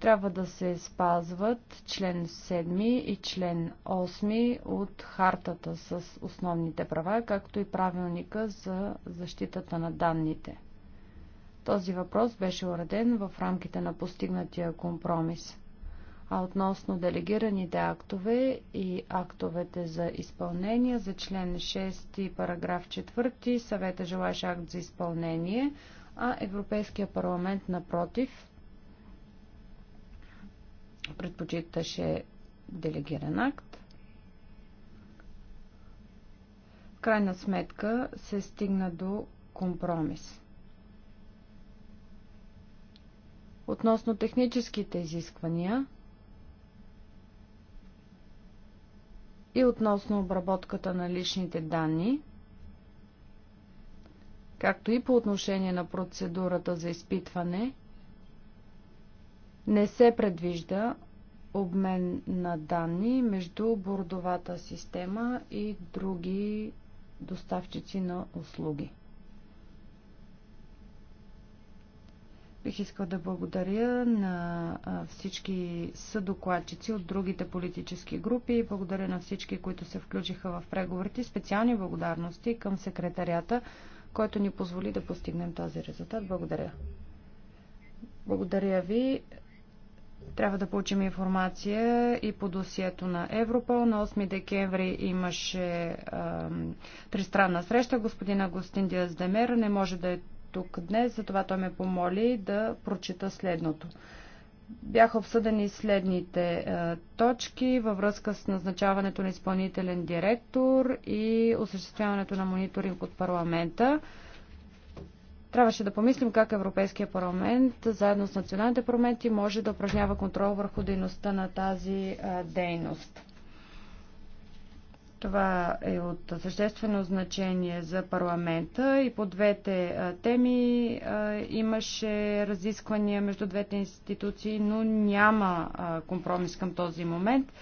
трябва да се спазват член 7 и член 8 от хартата с основните права, както и правилника за защитата на данните. Този въпрос беше уреден в рамките на постигнатия компромис. А относно делегираните актове и актовете за изпълнение за член 6 и параграф 4 съвета желаеш акт за изпълнение, а Европейския парламент напротив предпочиташе делегиран акт. В крайна сметка се стигна до компромис. Относно техническите изисквания и относно обработката на личните данни, както и по отношение на процедурата за изпитване – не се предвижда обмен на данни между бордовата система и други доставчици на услуги. Бих искал да благодаря на всички съдокладчици от другите политически групи и благодаря на всички, които се включиха в преговорите. Специални благодарности към секретарята, който ни позволи да постигнем този резултат. Благодаря. Благодаря ви. Трябва да получим информация и по досието на Европол. На 8 декември имаше а, тристранна среща. Господин Агустин Диас Демер не може да е тук днес, затова той ме помоли да прочита следното. Бяха обсъдени следните е, точки във връзка с назначаването на изпълнителен директор и осъществяването на мониторинг от парламента. Трябваше да помислим как Европейския парламент, заедно с националните парламенти, може да упражнява контрол върху дейността на тази дейност. Това е от съществено значение за парламента и по двете теми имаше разисквания между двете институции, но няма компромис към този момент.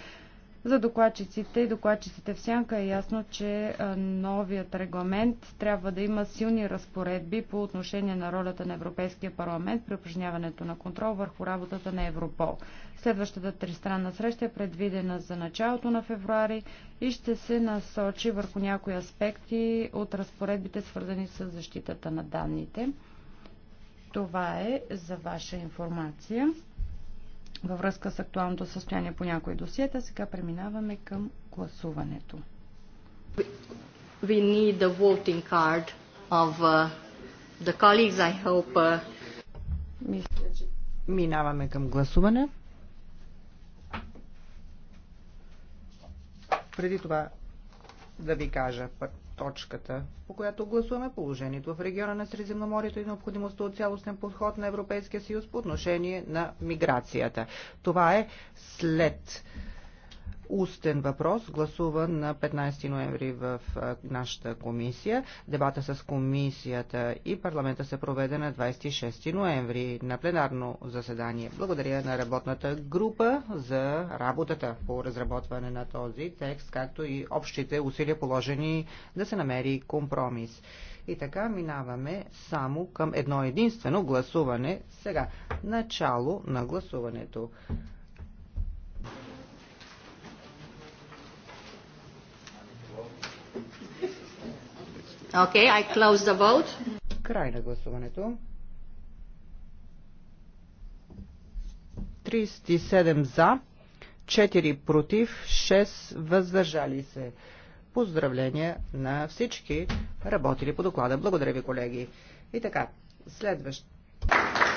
За докладчиците и докладчиците в сянка е ясно, че новият регламент трябва да има силни разпоредби по отношение на ролята на Европейския парламент при упражняването на контрол върху работата на Европол. Следващата тристранна среща е предвидена за началото на февруари и ще се насочи върху някои аспекти от разпоредбите, свързани с защитата на данните. Това е за ваша информация във връзка с актуалното състояние по някои досиета. Сега преминаваме към гласуването. We need the voting card of uh, the colleagues, I hope. Uh... минаваме към гласуване. Преди това да ви кажа точката, по която гласуваме положението в региона на Средиземноморието и необходимостта от цялостен подход на Европейския съюз по отношение на миграцията. Това е след устен въпрос, гласуван на 15 ноември в нашата комисия. Дебата с комисията и парламента се проведе на 26 ноември на пленарно заседание. Благодаря на работната група за работата по разработване на този текст, както и общите усилия положени да се намери компромис. И така минаваме само към едно единствено гласуване сега. Начало на гласуването. Okay, I close the vote. Край на гласуването. 37 за, 4 против, 6 въздържали се. Поздравления на всички работили по доклада. Благодаря ви, колеги. И така, следващ.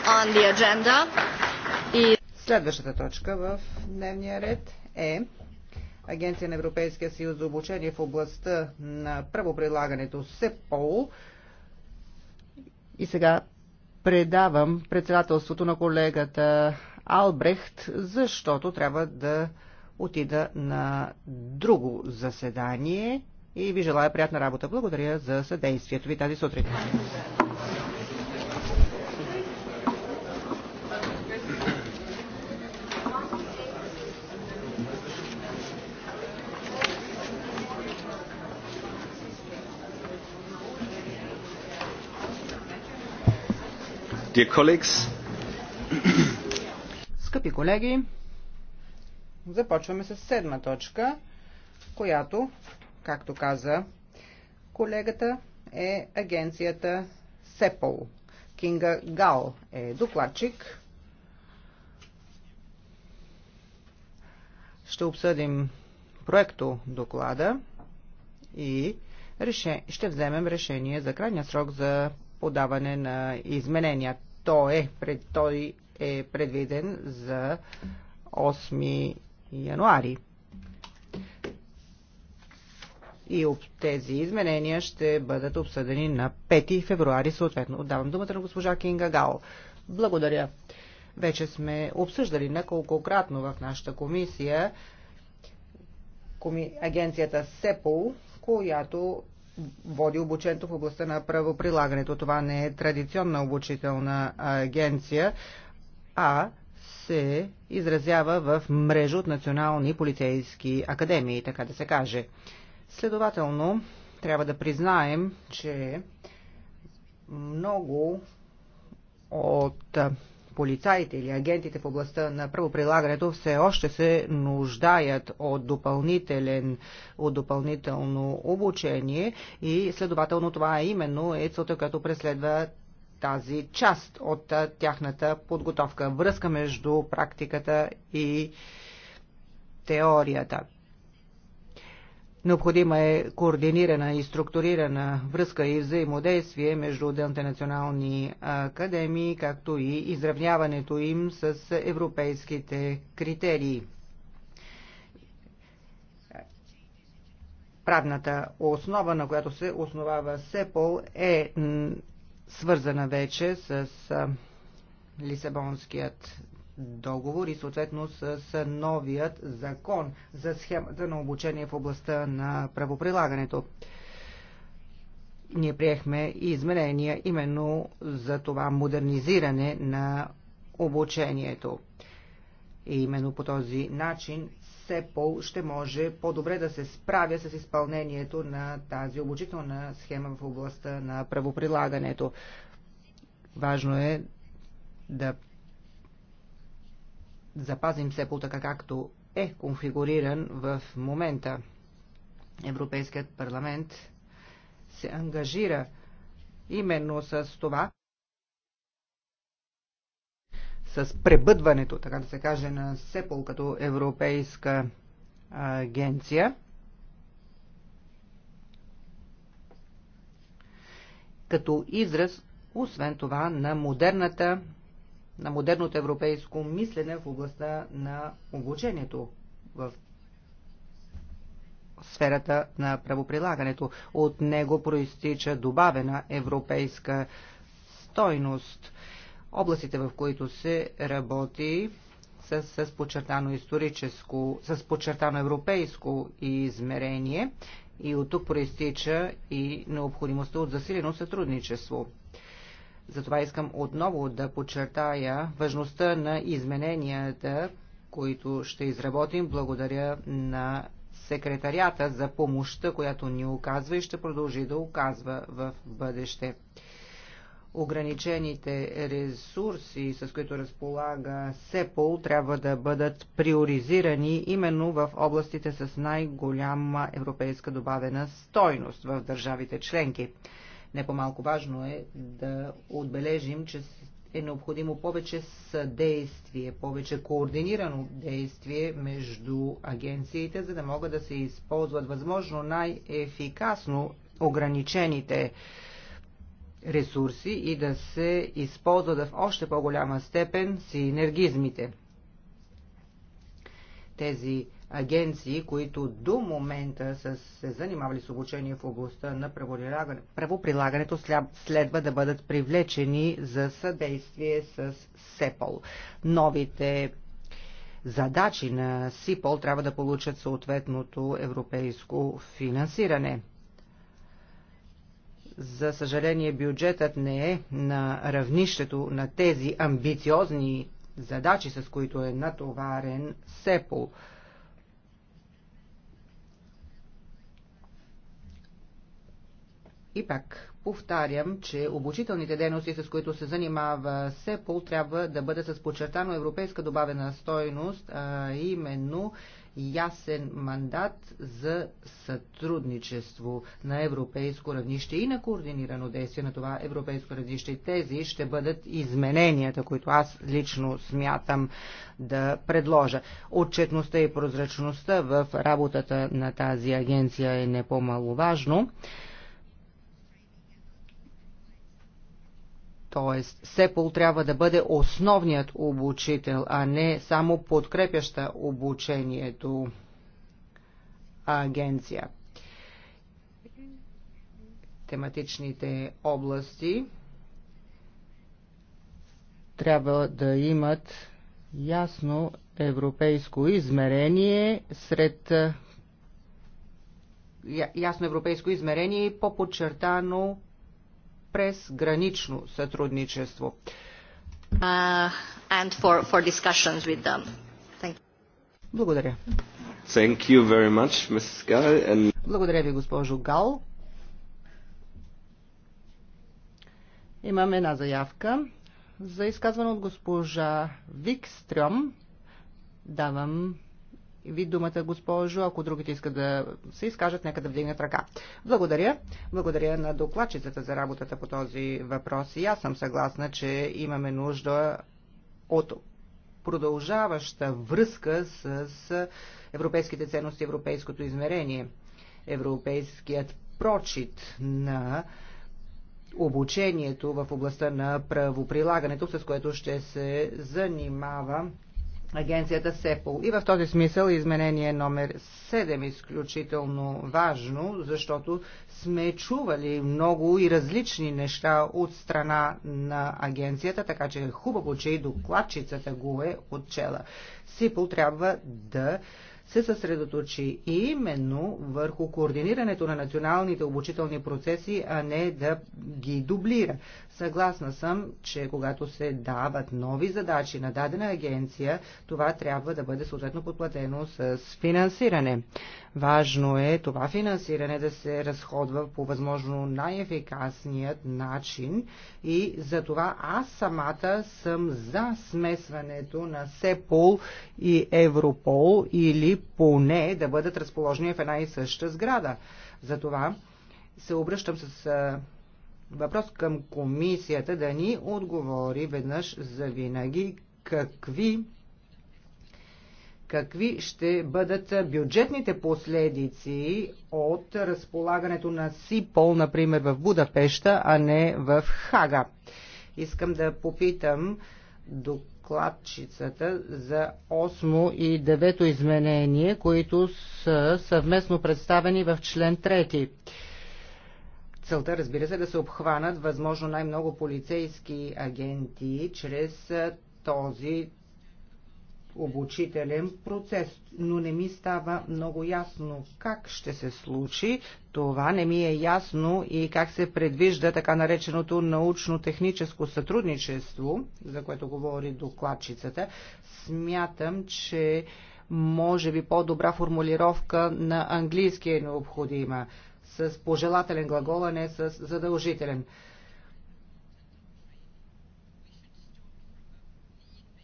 On the agenda. И... Следващата точка в дневния ред е Агенция на Европейския съюз за обучение в областта на правоприлагането СЕПОЛ. И сега предавам председателството на колегата Албрехт, защото трябва да отида на друго заседание и ви желая приятна работа. Благодаря за съдействието ви тази сутрин. Скъпи колеги, започваме с седма точка, която, както каза колегата, е агенцията СЕПОЛ. Кинга Гал е докладчик. Ще обсъдим проекто доклада и ще вземем решение за крайния срок за подаване на изменения то е, пред, той е предвиден за 8 януари. И тези изменения ще бъдат обсъдени на 5 февруари, съответно. Отдавам думата на госпожа Кинга Гао. Благодаря. Вече сме обсъждали неколкократно в нашата комисия коми... агенцията СЕПОЛ, която води обучението в областта на правоприлагането. Това не е традиционна обучителна агенция, а се изразява в мрежа от национални полицейски академии, така да се каже. Следователно, трябва да признаем, че много от полицаите или агентите в областта на правоприлагането все още се нуждаят от, допълнителен, от допълнително обучение и следователно това е именно е целта, като преследва тази част от тяхната подготовка. Връзка между практиката и теорията. Необходима е координирана и структурирана връзка и взаимодействие между отделните национални академии, както и изравняването им с европейските критерии. Правната основа, на която се основава СЕПОЛ, е свързана вече с Лисабонският договор и съответно с новият закон за схемата на обучение в областта на правоприлагането. Ние приехме и изменения именно за това модернизиране на обучението. И именно по този начин СЕПОЛ ще може по-добре да се справя с изпълнението на тази обучителна схема в областта на правоприлагането. Важно е да запазим се по така както е конфигуриран в момента. Европейският парламент се ангажира именно с това, с пребъдването, така да се каже, на СЕПОЛ като европейска агенция. Като израз, освен това, на модерната на модерното европейско мислене в областта на обучението в сферата на правоприлагането. От него проистича добавена европейска стойност. Областите, в които се работи с, с подчертано историческо, с подчертано европейско измерение и от тук проистича и необходимостта от засилено сътрудничество. Затова искам отново да подчертая важността на измененията, които ще изработим. Благодаря на секретарията за помощта, която ни оказва и ще продължи да оказва в бъдеще. Ограничените ресурси, с които разполага СЕПОЛ, трябва да бъдат приоризирани именно в областите с най-голяма европейска добавена стойност в държавите членки. Не по-малко важно е да отбележим, че е необходимо повече съдействие, повече координирано действие между агенциите, за да могат да се използват възможно най-ефикасно ограничените ресурси и да се използват в още по-голяма степен синергизмите. Тези агенции, които до момента са се занимавали с обучение в областта на правоприлагането, следва да бъдат привлечени за съдействие с СЕПОЛ. Новите задачи на СИПОЛ трябва да получат съответното европейско финансиране. За съжаление, бюджетът не е на равнището на тези амбициозни задачи, с които е натоварен СЕПОЛ. И пак повтарям, че обучителните дейности, с които се занимава СЕПОЛ, трябва да бъде с подчертано европейска добавена стойност, а именно ясен мандат за сътрудничество на европейско равнище и на координирано действие на това европейско равнище. Тези ще бъдат измененията, които аз лично смятам да предложа. Отчетността и прозрачността в работата на тази агенция е не по-маловажно. важно Т.е. СЕПОЛ трябва да бъде основният обучител, а не само подкрепяща обучението агенция. Тематичните области трябва да имат ясно европейско измерение сред е, ясно европейско измерение и по-подчертано през гранично сътрудничество. Uh, and for, for discussions with them. Thank you. Благодаря. Thank you very much, Mrs. Gall, and... Благодаря ви, госпожо Гал. Имаме една заявка за изказване от госпожа Викстрем. Давам ви думата, госпожо. Ако другите искат да се изкажат, нека да вдигнат ръка. Благодаря. Благодаря на докладчицата за работата по този въпрос. И аз съм съгласна, че имаме нужда от продължаваща връзка с европейските ценности, европейското измерение, европейският прочит на обучението в областта на правоприлагането, с което ще се занимава агенцията СЕПОЛ. И в този смисъл изменение номер 7 е изключително важно, защото сме чували много и различни неща от страна на агенцията, така че е хубаво, че и докладчицата го е отчела. СИПОЛ трябва да се съсредоточи именно върху координирането на националните обучителни процеси, а не да ги дублира. Съгласна съм, че когато се дават нови задачи на дадена агенция, това трябва да бъде съответно подплатено с финансиране. Важно е това финансиране да се разходва по възможно най-ефикасният начин и за това аз самата съм за смесването на СЕПОЛ и Европол или поне да бъдат разположени в една и съща сграда. Затова се обръщам с въпрос към комисията да ни отговори веднъж за винаги какви какви ще бъдат бюджетните последици от разполагането на СИПОЛ, например, в Будапешта, а не в Хага. Искам да попитам до докладчицата за 8 и 9 изменение, които са съвместно представени в член 3. Целта, разбира се, е да се обхванат възможно най-много полицейски агенти чрез този обучителен процес, но не ми става много ясно как ще се случи. Това не ми е ясно и как се предвижда така нареченото научно-техническо сътрудничество, за което говори докладчицата. Смятам, че може би по-добра формулировка на английски е необходима с пожелателен глагол, а не с задължителен.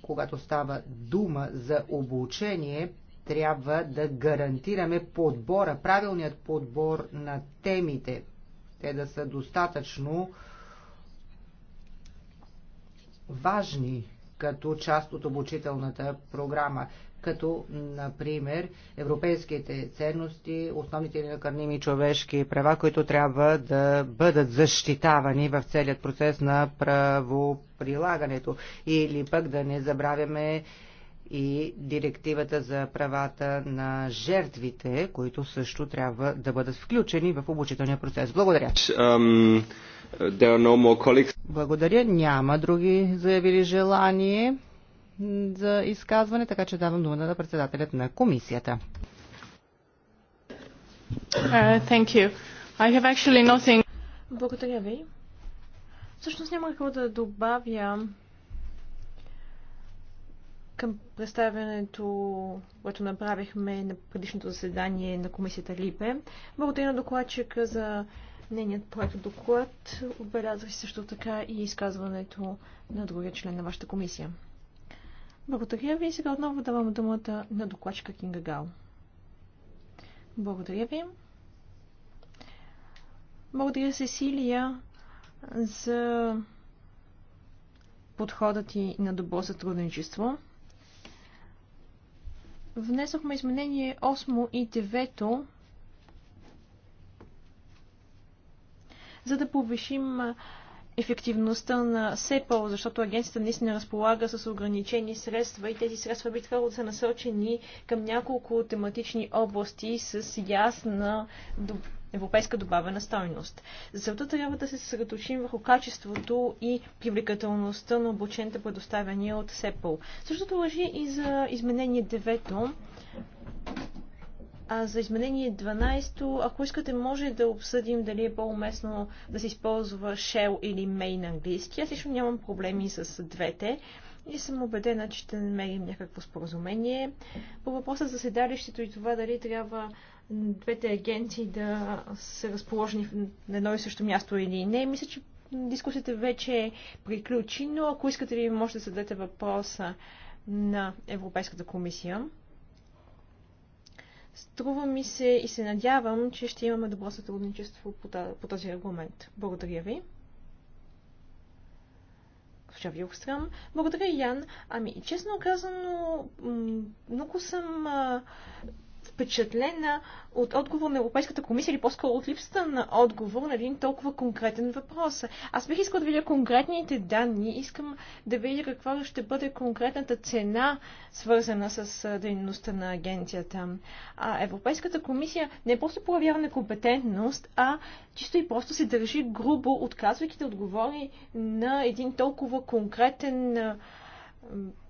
когато става дума за обучение, трябва да гарантираме подбора, правилният подбор на темите. Те да са достатъчно важни като част от обучителната програма, като, например, европейските ценности, основните накърними човешки права, които трябва да бъдат защитавани в целият процес на право прилагането. Или пък да не забравяме и директивата за правата на жертвите, които също трябва да бъдат включени в обучителния процес. Благодаря. Um, no Благодаря. Няма други заявили желание за изказване, така че давам думата на председателят на комисията. Uh, thank you. I have actually nothing... Благодаря ви. Всъщност няма какво да добавя към представянето, което направихме на предишното заседание на комисията ЛИПЕ. Благодаря на докладчика за нейният проект доклад. Отбелязах също така и изказването на другия член на вашата комисия. Благодаря ви. и Сега отново давам думата на докладчика Кинга Гал. Благодаря ви. Благодаря, Сесилия, за подхода ти на добро сътрудничество. Внесохме изменение 8 и 9, за да повишим ефективността на СЕПО, защото агенцията наистина разполага с ограничени средства и тези средства би трябвало да са насочени към няколко тематични области с ясна европейска добавена стойност. За целта трябва да се съсредоточим върху качеството и привлекателността на обучените предоставяния от СЕПЛ. Същото лъжи и за изменение 9 а за изменение 12, ако искате, може да обсъдим дали е по-уместно да се използва Shell или Main английски. Аз лично нямам проблеми с двете и съм убедена, че ще намерим някакво споразумение. По въпроса за седалището и това дали трябва двете агенции да са разположени на едно и също място или не. Мисля, че дискусията вече е приключи, но ако искате ви може да зададете въпроса на Европейската комисия. Струва ми се и се надявам, че ще имаме добро сътрудничество по този аргумент. Благодаря ви. Госпожа Вилстрам. Благодаря, Ян. Ами, честно казано, много съм впечатлена от отговор на Европейската комисия или по-скоро от липсата на отговор на един толкова конкретен въпрос. Аз бих искал да видя конкретните данни, искам да видя каква ще бъде конкретната цена, свързана с дейността на агенцията. А Европейската комисия не е просто проявява некомпетентност, а чисто и просто се държи грубо, отказвайки да отговори на един толкова конкретен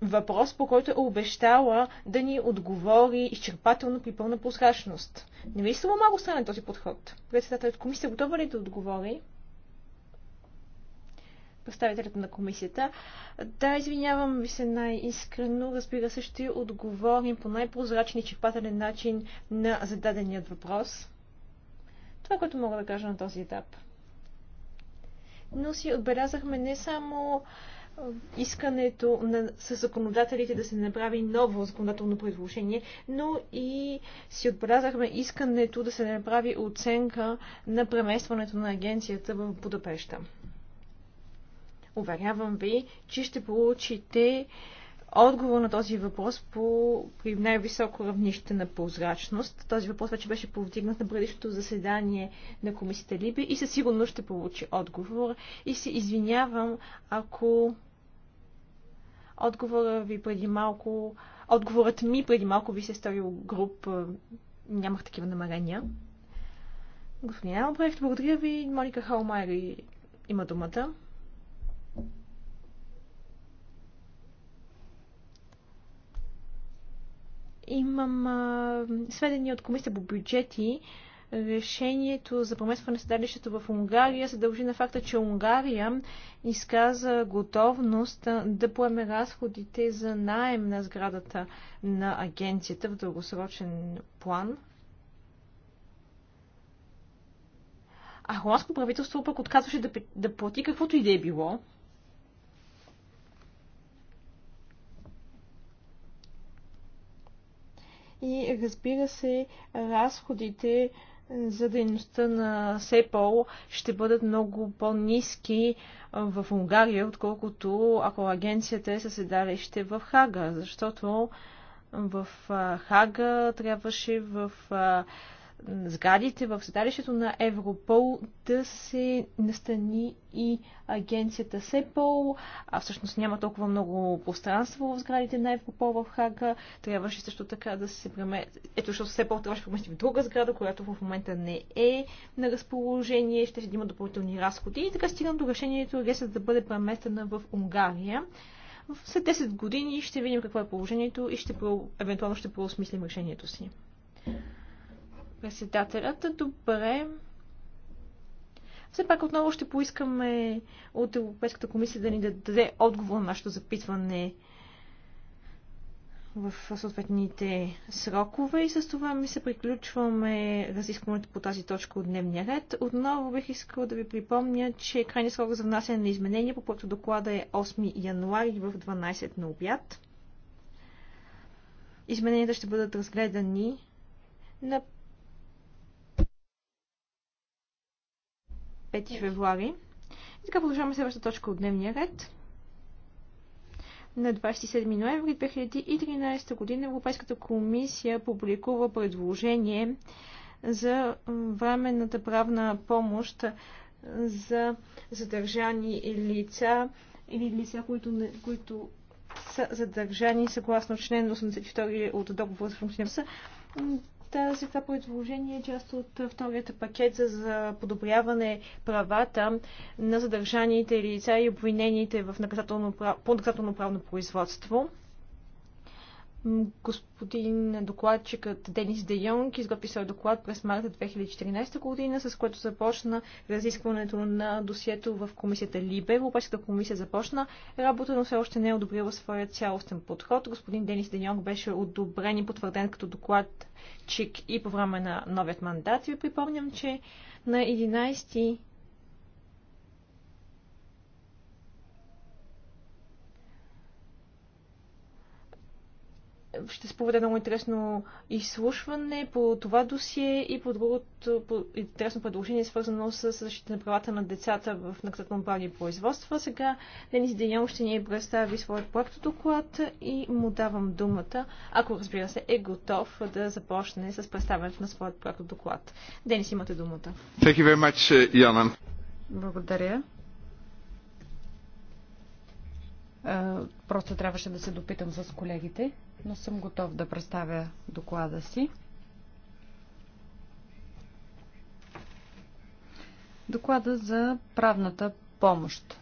въпрос, по който е обещала да ни отговори изчерпателно при пълна прозрачност. Не ви се малко странен този подход? Председателят комисия готова ли е да отговори? представителят на комисията. Да, извинявам ви се най-искрено. Разбира се, ще отговорим по най-прозрачен и черпателен начин на зададеният въпрос. Това, е което мога да кажа на този етап. Но си отбелязахме не само искането на, с законодателите да се направи ново законодателно предложение, но и си отбелязахме искането да се направи оценка на преместването на агенцията в Будапеща. Уверявам ви, че ще получите отговор на този въпрос по, при най-високо равнище на прозрачност. Този въпрос вече беше повдигнат на предишното заседание на комисията Либи и със сигурност ще получи отговор. И се извинявам, ако Отговора ви преди малко, отговорът ми преди малко ви се е сторил груп. Нямах такива намерения. Господин Албрехт, благодаря ви. Моника Халмайер има думата. Имам а, сведения от комисия по бюджети, решението за преместване на седалището в Унгария се дължи на факта, че Унгария изказа готовност да поеме разходите за найем на сградата на агенцията в дългосрочен план. А холандско правителство пък отказваше да, да плати каквото и да е било. И разбира се, разходите за дейността на СЕПОЛ ще бъдат много по-низки в Унгария, отколкото ако агенцията е със седалище в Хага, защото в Хага трябваше в сградите в седалището на Европол да се настани и агенцията СЕПОЛ, а всъщност няма толкова много пространство в сградите на Европол в Хага. Трябваше също така да се премести. Ето, защото СЕПОЛ трябваше да премести в друга сграда, която в момента не е на разположение, ще има допълнителни разходи. И така стигам до решението агенцията да бъде преместена в Унгария след 10 години ще видим какво е положението и ще, евентуално ще проосмислим решението си. Председателят, добре. Все пак отново ще поискаме от Европейската комисия да ни даде отговор на нашето запитване в съответните срокове и с това ми се приключваме разискването по тази точка от дневния ред. Отново бих искала да ви припомня, че крайният срок за внасяне на изменения по който доклада е 8 януари в 12 на обяд. Измененията ще бъдат разгледани на 5 февруари. И така продължаваме следващата точка от дневния ред. На 27 ноември 2013 година Европейската комисия публикува предложение за временната правна помощ за задържани лица или лица, които, не, които са задържани съгласно член 82 от договора за функционалността за това предложение е част от вторият пакет за, за подобряване правата на задържаните лица и обвинените в наказателно, по наказателно правно производство. Господин докладчикът Денис Де Йонг изготви своя доклад през марта 2014 година, с което започна разискването на досието в комисията Либе. Европейската комисия започна работа, но все още не е одобрила своя цялостен подход. Господин Денис Де Йонг беше одобрен и потвърден като докладчик и по време на новият мандат. И ви припомням, че на 11 ще се много интересно изслушване по това досие и по другото по интересно предложение, свързано с защита на правата на децата в наказателно-правни производства. Сега Денис Денял ще ни представи своят проект доклад и му давам думата, ако разбира се е готов да започне с представянето на своят проект доклад. Денис, имате думата. Thank you very much, Яна. Благодаря. Просто трябваше да се допитам с колегите, но съм готов да представя доклада си. Доклада за правната помощ.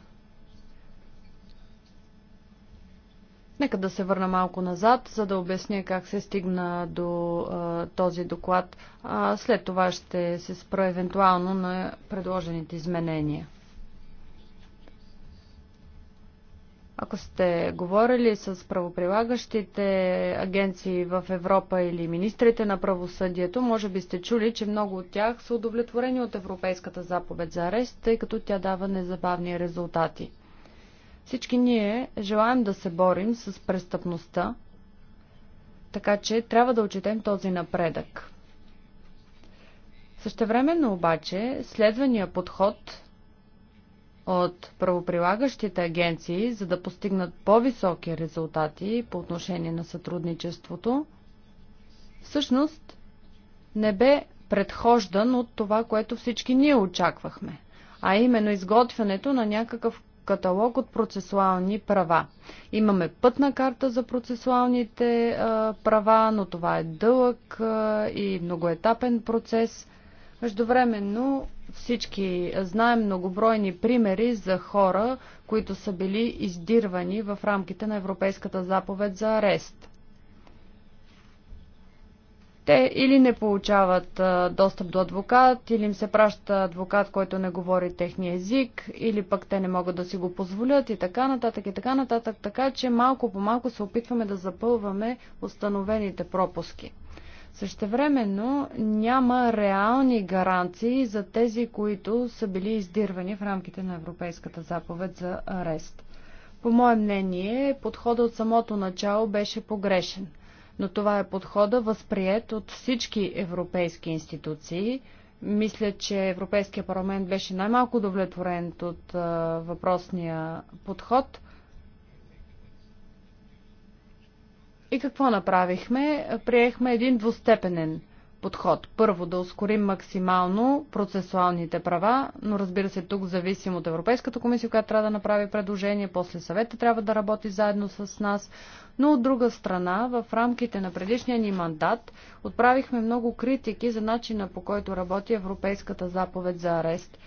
Нека да се върна малко назад, за да обясня как се стигна до а, този доклад. А, след това ще се спра евентуално на предложените изменения. Ако сте говорили с правоприлагащите агенции в Европа или министрите на правосъдието, може би сте чули, че много от тях са удовлетворени от Европейската заповед за арест, тъй като тя дава незабавни резултати. Всички ние желаем да се борим с престъпността, така че трябва да отчетем този напредък. Същевременно обаче, следвания подход от правоприлагащите агенции, за да постигнат по-високи резултати по отношение на сътрудничеството, всъщност не бе предхождан от това, което всички ние очаквахме, а именно изготвянето на някакъв каталог от процесуални права. Имаме пътна карта за процесуалните а, права, но това е дълъг а, и многоетапен процес. Междувременно всички знаем многобройни примери за хора, които са били издирвани в рамките на Европейската заповед за арест. Те или не получават достъп до адвокат, или им се праща адвокат, който не говори техния език, или пък те не могат да си го позволят и така нататък и така нататък, така че малко по малко се опитваме да запълваме установените пропуски. Същевременно няма реални гаранции за тези, които са били издирвани в рамките на Европейската заповед за арест. По мое мнение, подходът от самото начало беше погрешен, но това е подхода възприят от всички европейски институции. Мисля, че Европейския парламент беше най-малко удовлетворен от въпросния подход – И какво направихме? Приехме един двустепенен подход. Първо да ускорим максимално процесуалните права, но разбира се, тук зависим от Европейската комисия, която трябва да направи предложение, после съвета трябва да работи заедно с нас. Но от друга страна, в рамките на предишния ни мандат отправихме много критики за начина по който работи Европейската заповед за арест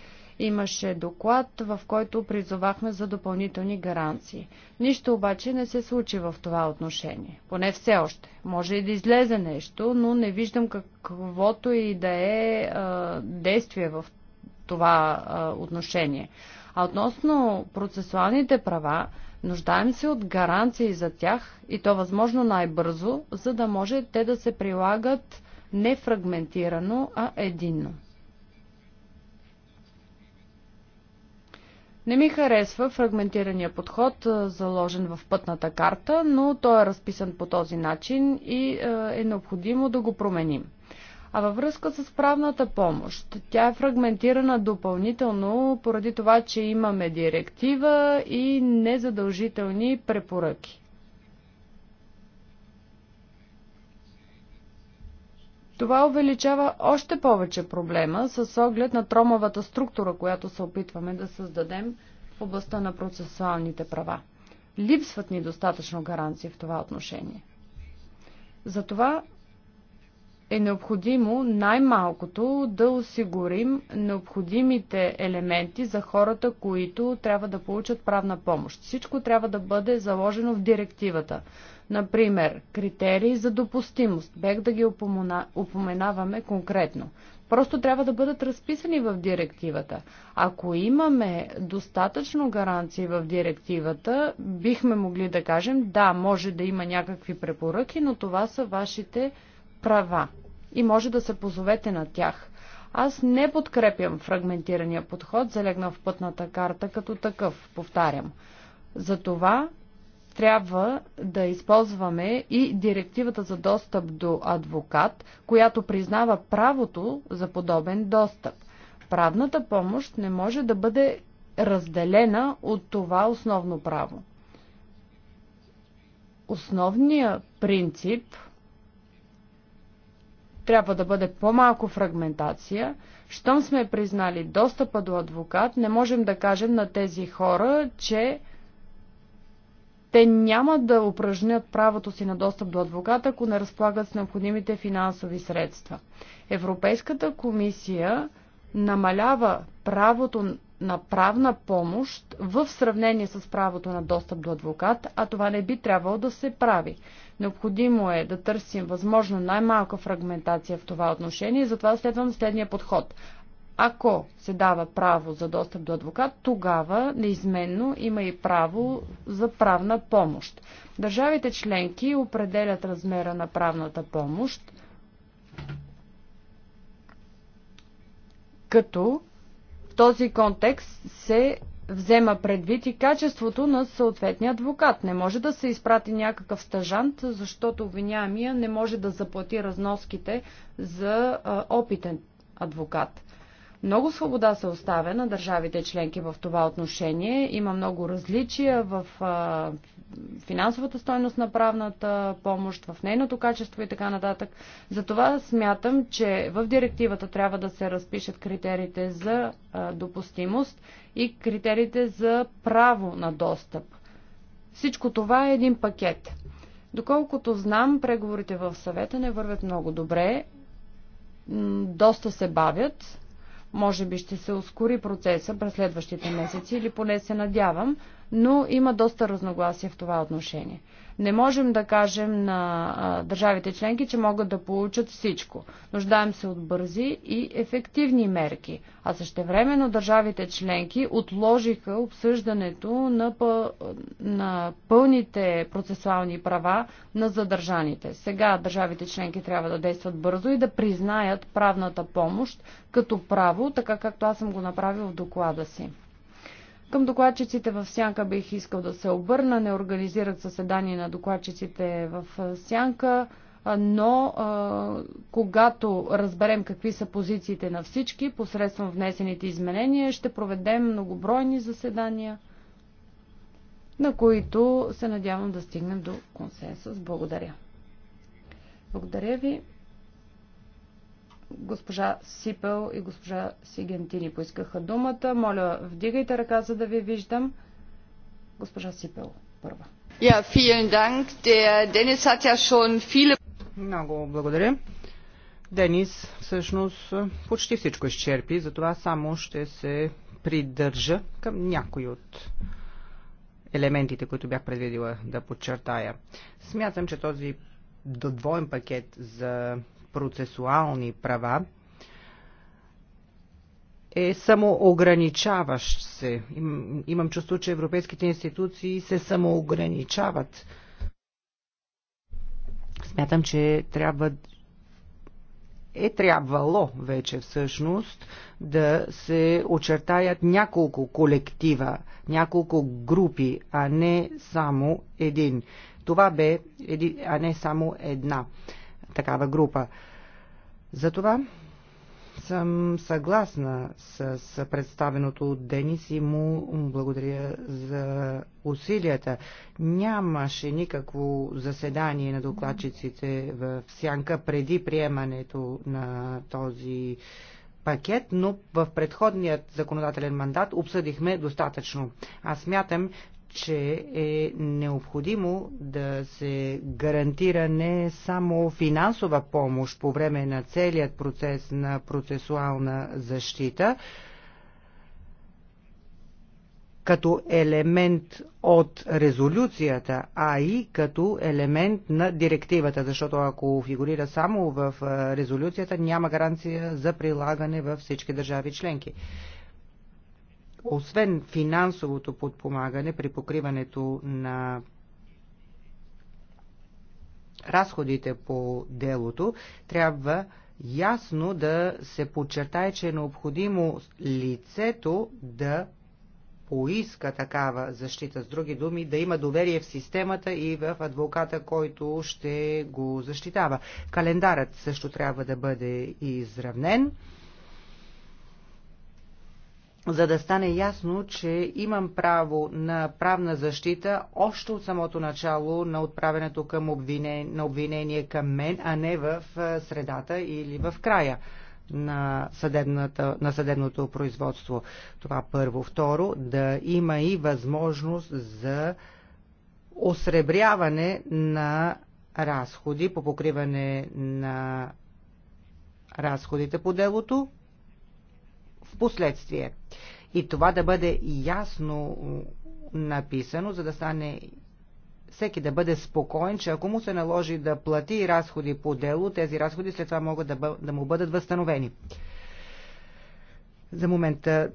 Имаше доклад, в който призовахме за допълнителни гаранции. Нищо обаче не се случи в това отношение. Поне все още. Може и да излезе нещо, но не виждам каквото и да е а, действие в това а, отношение. А относно процесуалните права, нуждаем се от гаранции за тях и то възможно най-бързо, за да може те да се прилагат не фрагментирано, а единно. Не ми харесва фрагментирания подход, заложен в пътната карта, но той е разписан по този начин и е необходимо да го променим. А във връзка с правната помощ, тя е фрагментирана допълнително поради това, че имаме директива и незадължителни препоръки. Това увеличава още повече проблема с оглед на тромавата структура, която се опитваме да създадем в областта на процесуалните права. Липсват ни достатъчно гаранции в това отношение. Затова е необходимо най-малкото да осигурим необходимите елементи за хората, които трябва да получат правна помощ. Всичко трябва да бъде заложено в директивата. Например, критерии за допустимост, бег да ги упомена, упоменаваме конкретно. Просто трябва да бъдат разписани в директивата. Ако имаме достатъчно гаранции в директивата, бихме могли да кажем, да, може да има някакви препоръки, но това са вашите права и може да се позовете на тях. Аз не подкрепям фрагментирания подход, залегнал в пътната карта като такъв, повтарям. Затова трябва да използваме и директивата за достъп до адвокат, която признава правото за подобен достъп. Правната помощ не може да бъде разделена от това основно право. Основният принцип трябва да бъде по-малко фрагментация. Щом сме признали достъпа до адвокат, не можем да кажем на тези хора, че те няма да упражнят правото си на достъп до адвокат, ако не разполагат с необходимите финансови средства. Европейската комисия намалява правото на правна помощ в сравнение с правото на достъп до адвокат, а това не би трябвало да се прави. Необходимо е да търсим възможно най-малка фрагментация в това отношение и затова следвам следния подход. Ако се дава право за достъп до адвокат, тогава неизменно има и право за правна помощ. Държавите членки определят размера на правната помощ, като в този контекст се взема предвид и качеството на съответния адвокат. Не може да се изпрати някакъв стажант, защото обвиняемия не може да заплати разноските за опитен адвокат. Много свобода се оставя на държавите членки в това отношение. Има много различия в финансовата стойност на правната помощ, в нейното качество и така нататък. Затова смятам, че в директивата трябва да се разпишат критериите за допустимост и критериите за право на достъп. Всичко това е един пакет. Доколкото знам, преговорите в съвета не вървят много добре. Доста се бавят може би ще се ускори процеса през следващите месеци или поне се надявам, но има доста разногласия в това отношение. Не можем да кажем на държавите членки, че могат да получат всичко. Нуждаем се от бързи и ефективни мерки. А същевременно държавите членки отложиха обсъждането на, пъл... на пълните процесуални права на задържаните. Сега държавите членки трябва да действат бързо и да признаят правната помощ като право, така както аз съм го направил в доклада си. Към докладчиците в Сянка бих искал да се обърна. Не организират съседание на докладчиците в Сянка, но когато разберем какви са позициите на всички, посредством внесените изменения, ще проведем многобройни заседания, на които се надявам да стигнем до консенсус. Благодаря. Благодаря ви. Госпожа Сипел и госпожа Сигентини поискаха думата. Моля, вдигайте ръка, за да ви виждам. Госпожа Сипел, първа. Ja, vielen Dank. Der Dennis hat ja schon viele... Много благодаря. Денис всъщност почти всичко изчерпи, затова само ще се придържа към някой от елементите, които бях предвидила да подчертая. Смятам, че този двоен пакет за процесуални права е самоограничаващ се. Им, имам чувство, че европейските институции се самоограничават. Смятам, че трябва е трябвало вече всъщност да се очертаят няколко колектива, няколко групи, а не само един. Това бе, а не само една такава група. Затова съм съгласна с представеното от Денис и му благодаря за усилията. Нямаше никакво заседание на докладчиците в Сянка преди приемането на този пакет, но в предходният законодателен мандат обсъдихме достатъчно. Аз смятам, че е необходимо да се гарантира не само финансова помощ по време на целият процес на процесуална защита, като елемент от резолюцията, а и като елемент на директивата, защото ако фигурира само в резолюцията, няма гаранция за прилагане във всички държави членки освен финансовото подпомагане при покриването на разходите по делото, трябва ясно да се подчертае, че е необходимо лицето да поиска такава защита. С други думи, да има доверие в системата и в адвоката, който ще го защитава. Календарът също трябва да бъде изравнен за да стане ясно, че имам право на правна защита още от самото начало на отправенето към обвинение, на обвинение към мен, а не в средата или в края на, на съдебното производство. Това първо. Второ, да има и възможност за осребряване на разходи по покриване на разходите по делото в последствие. И това да бъде ясно написано, за да стане всеки да бъде спокоен, че ако му се наложи да плати разходи по дело, тези разходи след това могат да, бъ... да му бъдат възстановени. За момента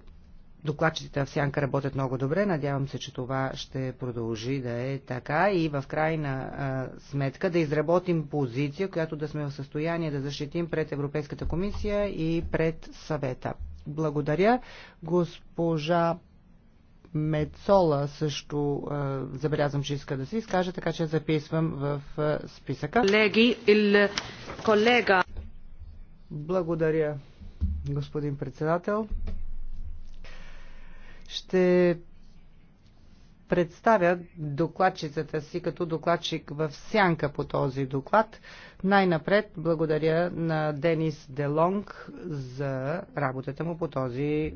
докладчиците в Сянка работят много добре. Надявам се, че това ще продължи да е така и в крайна а, сметка да изработим позиция, която да сме в състояние да защитим пред Европейската комисия и пред съвета. Благодаря. Госпожа Мецола също е, забелязвам, че иска да се изкаже, така че записвам в е, списъка. Колеги или колега. Благодаря, господин председател. Ще представя докладчицата си като докладчик в сянка по този доклад. Най-напред благодаря на Денис Делонг за работата му по този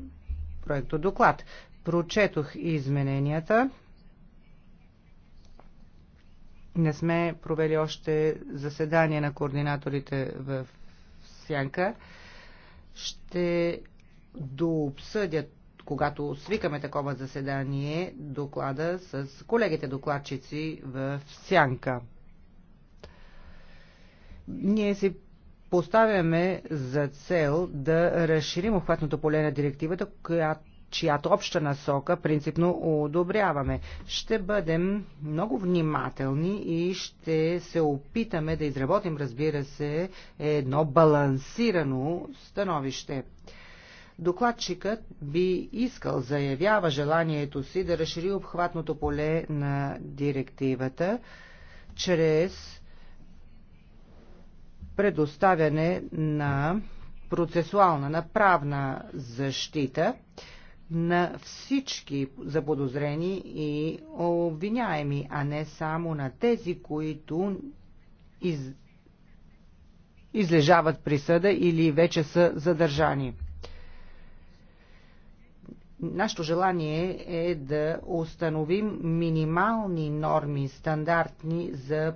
проекто доклад. Прочетох измененията. Не сме провели още заседание на координаторите в сянка. Ще дообсъдят когато свикаме такова заседание, доклада с колегите докладчици в сянка. Ние си поставяме за цел да разширим обхватното поле на директивата, която чиято обща насока принципно одобряваме. Ще бъдем много внимателни и ще се опитаме да изработим, разбира се, едно балансирано становище. Докладчикът би искал, заявява желанието си да разшири обхватното поле на директивата чрез предоставяне на процесуална, на правна защита на всички заподозрени и обвиняеми, а не само на тези, които из... излежават присъда или вече са задържани. Нашето желание е да установим минимални норми, стандартни за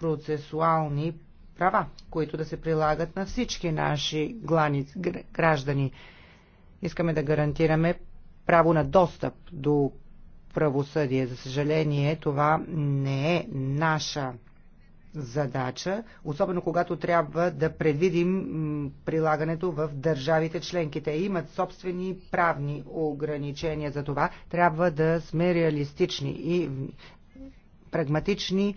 процесуални права, които да се прилагат на всички наши граждани. Искаме да гарантираме право на достъп до правосъдие. За съжаление, това не е наша задача, особено когато трябва да предвидим прилагането в държавите членките. Имат собствени правни ограничения за това. Трябва да сме реалистични и прагматични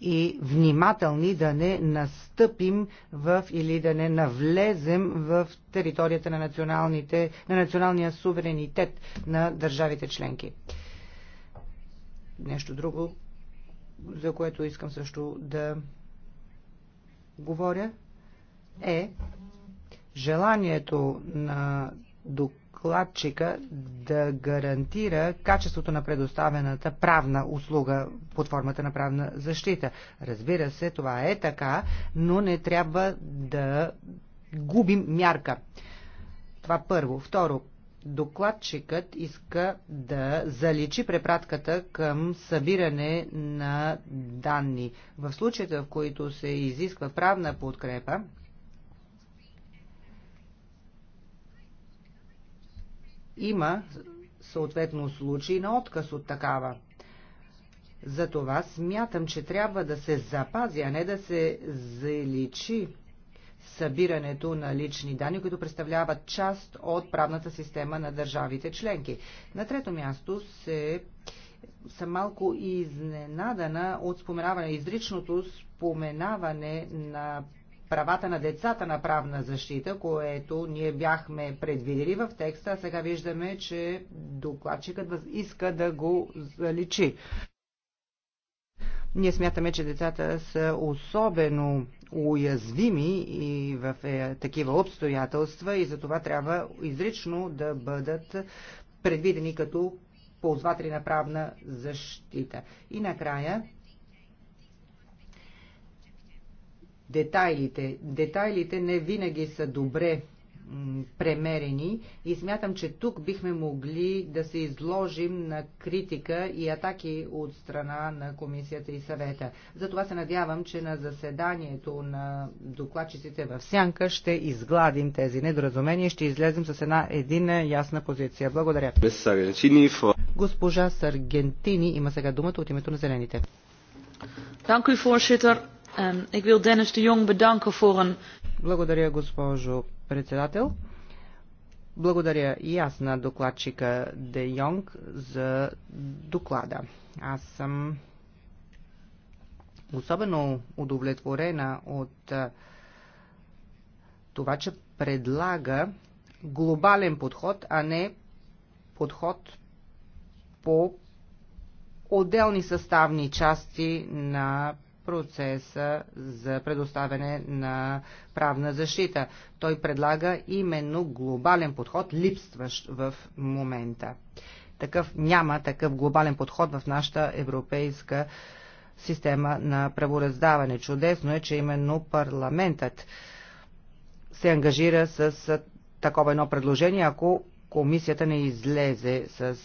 и внимателни да не настъпим в или да не навлезем в територията на, националните, на националния суверенитет на държавите членки. Нещо друго, за което искам също да говоря, е желанието на докладчика да гарантира качеството на предоставената правна услуга под формата на правна защита. Разбира се, това е така, но не трябва да губим мярка. Това първо. Второ, докладчикът иска да заличи препратката към събиране на данни. В случаите, в които се изисква правна подкрепа, има съответно случай на отказ от такава. Затова смятам, че трябва да се запази, а не да се заличи събирането на лични данни, които представляват част от правната система на държавите членки. На трето място се съм малко изненадана от споменаване, изричното споменаване на правата на децата на правна защита, което ние бяхме предвидели в текста, а сега виждаме, че докладчикът иска да го заличи. Ние смятаме, че децата са особено уязвими и в е, такива обстоятелства и за това трябва изрично да бъдат предвидени като ползватели на правна защита. И накрая детайлите. Детайлите не винаги са добре премерени и смятам, че тук бихме могли да се изложим на критика и атаки от страна на комисията и съвета. Затова се надявам, че на заседанието на докладчиците в Сянка ще изгладим тези недоразумения и ще излезем с една едина ясна позиция. Благодаря. Госпожа Саргентини има сега думата от името на Зелените. Ehm, Благодаря, госпожо председател. Благодаря и аз на докладчика Де Йонг за доклада. Аз съм особено удовлетворена от това, че предлага глобален подход, а не подход по отделни съставни части на процеса за предоставяне на правна защита. Той предлага именно глобален подход, липстващ в момента. Такъв няма такъв глобален подход в нашата европейска система на правораздаване. Чудесно е, че именно парламентът се ангажира с такова едно предложение, ако комисията не излезе с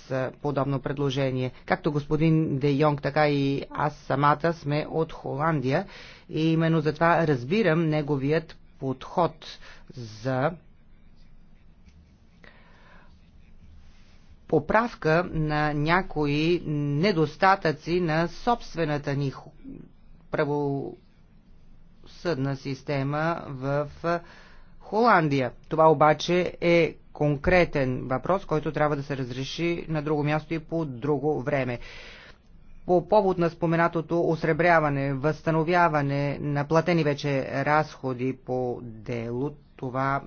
подобно предложение. Както господин Де Йонг, така и аз самата сме от Холандия и именно затова разбирам неговият подход за поправка на някои недостатъци на собствената ни правосъдна система в Холандия. Това обаче е конкретен въпрос, който трябва да се разреши на друго място и по друго време. По повод на споменатото осребряване, възстановяване на платени вече разходи по дело, това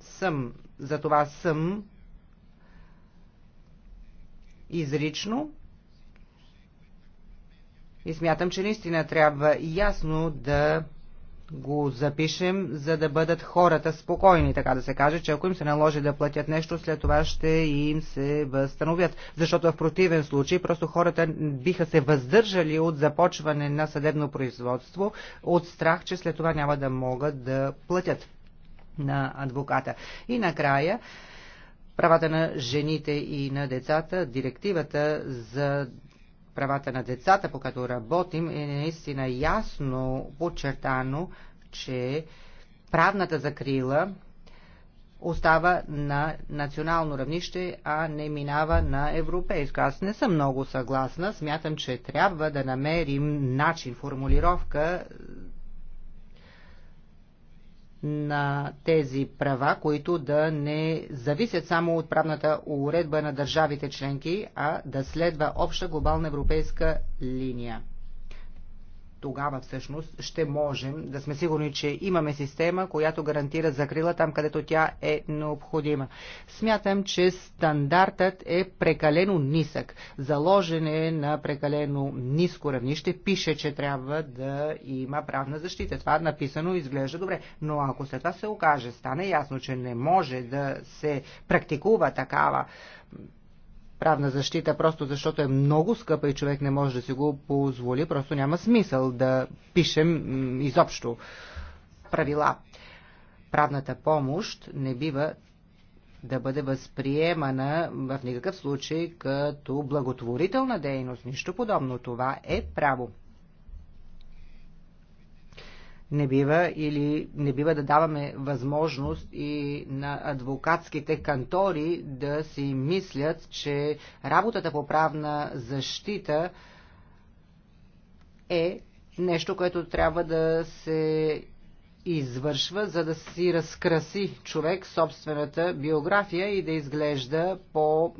съм, за това съм изрично и смятам, че наистина трябва ясно да го запишем, за да бъдат хората спокойни, така да се каже, че ако им се наложи да платят нещо, след това ще им се възстановят. Защото в противен случай просто хората биха се въздържали от започване на съдебно производство от страх, че след това няма да могат да платят на адвоката. И накрая правата на жените и на децата, директивата за правата на децата, по като работим, е наистина ясно подчертано, че правната закрила остава на национално равнище, а не минава на европейско. Аз не съм много съгласна. Смятам, че трябва да намерим начин, формулировка на тези права, които да не зависят само от правната уредба на държавите членки, а да следва обща глобална европейска линия тогава всъщност ще можем да сме сигурни, че имаме система, която гарантира закрила там, където тя е необходима. Смятам, че стандартът е прекалено нисък. Заложен е на прекалено ниско равнище. Пише, че трябва да има правна защита. Това написано изглежда добре. Но ако след това се окаже, стане ясно, че не може да се практикува такава правна защита, просто защото е много скъпа и човек не може да си го позволи, просто няма смисъл да пишем изобщо правила. Правната помощ не бива да бъде възприемана в никакъв случай като благотворителна дейност. Нищо подобно. Това е право не бива или не бива да даваме възможност и на адвокатските кантори да си мислят, че работата по правна защита е нещо, което трябва да се извършва, за да си разкраси човек собствената биография и да изглежда по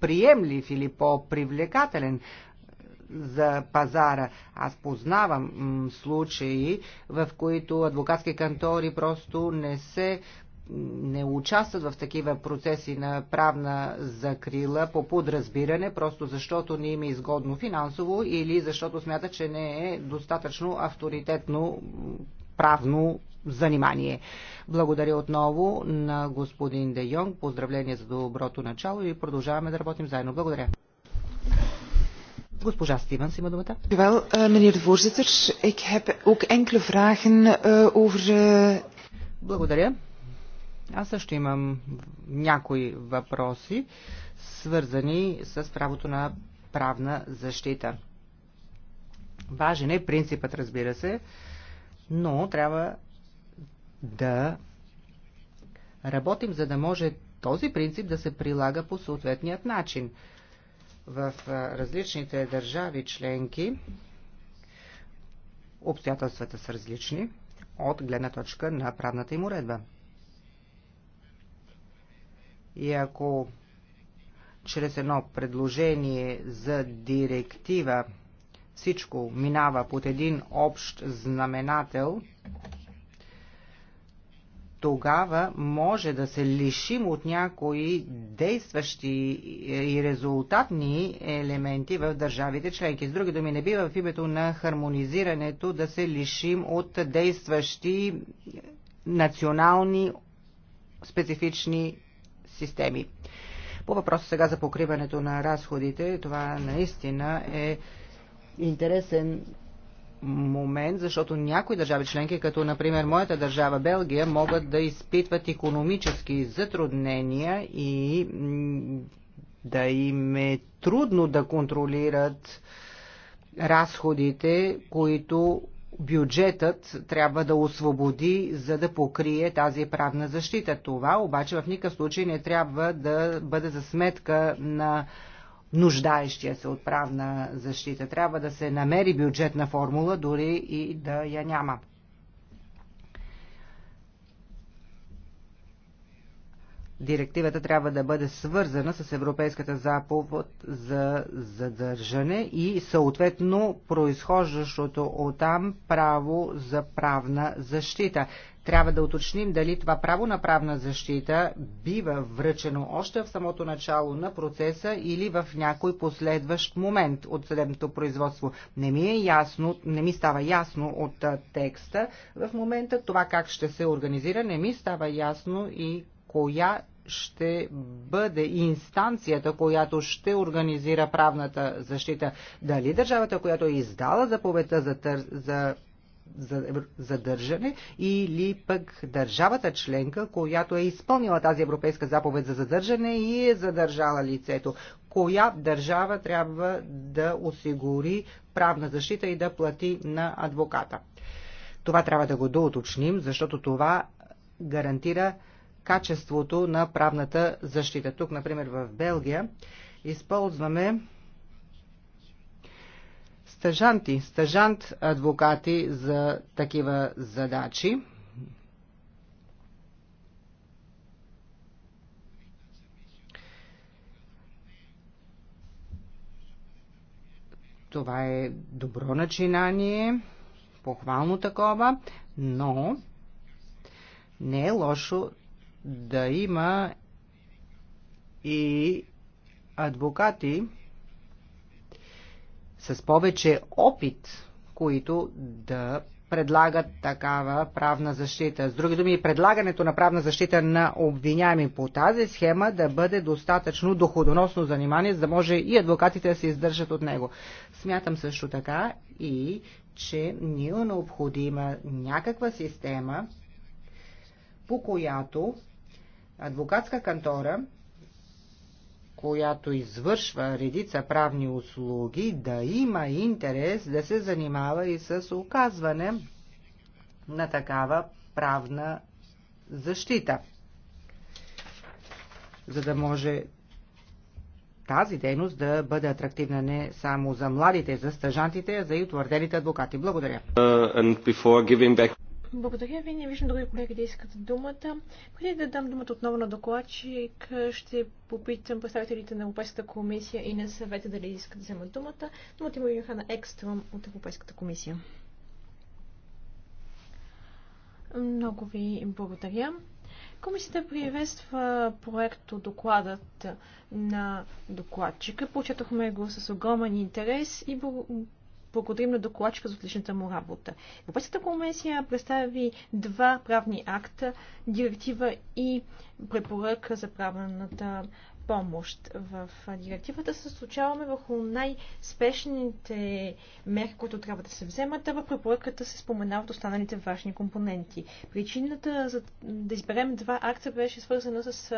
приемлив или по-привлекателен за пазара. Аз познавам случаи, в които адвокатски кантори просто не се не участват в такива процеси на правна закрила по подразбиране, просто защото не им е изгодно финансово или защото смята, че не е достатъчно авторитетно правно занимание. Благодаря отново на господин Де Йонг. Поздравления за доброто начало и продължаваме да работим заедно. Благодаря. Госпожа Стивенс има думата. Вел, eh, meneer de voorzitter, ik heb ook enkele vragen eh, over... Eh, Благодаря. Аз също имам някои въпроси, свързани с правото на правна защита. Важен е принципът, разбира се, но трябва да работим, за да може този принцип да се прилага по съответният начин в различните държави членки обстоятелствата са различни от гледна точка на правната им уредба. И ако чрез едно предложение за директива всичко минава под един общ знаменател, тогава може да се лишим от някои действащи и резултатни елементи в държавите членки. С други думи, не бива в името на хармонизирането да се лишим от действащи национални специфични системи. По въпроса сега за покриването на разходите, това наистина е интересен момент, защото някои държави членки, като например моята държава Белгия, могат да изпитват економически затруднения и да им е трудно да контролират разходите, които бюджетът трябва да освободи, за да покрие тази правна защита. Това обаче в никакъв случай не трябва да бъде за сметка на нуждаещия се от правна защита. Трябва да се намери бюджетна формула, дори и да я няма. Директивата трябва да бъде свързана с Европейската заповед за задържане и съответно произхождащото от там право за правна защита. Трябва да уточним дали това право на правна защита бива връчено още в самото начало на процеса или в някой последващ момент от съдебното производство. Не ми е ясно, не ми става ясно от текста в момента това как ще се организира, не ми става ясно и коя ще бъде инстанцията, която ще организира правната защита. Дали държавата, която е издала заповедта за, тър... за задържане или пък държавата членка, която е изпълнила тази европейска заповед за задържане и е задържала лицето. Коя държава трябва да осигури правна защита и да плати на адвоката? Това трябва да го доуточним, защото това гарантира качеството на правната защита. Тук, например, в Белгия използваме стажанти, стажант адвокати за такива задачи. Това е добро начинание, похвално такова, но не е лошо да има и адвокати, с повече опит, които да предлагат такава правна защита. С други думи, предлагането на правна защита на обвиняеми по тази схема да бъде достатъчно доходоносно занимание, за да може и адвокатите да се издържат от него. Смятам също така и, че ни е необходима някаква система, по която адвокатска кантора която извършва редица правни услуги, да има интерес да се занимава и с оказване на такава правна защита, за да може тази дейност да бъде атрактивна не само за младите, за стъжантите, а за и утвърдените адвокати. Благодаря. Uh, благодаря ви. Не виждам други колеги да искат думата. Преди да дам думата отново на докладчик, ще попитам представителите на Европейската комисия и на съвета дали искат да вземат думата. Думата има Йохана Екстрам от Европейската комисия. Много ви благодаря. Комисията приветства проекто докладът на докладчика. Почетохме го с огромен интерес и благодарим на докладчика за отличната му работа. Европейската комисия представи два правни акта, директива и препоръка за правната помощ. В директивата се случаваме върху най-спешните мерки, които трябва да се вземат, а в препоръката се споменават останалите важни компоненти. Причината за да изберем два акта беше свързана с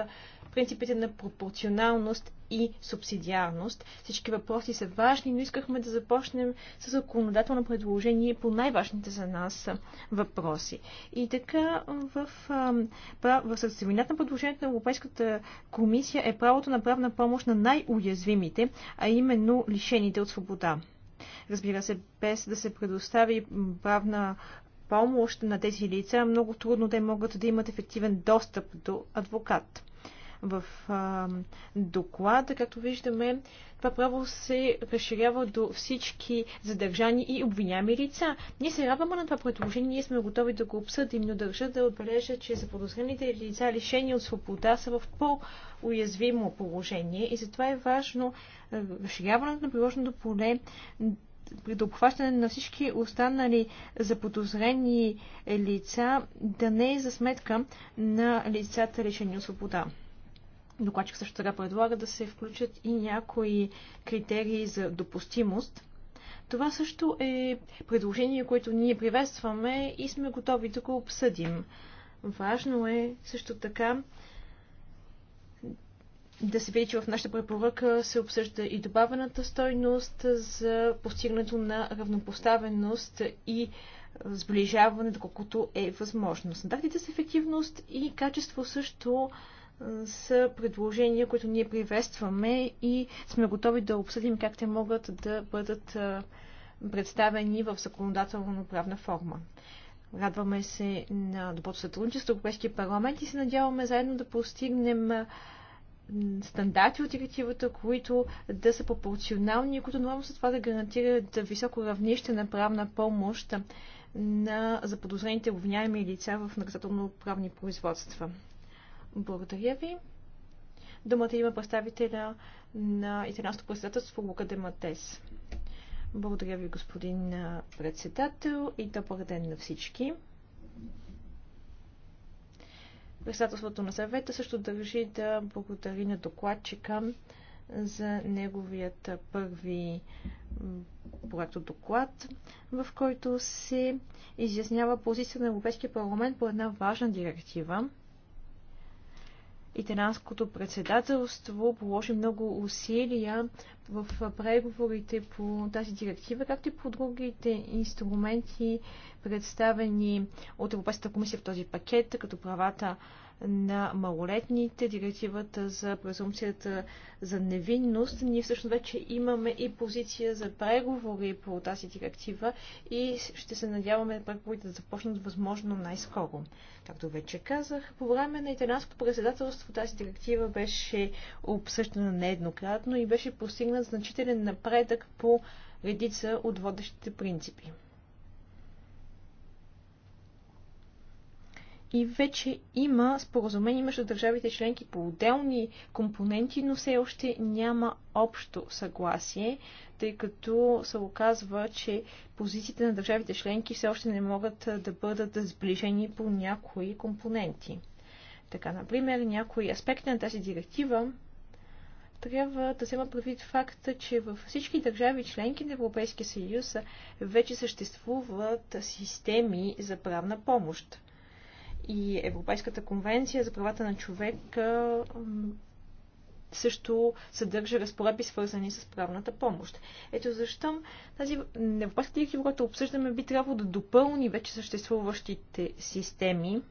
принципите на пропорционалност и субсидиарност. Всички въпроси са важни, но искахме да започнем с законодателно предложение по най-важните за нас въпроси. И така в, в сърцевината на предложението на Европейската комисия е правото на правна помощ на най-уязвимите, а именно лишените от свобода. Разбира се, без да се предостави правна помощ на тези лица, много трудно те могат да имат ефективен достъп до адвокат в а, доклада. Както виждаме, това право се разширява до всички задържани и обвиняеми лица. Ние се радваме на това предложение, ние сме готови да го обсъдим, но държа да отбележа, че заподозрените лица, лишени от свобода, са в по-уязвимо положение и затова е важно разширяването на приложеното поле при обхващане на всички останали заподозрени лица да не е за сметка на лицата лишени от свобода. Докладчик също така предлага да се включат и някои критерии за допустимост. Това също е предложение, което ние приветстваме и сме готови да го обсъдим. Важно е също така да се види, че в нашата препоръка се обсъжда и добавената стойност за постигането на равнопоставеност и сближаване, доколкото е възможно. Стандартите с ефективност и качество също са предложения, които ние приветстваме и сме готови да обсъдим как те могат да бъдат представени в законодателно-правна форма. Радваме се на доброто сътрудничество с Европейския парламент и се надяваме заедно да постигнем стандарти от директивата, които да са пропорционални и които нормално са това да гарантират високо равнище на правна помощ на заподозрените обвиняеми лица в наказателно-правни производства. Благодаря ви. Думата има представителя на Италианското председателство Лука Дематес. Благодаря ви, господин председател, и добър ден на всички. Председателството на съвета също държи да благодари на докладчика за неговият първи проекто доклад, в който се изяснява позиция на Европейския парламент по една важна директива, италянското председателство положи много усилия в преговорите по тази директива, както и по другите инструменти, представени от Европейската комисия в този пакет, като правата на малолетните, директивата за презумпцията за невинност. Ние всъщност вече имаме и позиция за преговори по тази директива и ще се надяваме преговорите да започнат възможно най-скоро. Както вече казах, по време на италянското председателство тази директива беше обсъждана нееднократно и беше постигнат значителен напредък по редица от водещите принципи. и вече има споразумение между държавите членки по отделни компоненти, но все още няма общо съгласие, тъй като се оказва, че позициите на държавите членки все още не могат да бъдат сближени по някои компоненти. Така, например, някои аспекти на тази директива трябва да взема предвид факта, че във всички държави членки на Европейския съюз вече съществуват системи за правна помощ и Европейската конвенция за правата на човек също съдържа разпоредби, свързани с правната помощ. Ето защо тази европейска директива, която обсъждаме, би трябвало да допълни вече съществуващите системи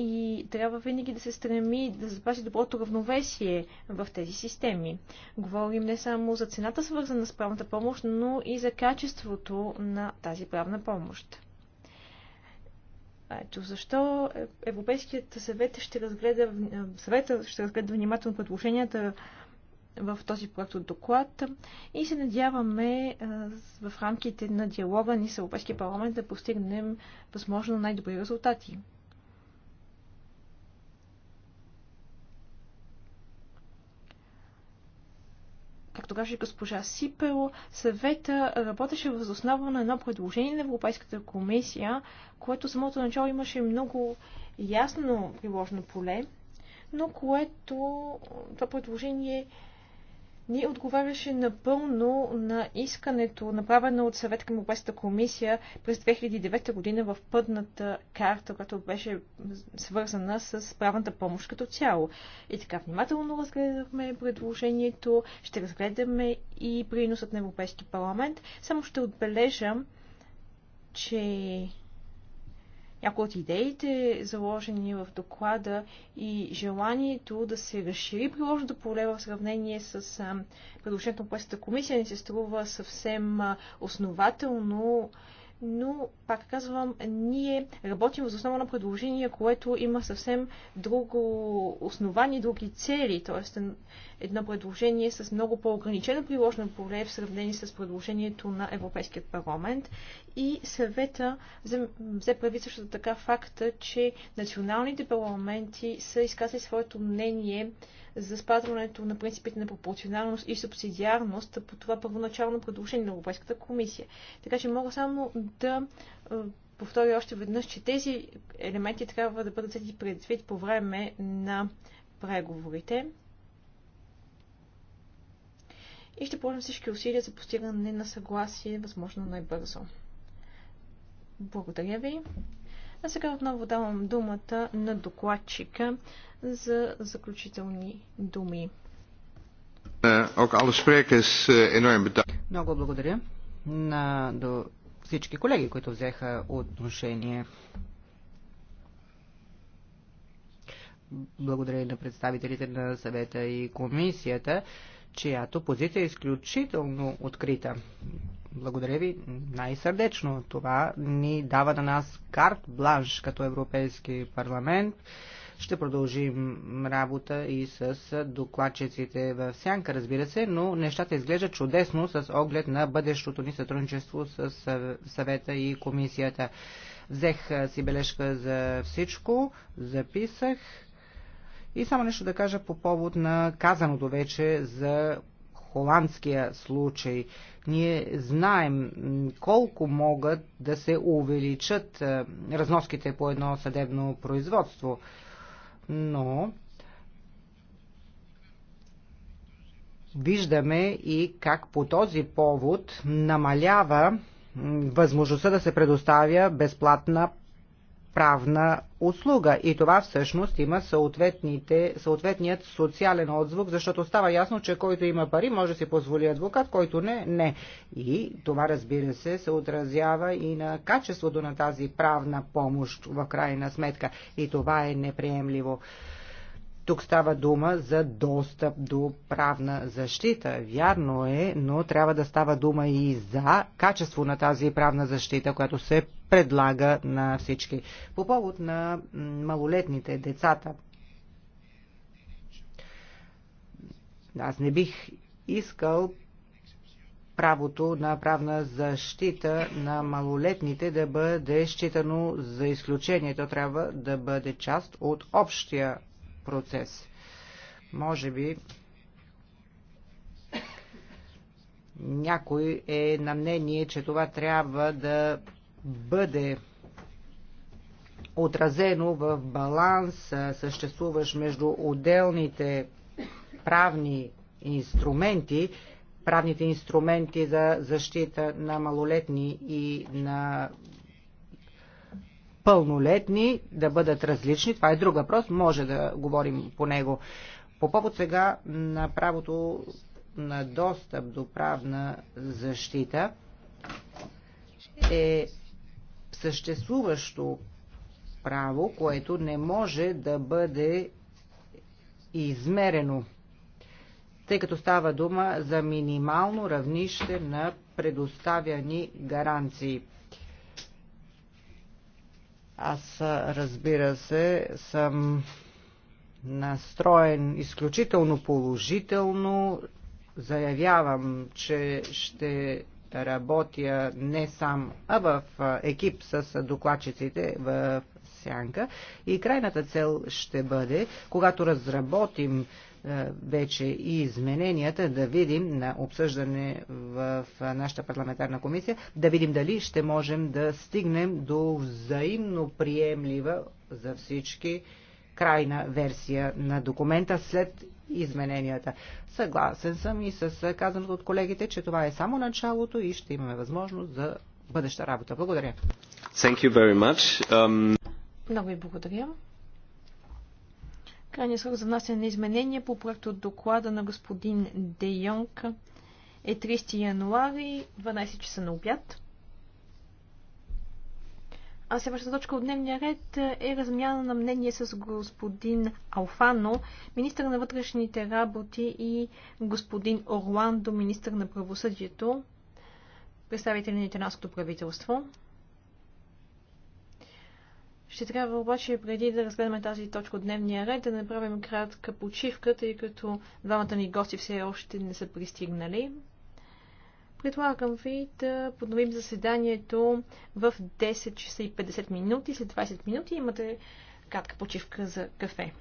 и трябва винаги да се стреми да запази доброто равновесие в тези системи. Говорим не само за цената свързана с правната помощ, но и за качеството на тази правна помощ. Ето защо Европейският съвет ще разгледа, съвета ще разгледа внимателно предложенията в този проект от доклад и се надяваме в рамките на диалога ни с Европейския парламент да постигнем възможно най-добри резултати. както каже госпожа Сипело, съвета работеше въз основа на едно предложение на Европейската комисия, което самото начало имаше много ясно приложено поле, но което това предложение не отговаряше напълно на искането, направено от съвет към Европейската комисия през 2009 година в пътната карта, която беше свързана с правната помощ като цяло. И така внимателно разгледахме предложението, ще разгледаме и приносът на Европейски парламент. Само ще отбележам, че някои от идеите, заложени в доклада и желанието да се разшири приложното поле в сравнение с предложението на Пъстата комисия, ни се струва съвсем основателно но, пак казвам, ние работим за основа на предложение, което има съвсем друго основание, други цели, т.е. едно предложение с много по-ограничено приложено поле в сравнение с предложението на Европейският парламент и съвета взе прави също така факта, че националните парламенти са изказали своето мнение за спазването на принципите на пропорционалност и субсидиарност по това първоначално предложение на Европейската комисия. Така че мога само да повторя още веднъж, че тези елементи трябва да бъдат взети предвид по време на преговорите. И ще положим всички усилия за постигане на съгласие, възможно най-бързо. Благодаря ви. А сега отново давам думата на докладчика за заключителни думи. Е, е, Много благодаря на до всички колеги, които взеха отношение. Благодаря на представителите на съвета и комисията, чиято позиция е изключително открита. Благодаря ви най-сърдечно. Това ни дава на нас карт бланш като Европейски парламент. Ще продължим работа и с докладчиците в сянка, разбира се, но нещата изглеждат чудесно с оглед на бъдещото ни сътрудничество с съвета и комисията. Взех си бележка за всичко, записах и само нещо да кажа по повод на казаното вече за холандския случай. Ние знаем колко могат да се увеличат разноските по едно съдебно производство но виждаме и как по този повод намалява възможността да се предоставя безплатна правна услуга. И това всъщност има съответният социален отзвук, защото става ясно, че който има пари може да си позволи адвокат, който не, не. И това разбира се се отразява и на качеството на тази правна помощ в крайна сметка. И това е неприемливо. Тук става дума за достъп до правна защита. Вярно е, но трябва да става дума и за качество на тази правна защита, която се предлага на всички. По повод на малолетните децата, аз не бих искал правото на правна защита на малолетните да бъде считано за изключение. То трябва да бъде част от общия процес. Може би някой е на мнение, че това трябва да бъде отразено в баланс съществуващ между отделните правни инструменти, правните инструменти за защита на малолетни и на пълнолетни да бъдат различни. Това е друг въпрос, може да говорим по него. По повод сега на правото на достъп до правна защита е съществуващо право, което не може да бъде измерено, тъй като става дума за минимално равнище на предоставяни гаранции. Аз, разбира се, съм настроен изключително положително. Заявявам, че ще да работя не сам, а в екип с докладчиците в сянка. И крайната цел ще бъде, когато разработим вече и измененията, да видим на обсъждане в нашата парламентарна комисия, да видим дали ще можем да стигнем до взаимно приемлива за всички крайна версия на документа след измененията. Съгласен съм и с казаното от колегите, че това е само началото и ще имаме възможност за бъдеща работа. Благодаря. Thank you very much. Um... Много ви благодаря. Крайният срок за внасяне на изменения по проект от доклада на господин Де Йонг е 30 януари, 12 часа на обяд. А следващата точка от дневния ред е размяна на мнение с господин Алфано, министър на вътрешните работи и господин Орландо, министър на правосъдието, представители на италянското правителство. Ще трябва обаче преди да разгледаме тази точка от дневния ред да направим кратка почивка, тъй като двамата ни гости все още не са пристигнали. Предлагам ви да подновим заседанието в 10 часа и 50 минути. След 20 минути имате кратка почивка за кафе.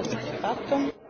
Questo è fatto.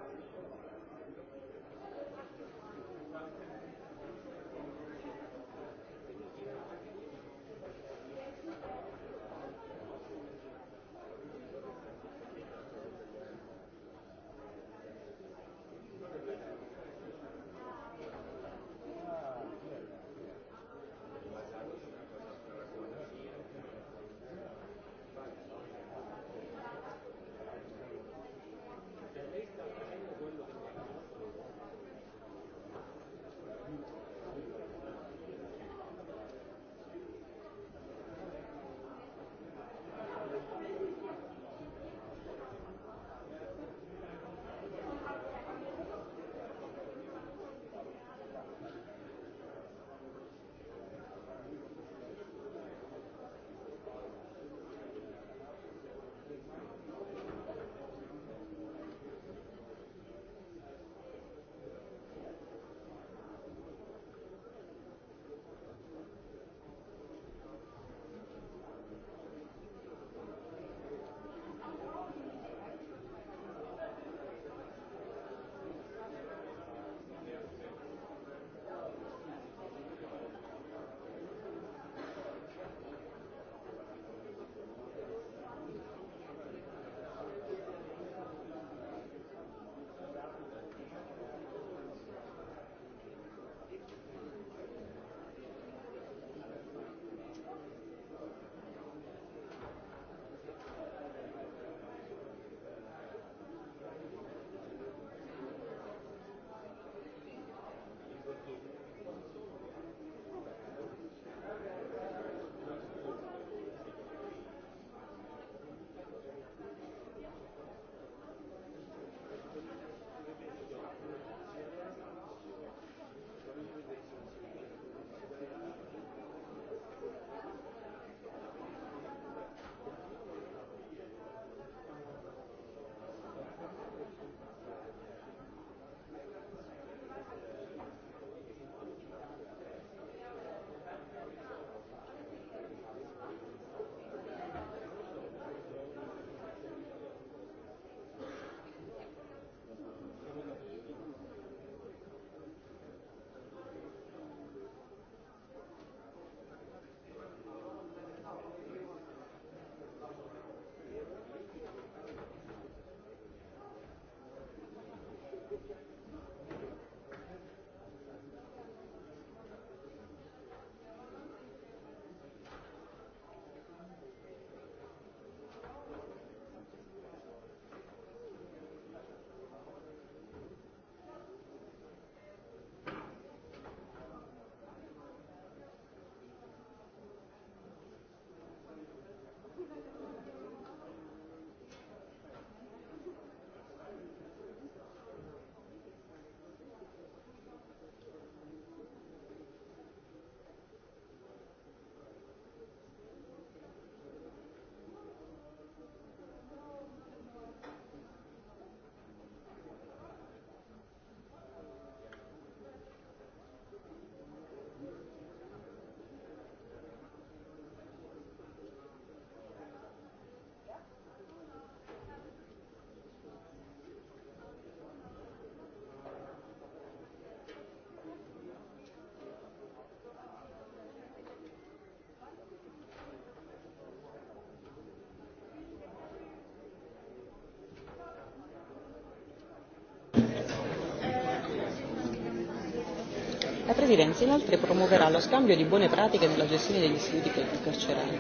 Presidenza inoltre promuoverà lo scambio di buone pratiche nella gestione degli istituti carcerari.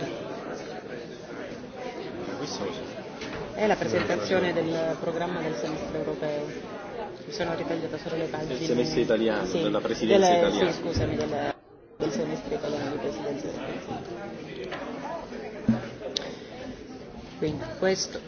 È la presentazione del programma del semestre europeo. Mi sono ritagliata solo le pagine. Del semestre italiano, sì, della presidenza delle, italiana. Sì, scusami, del, del semestre italiano di presidenza Quindi questo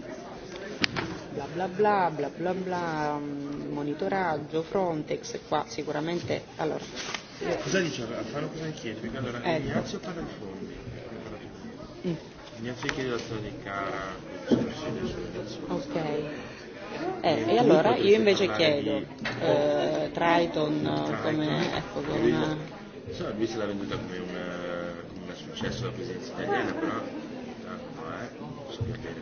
bla bla bla bla bla monitoraggio, Frontex qua sicuramente allora cosa dice farlo cosa chiede? Perché allora ecco. Ignazio parla di fondi mm. Ignazio chiede la storia di cara ok eh, e allora io invece chiedo eh, Triton come ecco come una... lui se l'ha venduta come un successo la presenza italiana però non è so perché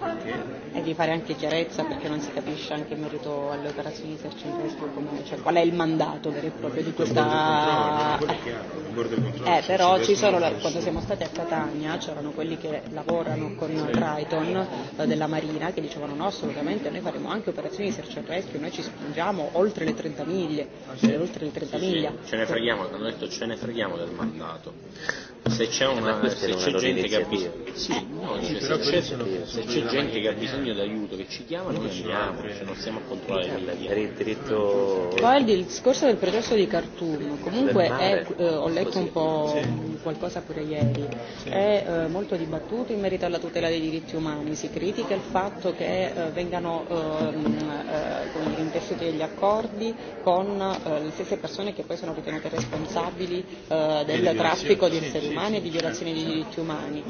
di fare anche chiarezza perché non si capisce anche in merito alle operazioni di esercizio comune, cioè qual è il mandato vero e proprio di questa... Eh, però ci sono, quando siamo stati a Catania c'erano quelli che lavorano con Triton della Marina che dicevano no assolutamente noi faremo anche operazioni di search and rescue, noi ci spingiamo oltre le 30 miglia, oltre le 30 sì, miglia. Sì. Ce ne freghiamo, hanno detto ce ne freghiamo del mandato se c'è, una, se c'è gente che ha bisogno d'aiuto che ci chiamano, noi andiamo, cioè non stiamo a controllare il diritto. Poi il discorso del processo di Khartoum, comunque è, eh, ho letto un po' qualcosa pure ieri, è eh, molto dibattuto in merito alla tutela dei diritti umani, si critica il fatto che eh, vengano eh, eh, intessuti degli accordi con eh, le stesse persone che poi sono ritenute responsabili eh, del traffico di esseri umani e di violazioni dei diritti umani.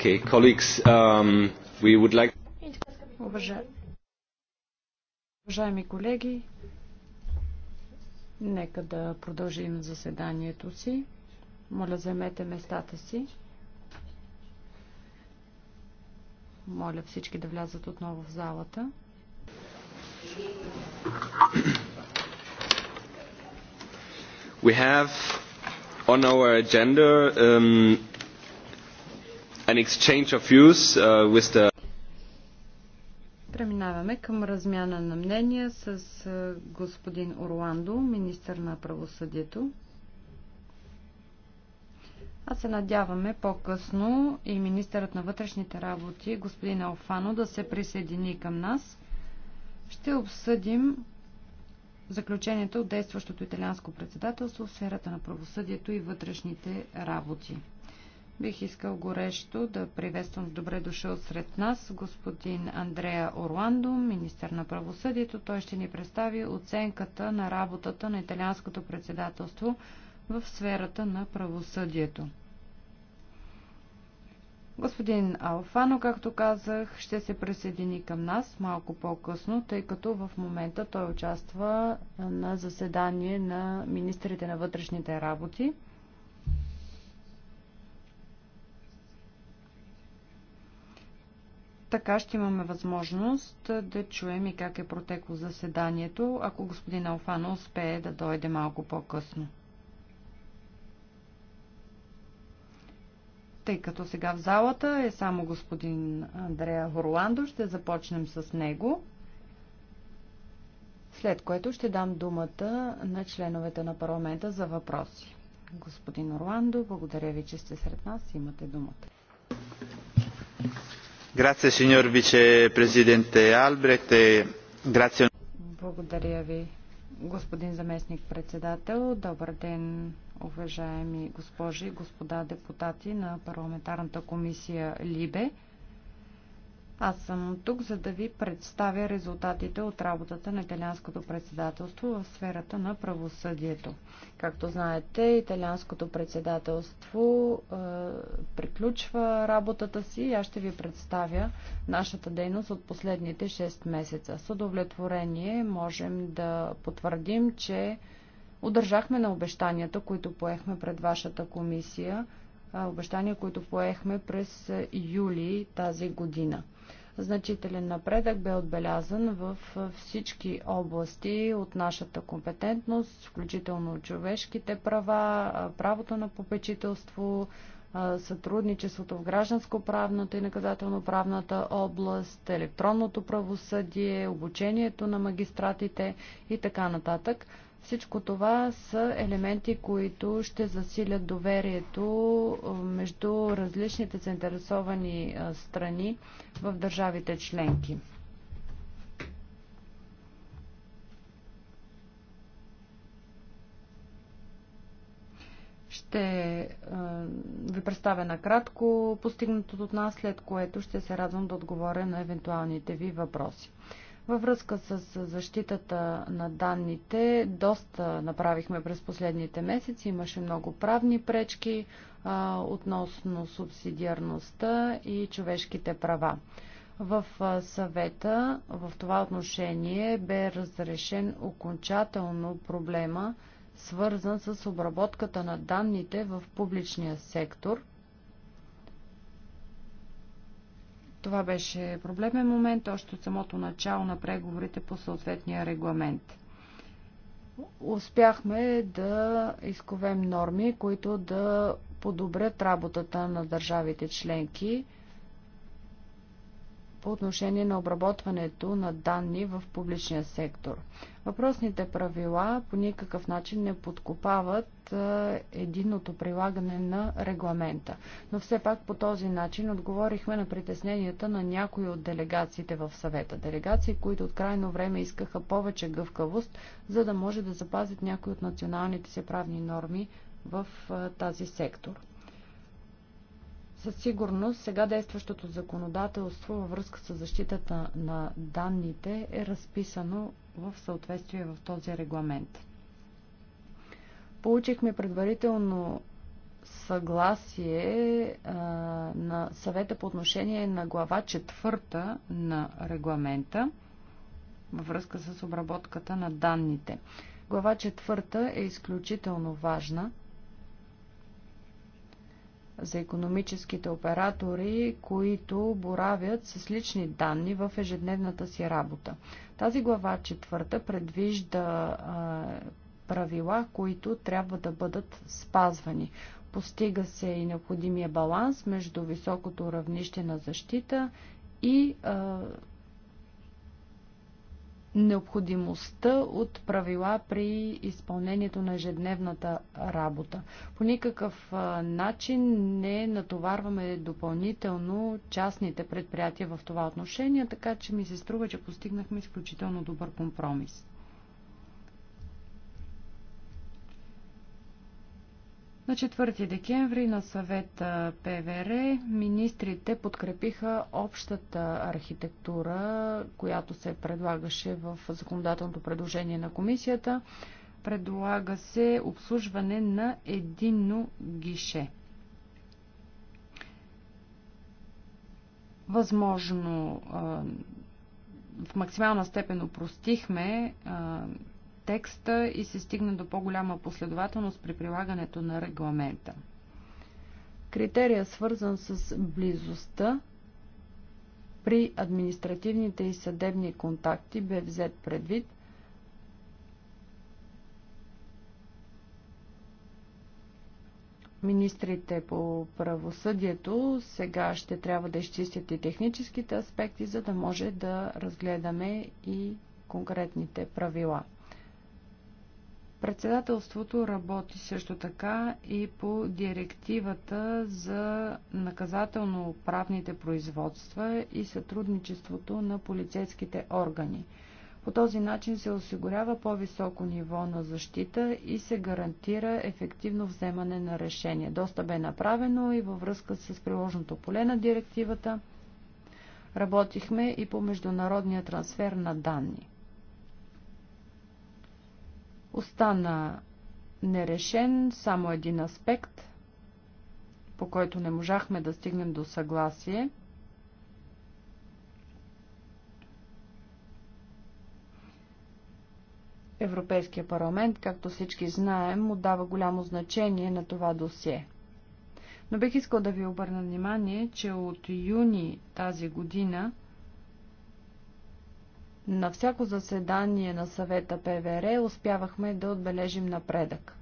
Okay, colleagues, um, we would like... Уважаеми колеги, нека да продължим заседанието си. Моля, вземете местата си. Моля всички да влязат отново в залата. We have on our agenda um, an exchange of views uh, with the Преминаваме към размяна на мнения с господин Орландо, министър на правосъдието. А се надяваме по-късно и министърът на вътрешните работи, господин Алфано, да се присъедини към нас. Ще обсъдим заключението от действащото италианско председателство в сферата на правосъдието и вътрешните работи. Бих искал горещо да приветствам с добре дошъл сред нас господин Андрея Орландо, министър на правосъдието. Той ще ни представи оценката на работата на италианското председателство в сферата на правосъдието. Господин Алфано, както казах, ще се присъедини към нас малко по-късно, тъй като в момента той участва на заседание на министрите на вътрешните работи. Така ще имаме възможност да чуем и как е протекло заседанието, ако господин Алфано успее да дойде малко по-късно. Тъй като сега в залата е само господин Андрея Хорландо, ще започнем с него, след което ще дам думата на членовете на парламента за въпроси. Господин Орландо, благодаря ви, че сте сред нас. Имате думата signor e Grazie. Благодаря ви, господин заместник председател. Добър ден, уважаеми госпожи и господа депутати на парламентарната комисия Либе. Аз съм тук, за да ви представя резултатите от работата на италианското председателство в сферата на правосъдието. Както знаете, италианското председателство е, приключва работата си и аз ще ви представя нашата дейност от последните 6 месеца. С удовлетворение можем да потвърдим, че удържахме на обещанията, които поехме пред вашата комисия, обещания, които поехме през юли тази година. Значителен напредък бе отбелязан в всички области от нашата компетентност, включително човешките права, правото на попечителство, сътрудничеството в гражданско-правната и наказателно-правната област, електронното правосъдие, обучението на магистратите и така нататък. Всичко това са елементи, които ще засилят доверието между различните заинтересовани страни в държавите членки. ще ви представя накратко постигнатото от нас, след което ще се радвам да отговоря на евентуалните ви въпроси. Във връзка с защитата на данните, доста направихме през последните месеци. Имаше много правни пречки а, относно субсидиарността и човешките права. В съвета в това отношение бе разрешен окончателно проблема, свързан с обработката на данните в публичния сектор – Това беше проблемен момент още от самото начало на преговорите по съответния регламент. Успяхме да изковем норми, които да подобрят работата на държавите членки – по отношение на обработването на данни в публичния сектор. Въпросните правила по никакъв начин не подкопават единното прилагане на регламента. Но все пак по този начин отговорихме на притесненията на някои от делегациите в съвета. Делегации, които от крайно време искаха повече гъвкавост, за да може да запазят някои от националните си правни норми в тази сектор. Със сигурност сега действащото законодателство във връзка с защитата на данните е разписано в съответствие в този регламент. Получихме предварително съгласие а, на съвета по отношение на глава четвърта на регламента във връзка с обработката на данните. Глава четвърта е изключително важна, за економическите оператори, които боравят с лични данни в ежедневната си работа. Тази глава четвърта предвижда правила, които трябва да бъдат спазвани. Постига се и необходимия баланс между високото равнище на защита и необходимостта от правила при изпълнението на ежедневната работа. По никакъв начин не натоварваме допълнително частните предприятия в това отношение, така че ми се струва, че постигнахме изключително добър компромис. На 4 декември на съвета ПВР министрите подкрепиха общата архитектура, която се предлагаше в законодателното предложение на комисията. Предлага се обслужване на единно гише. Възможно в максимална степен упростихме текста и се стигна до по-голяма последователност при прилагането на регламента. Критерия свързан с близостта при административните и съдебни контакти бе взет предвид – министрите по правосъдието сега ще трябва да изчистят и техническите аспекти, за да може да разгледаме и конкретните правила. Председателството работи също така и по директивата за наказателно-правните производства и сътрудничеството на полицейските органи. По този начин се осигурява по-високо ниво на защита и се гарантира ефективно вземане на решение. Доста бе направено и във връзка с приложното поле на директивата. Работихме и по международния трансфер на данни. Остана нерешен само един аспект, по който не можахме да стигнем до съгласие. Европейския парламент, както всички знаем, отдава голямо значение на това досие. Но бих искал да ви обърна внимание, че от юни тази година на всяко заседание на съвета ПВР успявахме да отбележим напредък.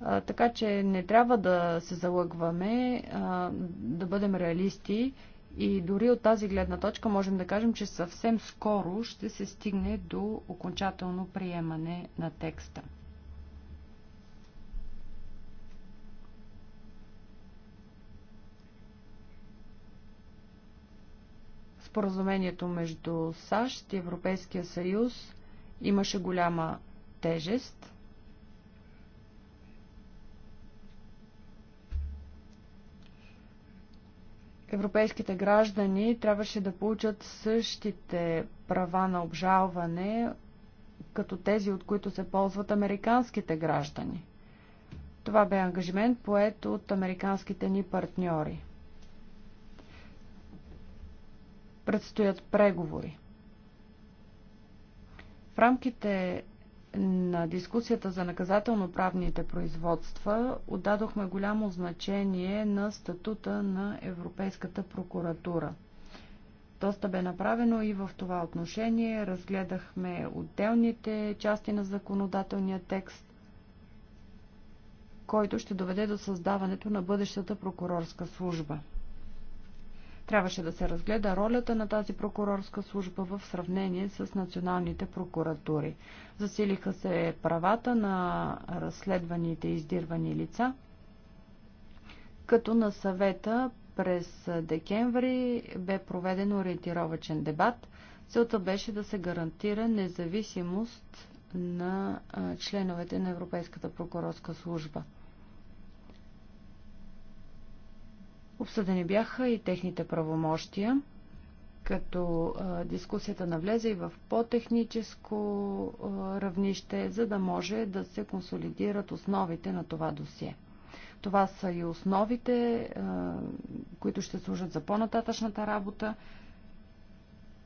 А, така че не трябва да се залъгваме, а, да бъдем реалисти и дори от тази гледна точка можем да кажем, че съвсем скоро ще се стигне до окончателно приемане на текста. Споразумението между САЩ и Европейския съюз имаше голяма тежест. Европейските граждани трябваше да получат същите права на обжалване, като тези, от които се ползват американските граждани. Това бе ангажимент поет от американските ни партньори. Предстоят преговори. В рамките на дискусията за наказателно-правните производства отдадохме голямо значение на статута на Европейската прокуратура. Доста бе направено и в това отношение. Разгледахме отделните части на законодателния текст, който ще доведе до създаването на бъдещата прокурорска служба. Трябваше да се разгледа ролята на тази прокурорска служба в сравнение с националните прокуратури. Засилиха се правата на разследваните и издирвани лица, като на съвета през декември бе проведен ориентировачен дебат. Целта беше да се гарантира независимост на членовете на Европейската прокурорска служба. Обсъдени бяха и техните правомощия, като дискусията навлезе и в по-техническо равнище, за да може да се консолидират основите на това досие. Това са и основите, които ще служат за по-нататъчната работа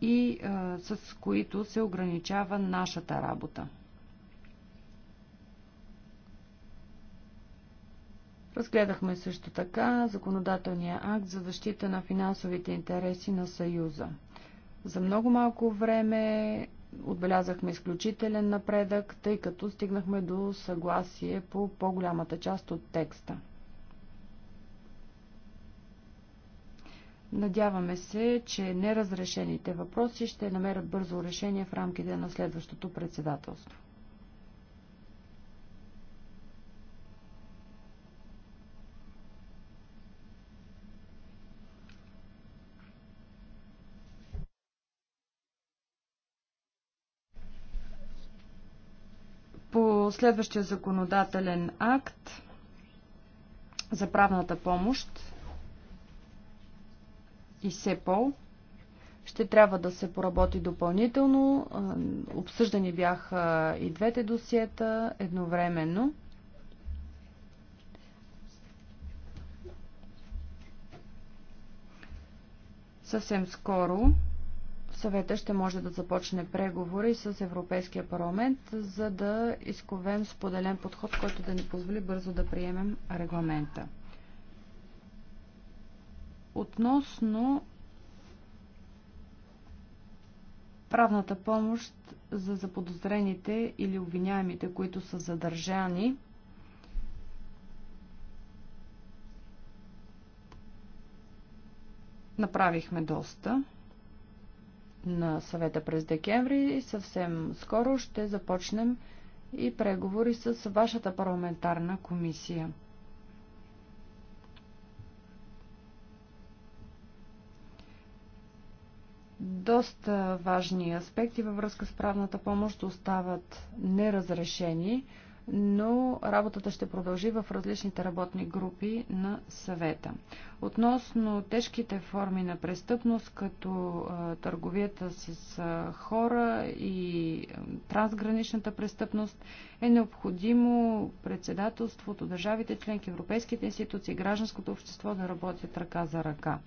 и с които се ограничава нашата работа. Разгледахме също така законодателния акт за защита на финансовите интереси на Съюза. За много малко време отбелязахме изключителен напредък, тъй като стигнахме до съгласие по по-голямата част от текста. Надяваме се, че неразрешените въпроси ще намерят бързо решение в рамките на следващото председателство. следващия законодателен акт за правната помощ и СЕПОЛ ще трябва да се поработи допълнително. Обсъждани бяха и двете досиета едновременно. Съвсем скоро съвета ще може да започне преговори с Европейския парламент, за да изковем споделен подход, който да ни позволи бързо да приемем регламента. Относно правната помощ за заподозрените или обвиняемите, които са задържани, направихме доста на съвета през декември и съвсем скоро ще започнем и преговори с вашата парламентарна комисия. Доста важни аспекти във връзка с правната помощ остават неразрешени но работата ще продължи в различните работни групи на съвета. Относно тежките форми на престъпност, като търговията с хора и трансграничната престъпност, е необходимо председателството, държавите членки, европейските институции, гражданското общество да работят ръка за ръка.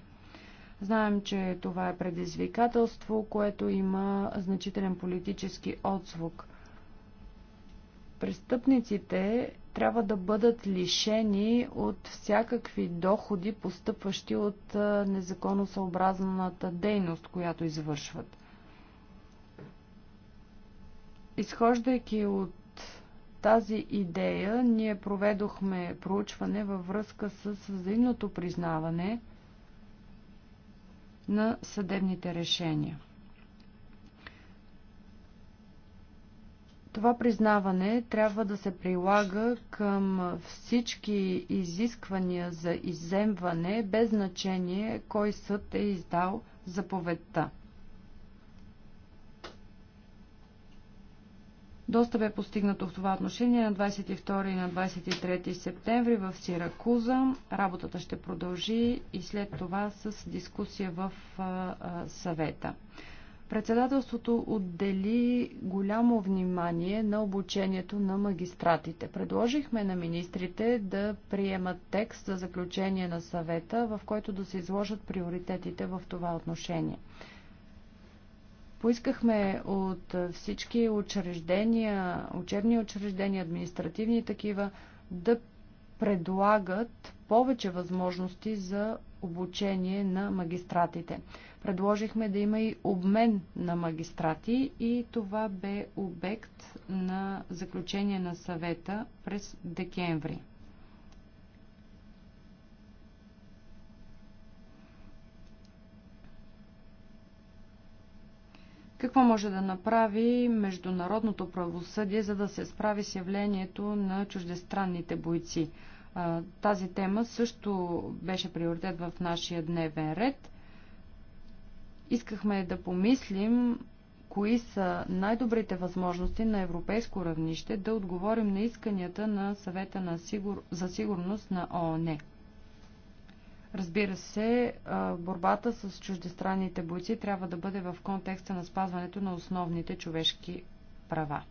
Знаем, че това е предизвикателство, което има значителен политически отзвук – Престъпниците трябва да бъдат лишени от всякакви доходи, постъпващи от незаконосъобразната дейност, която извършват. Изхождайки от тази идея, ние проведохме проучване във връзка с взаимното признаване на съдебните решения. Това признаване трябва да се прилага към всички изисквания за иземване, без значение кой съд е издал заповедта. Доста бе постигнато в това отношение на 22 и на 23 септември в Сиракуза. Работата ще продължи и след това с дискусия в съвета. Председателството отдели голямо внимание на обучението на магистратите. Предложихме на министрите да приемат текст за заключение на съвета, в който да се изложат приоритетите в това отношение. Поискахме от всички учреждения, учебни учреждения, административни такива, да предлагат повече възможности за обучение на магистратите. Предложихме да има и обмен на магистрати и това бе обект на заключение на съвета през декември. Какво може да направи международното правосъдие, за да се справи с явлението на чуждестранните бойци? Тази тема също беше приоритет в нашия дневен ред. Искахме да помислим кои са най-добрите възможности на европейско равнище да отговорим на исканията на съвета на сигур... за сигурност на ООН. Разбира се, борбата с чуждестранните бойци трябва да бъде в контекста на спазването на основните човешки права.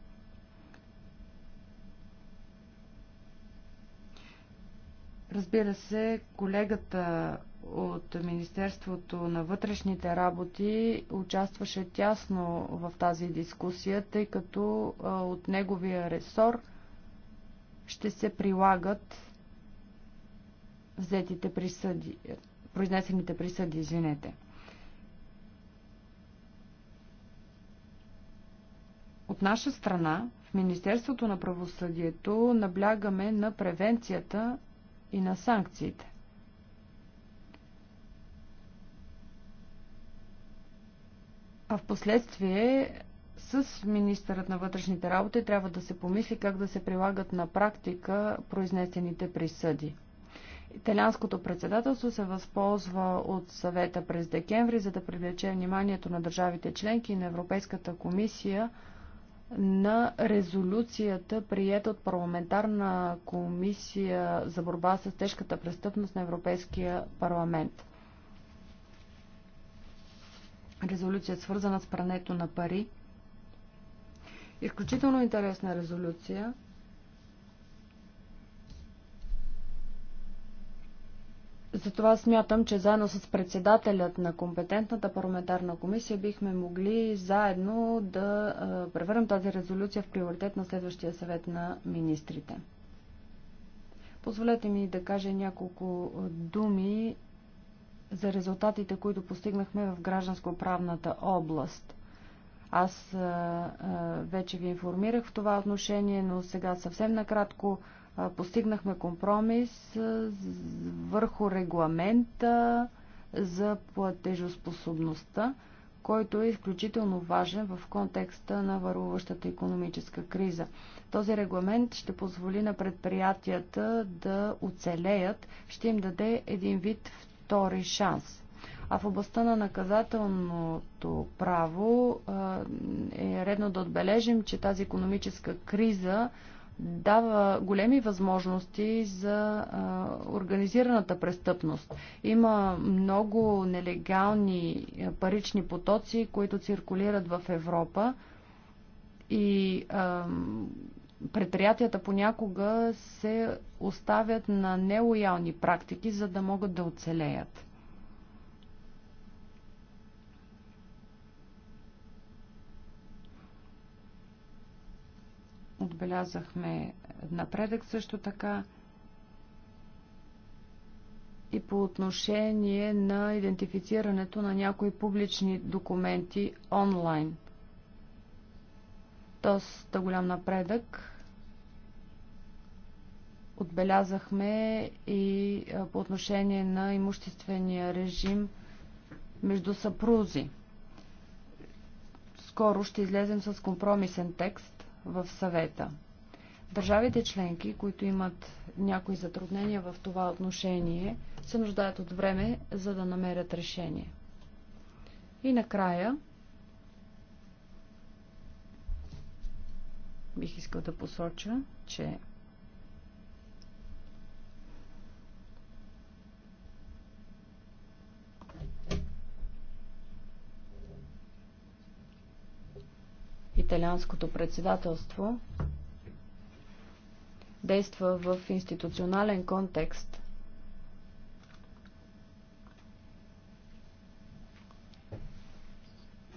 Разбира се, колегата от Министерството на вътрешните работи участваше тясно в тази дискусия, тъй като от неговия ресор ще се прилагат взетите присъди, произнесените присъди, извинете. От наша страна, в Министерството на правосъдието наблягаме на превенцията и на санкциите. А в последствие с министърът на вътрешните работи трябва да се помисли как да се прилагат на практика произнесените присъди. Италианското председателство се възползва от съвета през декември, за да привлече вниманието на държавите членки и на Европейската комисия на резолюцията, приета от парламентарна комисия за борба с тежката престъпност на Европейския парламент. Резолюция свързана с прането на пари. Изключително интересна резолюция – Затова смятам, че заедно с председателят на компетентната парламентарна комисия бихме могли заедно да превърнем тази резолюция в приоритет на следващия съвет на министрите. Позволете ми да кажа няколко думи за резултатите, които постигнахме в гражданско-правната област. Аз вече ви информирах в това отношение, но сега съвсем накратко постигнахме компромис върху регламента за платежоспособността, който е изключително важен в контекста на вървуващата економическа криза. Този регламент ще позволи на предприятията да оцелеят, ще им даде един вид втори шанс. А в областта на наказателното право е редно да отбележим, че тази економическа криза дава големи възможности за а, организираната престъпност. Има много нелегални парични потоци, които циркулират в Европа и а, предприятията понякога се оставят на нелоялни практики, за да могат да оцелеят. Отбелязахме напредък също така и по отношение на идентифицирането на някои публични документи онлайн. Доста голям напредък отбелязахме и по отношение на имуществения режим между съпрузи. Скоро ще излезем с компромисен текст в съвета. Държавите членки, които имат някои затруднения в това отношение, се нуждаят от време, за да намерят решение. И накрая бих искал да посоча, че италианското председателство действа в институционален контекст.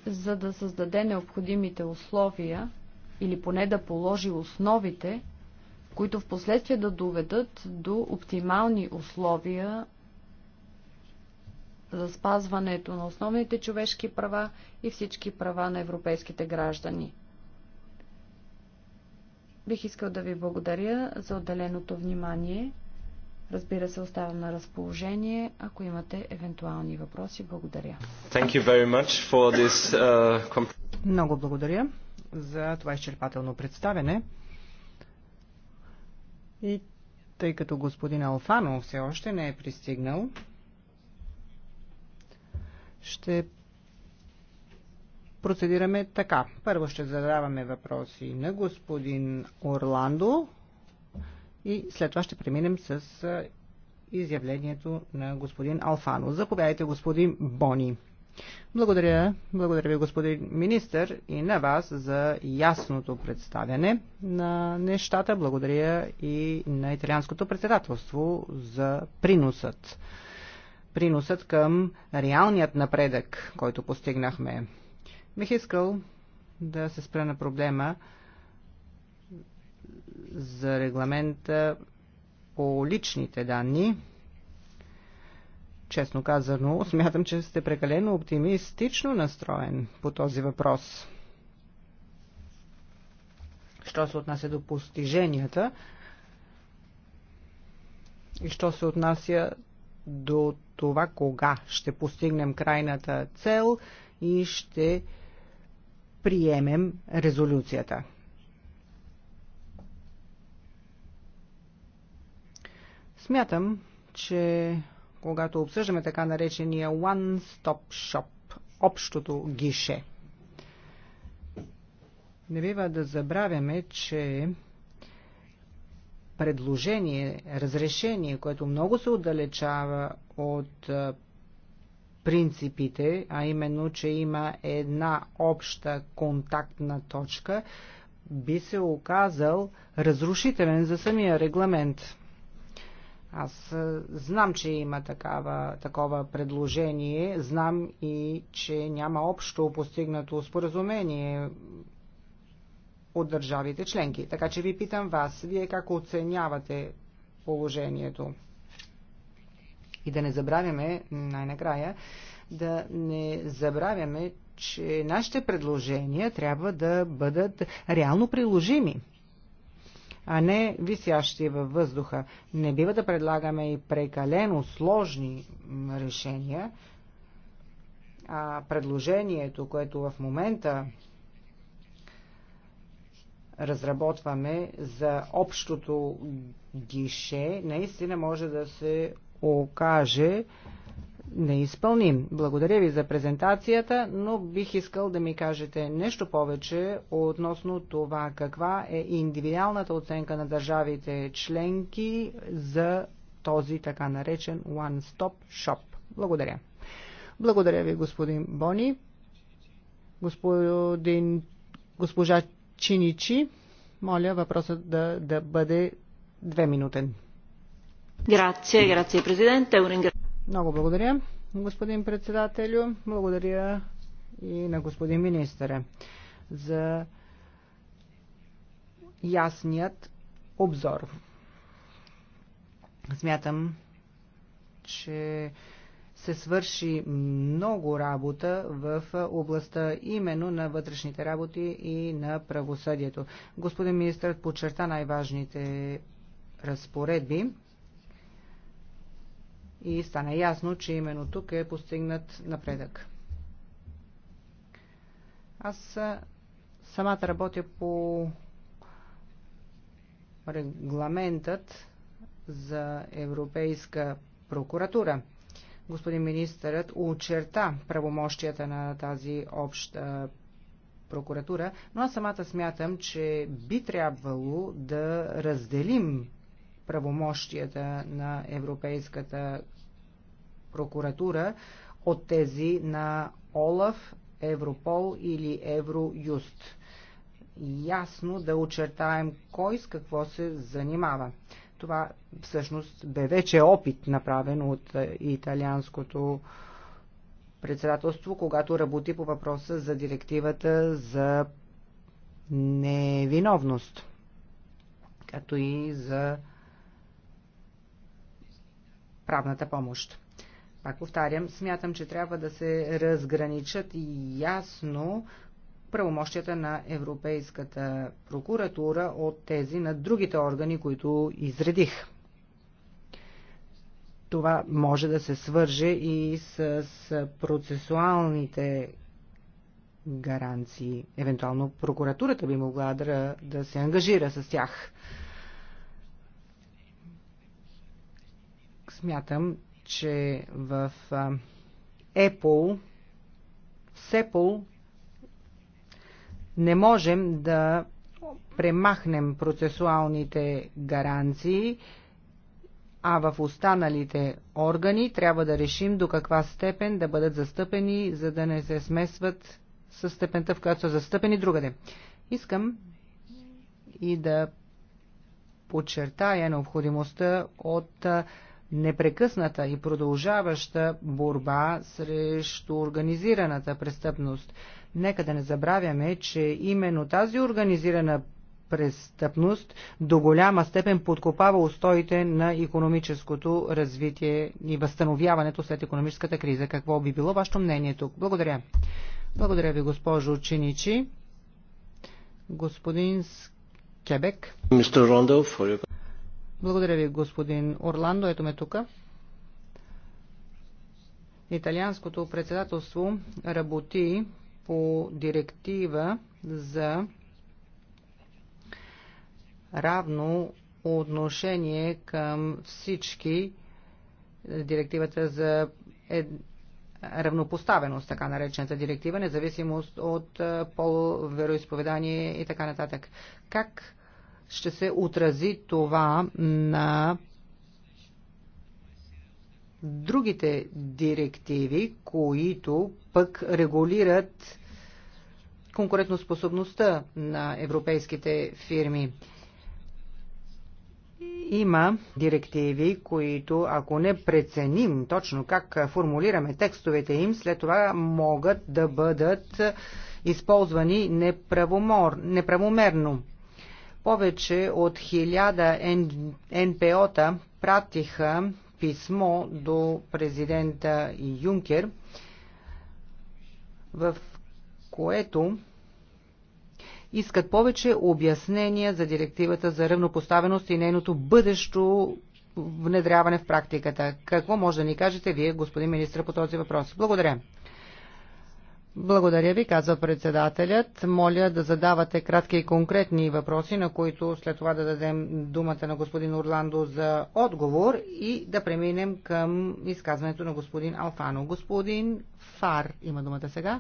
за да създаде необходимите условия или поне да положи основите, които в последствие да доведат до оптимални условия за спазването на основните човешки права и всички права на европейските граждани. Бих искал да ви благодаря за отделеното внимание. Разбира се, оставам на разположение, ако имате евентуални въпроси. Благодаря. Thank you very much for this, uh, Много благодаря за това изчерпателно представене. И тъй като господин Алфано все още не е пристигнал, ще процедираме така. Първо ще задаваме въпроси на господин Орландо и след това ще преминем с изявлението на господин Алфано. Заповядайте, господин Бони. Благодаря, благодаря ви, господин министр, и на вас за ясното представяне на нещата. Благодаря и на италианското председателство за приносът. Приносът към реалният напредък, който постигнахме Бих искал да се спра на проблема за регламента по личните данни. Честно казано, смятам, че сте прекалено оптимистично настроен по този въпрос. Що се отнася до постиженията и що се отнася до това кога ще постигнем крайната цел и ще приемем резолюцията. Смятам, че когато обсъждаме така наречения one-stop shop, общото гише, не бива да забравяме, че предложение, разрешение, което много се отдалечава от принципите, а именно, че има една обща контактна точка, би се оказал разрушителен за самия регламент. Аз знам, че има такава, такова предложение, знам и, че няма общо постигнато споразумение от държавите членки. Така че ви питам вас, вие как оценявате положението? И да не забравяме, най-накрая, да не забравяме, че нашите предложения трябва да бъдат реално приложими а не висящи във въздуха. Не бива да предлагаме и прекалено сложни решения, а предложението, което в момента разработваме за общото гише, наистина може да се окаже неизпълним. Благодаря ви за презентацията, но бих искал да ми кажете нещо повече относно това каква е индивидуалната оценка на държавите членки за този така наречен One Stop Shop. Благодаря. Благодаря ви, господин Бони. Господин, госпожа Чиничи, моля въпросът да, да бъде две минутен. Много благодаря, господин председателю. Благодаря и на господин министъра за ясният обзор. Смятам, че се свърши много работа в областта именно на вътрешните работи и на правосъдието. Господин министърът подчерта най-важните разпоредби и стана ясно, че именно тук е постигнат напредък. Аз самата работя по регламентът за Европейска прокуратура. Господин министърът очерта правомощията на тази обща прокуратура, но аз самата смятам, че би трябвало да разделим правомощията на Европейската прокуратура от тези на ОЛАФ, Европол или Евроюст. Ясно да очертаем кой с какво се занимава. Това всъщност бе вече опит направен от е, италианското председателство, когато работи по въпроса за директивата за невиновност, като и за правната помощ. Пак повтарям, смятам, че трябва да се разграничат и ясно правомощията на Европейската прокуратура от тези на другите органи, които изредих. Това може да се свърже и с процесуалните гаранции. Евентуално прокуратурата би могла да, да се ангажира с тях. Смятам, че в Apple, Apple не можем да премахнем процесуалните гаранции, а в останалите органи трябва да решим до каква степен да бъдат застъпени, за да не се смесват с степента, в която са застъпени другаде. Искам и да подчертая необходимостта от непрекъсната и продължаваща борба срещу организираната престъпност. Нека да не забравяме, че именно тази организирана престъпност до голяма степен подкопава устоите на економическото развитие и възстановяването след економическата криза. Какво би било вашето мнение тук? Благодаря. Благодаря ви, госпожо Ученичи, Господин Кебек. Мистер Рондов, благодаря ви, господин Орландо. Ето ме тук. Италианското председателство работи по директива за равно отношение към всички директивата за равнопоставеност, така наречената директива, независимост от пол, вероисповедание и така нататък. Как ще се отрази това на другите директиви, които пък регулират конкурентоспособността на европейските фирми. Има директиви, които ако не преценим точно как формулираме текстовете им, след това могат да бъдат използвани неправомерно. Повече от хиляда НПО-та пратиха писмо до президента Юнкер, в което искат повече обяснения за директивата за равнопоставеност и нейното бъдещо внедряване в практиката. Какво може да ни кажете вие, господин министр, по този въпрос? Благодаря. Благодаря ви, казва председателят. Моля да задавате кратки и конкретни въпроси, на които след това да дадем думата на господин Орландо за отговор и да преминем към изказването на господин Алфано. Господин Фар има думата сега.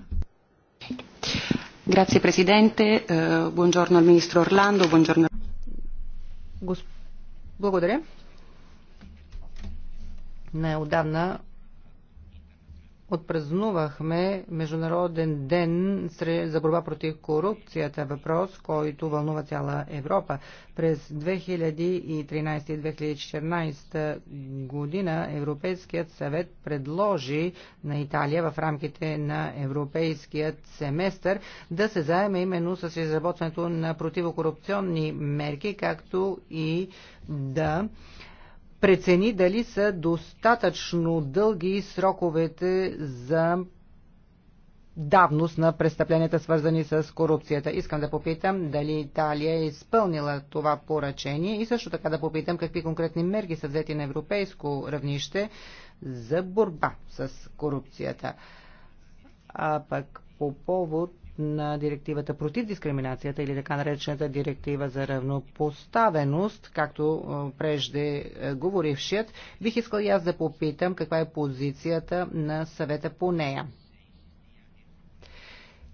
Грация, президенте. Е, бонжорно, министр Орландо. Бонжорно. buongiorno. Благодаря. Неодавна отпразнувахме Международен ден за борба против корупцията, въпрос, който вълнува цяла Европа. През 2013 и 2014 година Европейският съвет предложи на Италия в рамките на Европейският семестър да се заеме именно с изработването на противокорупционни мерки, както и да прецени дали са достатъчно дълги сроковете за давност на престъпленията, свързани с корупцията. Искам да попитам дали Италия е изпълнила това поръчение и също така да попитам какви конкретни мерки са взети на европейско равнище за борба с корупцията. А пък по повод на директивата против дискриминацията или така наречената директива за равнопоставеност, както е, прежде е, говорившият, бих искал и аз да попитам каква е позицията на съвета по нея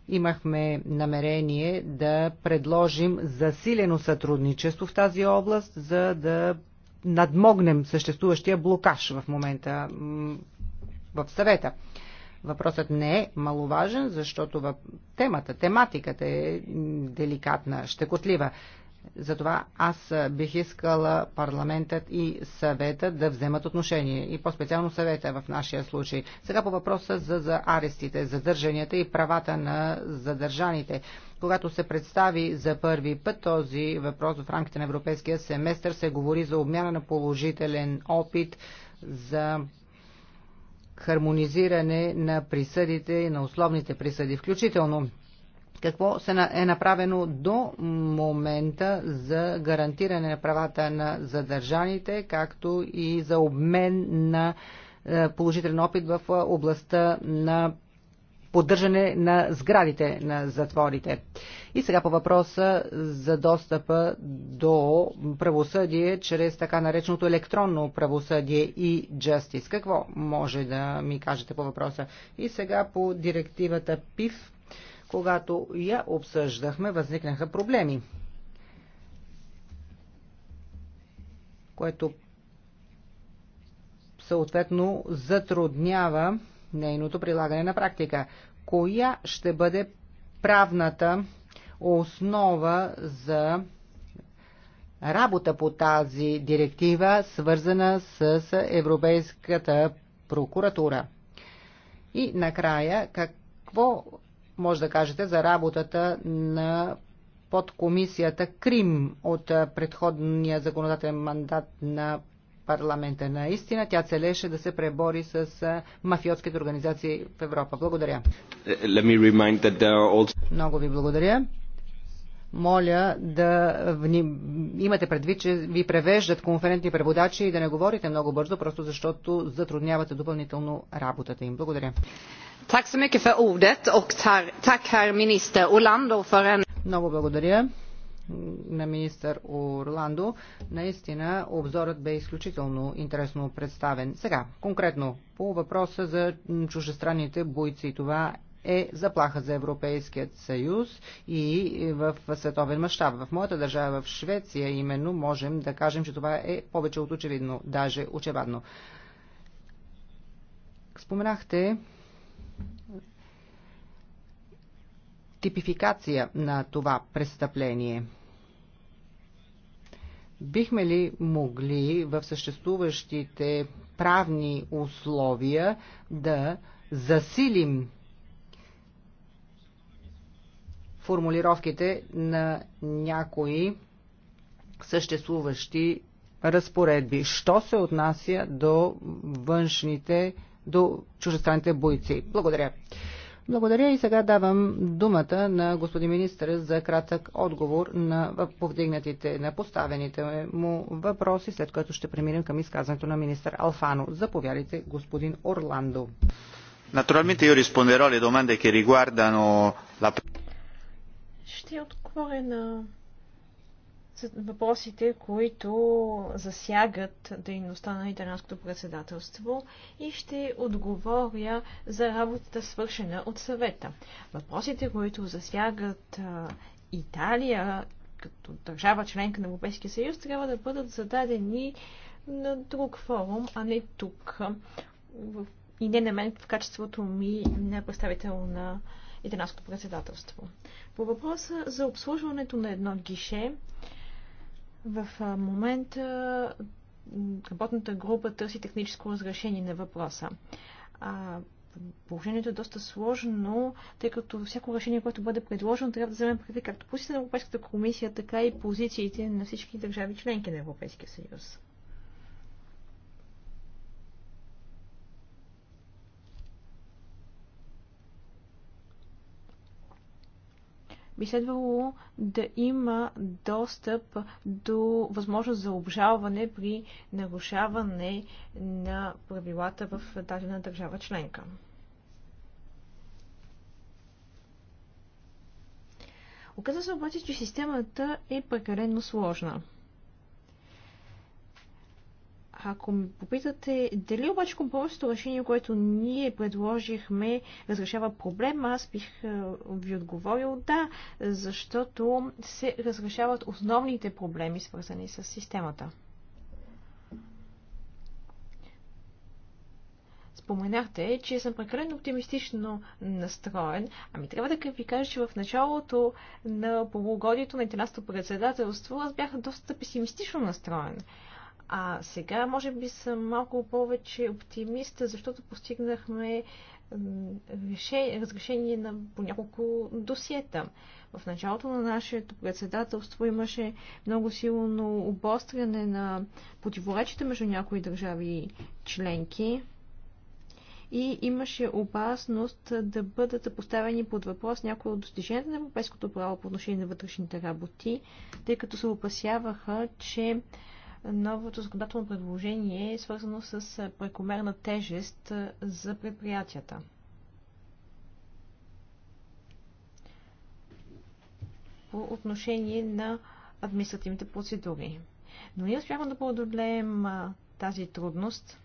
имахме намерение да предложим засилено сътрудничество в тази област, за да надмогнем съществуващия блокаж в момента в съвета. Въпросът не е маловажен, защото въп... темата, тематиката е деликатна, щекотлива. Затова аз бих искала парламентът и съвета да вземат отношение. И по-специално съвета в нашия случай. Сега по въпроса за, за арестите, задържанията и правата на задържаните. Когато се представи за първи път този въпрос в рамките на европейския семестър, се говори за обмяна на положителен опит за хармонизиране на присъдите и на условните присъди, включително какво се е направено до момента за гарантиране на правата на задържаните, както и за обмен на е, положителен опит в е, областта на поддържане на сградите на затворите. И сега по въпроса за достъпа до правосъдие чрез така нареченото електронно правосъдие и Justice. Какво може да ми кажете по въпроса? И сега по директивата ПИФ, когато я обсъждахме, възникнаха проблеми. Което съответно затруднява нейното прилагане на практика. Коя ще бъде правната основа за работа по тази директива, свързана с Европейската прокуратура? И накрая, какво може да кажете за работата на подкомисията Крим от предходния законодателен мандат на парламента. Наистина тя целеше да се пребори с мафиотските организации в Европа. Благодаря. Also... Много ви благодаря. Моля да вни... имате предвид, че ви превеждат конферентни преводачи и да не говорите много бързо, просто защото затруднявате допълнително работата им. Благодаря. Много благодаря на министър Орландо, наистина обзорът бе изключително интересно представен. Сега, конкретно по въпроса за чужестранните бойци. Това е заплаха за Европейският съюз и в световен мащаб. В моята държава, в Швеция именно, можем да кажем, че това е повече от очевидно, даже очевадно. Споменахте типификация на това престъпление. Бихме ли могли в съществуващите правни условия да засилим формулировките на някои съществуващи разпоредби. Що се отнася до външните, до чужестранните бойци? Благодаря. Благодаря и сега давам думата на господин министър за кратък отговор на повдигнатите, на поставените му въпроси, след което ще преминем към изказването на министър Алфано. Заповядайте, господин Орландо. Naturalmente io risponderò alle domande che Ще отговоря на въпросите, които засягат дейността на италианското председателство и ще отговоря за работата свършена от съвета. Въпросите, които засягат Италия като държава членка на Европейския съюз, трябва да бъдат зададени на друг форум, а не тук. И не на мен в качеството ми на представител на италианското председателство. По въпроса за обслужването на едно гише, в момента работната група търси техническо разрешение на въпроса. А, положението е доста сложно, тъй като всяко решение, което бъде предложено, трябва да вземе преди както позицията на Европейската комисия, така и позициите на всички държави членки на Европейския съюз. би следвало да има достъп до възможност за обжалване при нарушаване на правилата в дадена държава членка. Оказва се обаче, че системата е прекалено сложна. Ако ме попитате дали обаче компромисното решение, което ние предложихме, разрешава проблема, аз бих е, ви отговорил да, защото се разрешават основните проблеми, свързани с системата. споменахте, че съм прекалено оптимистично настроен. Ами трябва да ви кажа, че в началото на полугодието на 11-то председателство аз бях доста песимистично настроен. А сега може би съм малко повече оптимист, защото постигнахме разрешение на по няколко досиета. В началото на нашето председателство имаше много силно обостряне на противоречите между някои държави членки и имаше опасност да бъдат поставени под въпрос някои от достиженията на европейското право по отношение на вътрешните работи, тъй като се опасяваха, че новото законодателно предложение е свързано с прекомерна тежест за предприятията. По отношение на административните процедури. Но ние успяхме да преодолеем тази трудност –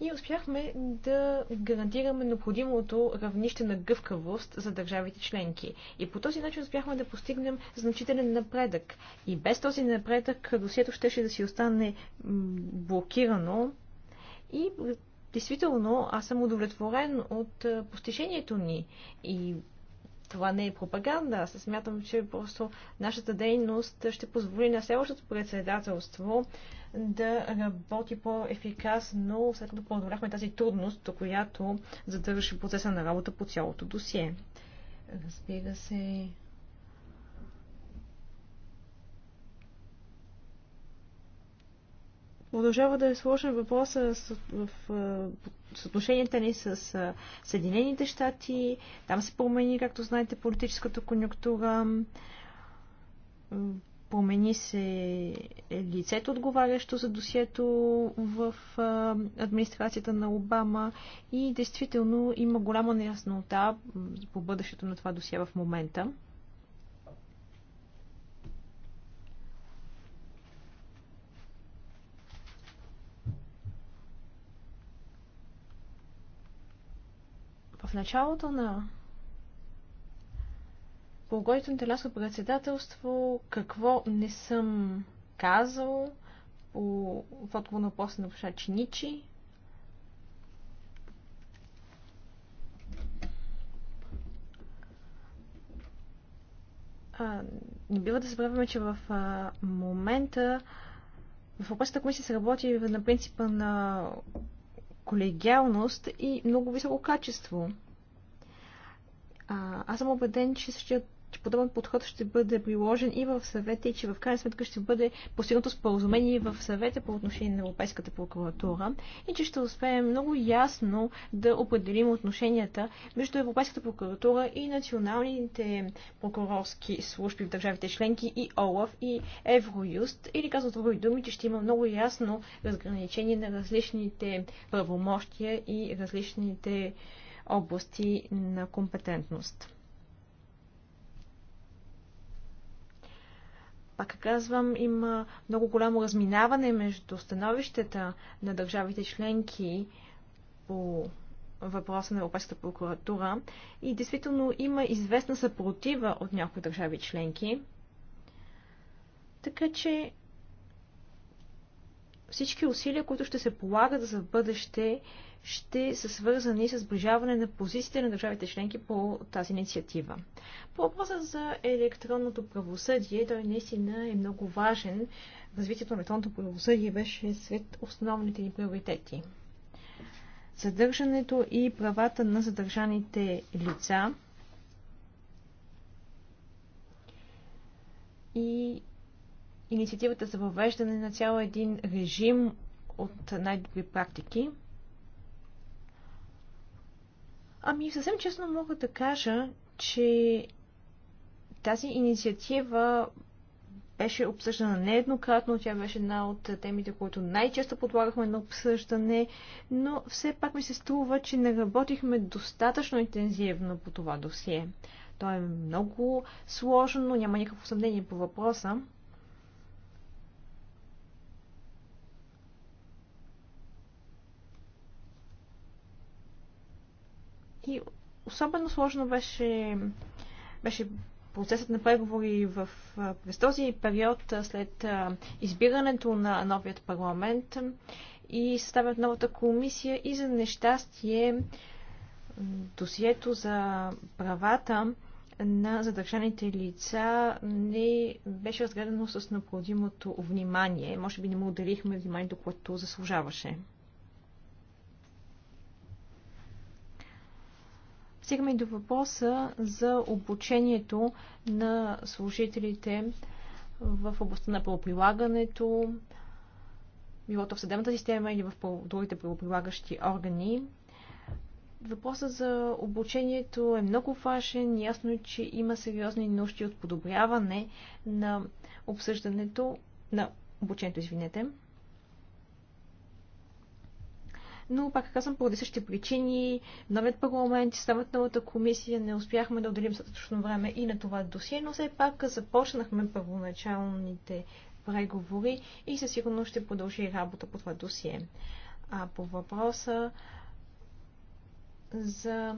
и успяхме да гарантираме необходимото равнище на гъвкавост за държавите членки. И по този начин успяхме да постигнем значителен напредък. И без този напредък досието щеше да си остане блокирано и действително аз съм удовлетворен от постижението ни и това не е пропаганда. Аз смятам, че просто нашата дейност ще позволи на следващото председателство да работи по-ефикасно, след като преодоляхме тази трудност, която задържаше процеса на работа по цялото досие. Разбира се, Продължава да е сложен въпрос в, в съотношенията ни с Съединените щати. Там се промени, както знаете, политическата конъюнктура. Промени се лицето, отговарящо за досието в администрацията на Обама и действително има голяма неяснота по бъдещето на това досие в момента. В началото на който на Италианското председателство, какво не съм казал по, в отговор на после на Боша Чиничи. А, не бива да забравяме, че в а, момента в областната комисия се работи на принципа на колегиалност и много високо качество. А, аз съм убеден, че същият че подобен подход ще бъде приложен и в съвета и че в крайна сметка ще бъде постигнато споразумение в съвета по отношение на Европейската прокуратура и че ще успеем много ясно да определим отношенията между Европейската прокуратура и националните прокурорски служби в държавите членки и ОЛАФ и Евроюст или казват други думи, че ще има много ясно разграничение на различните правомощия и различните области на компетентност. Пак казвам, има много голямо разминаване между становищата на държавите членки по въпроса на Европейската прокуратура и действително има известна съпротива от някои държави членки. Така че всички усилия, които ще се полагат за бъдеще, ще са свързани с сближаване на позициите на държавите членки по тази инициатива. По въпроса за електронното правосъдие, той наистина е много важен. Развитието на електронното правосъдие беше сред основните ни приоритети. Задържането и правата на задържаните лица и инициативата за въвеждане на цял един режим от най-добри практики – Ами съвсем честно мога да кажа, че тази инициатива беше обсъждана нееднократно, тя беше една от темите, които най-често подлагахме на обсъждане, но все пак ми се струва, че не работихме достатъчно интензивно по това досие. То е много сложно, няма никакво съмнение по въпроса. И особено сложно беше, беше процесът на преговори в, през този период след избирането на новият парламент и съставят новата комисия и за нещастие досието за правата на задържаните лица не беше разгледано с необходимото внимание. Може би не му отделихме вниманието, което заслужаваше. стигаме и до въпроса за обучението на служителите в областта на правоприлагането, било то в съдебната система или в другите правоприлагащи органи. Въпросът за обучението е много важен. Ясно е, че има сериозни нужди от подобряване на обсъждането, на обучението, извинете но пак казвам, поради същите причини, новият парламент, стават новата комисия, не успяхме да отделим достатъчно време и на това досие, но все пак започнахме първоначалните преговори и със сигурност ще продължи работа по това досие. А по въпроса за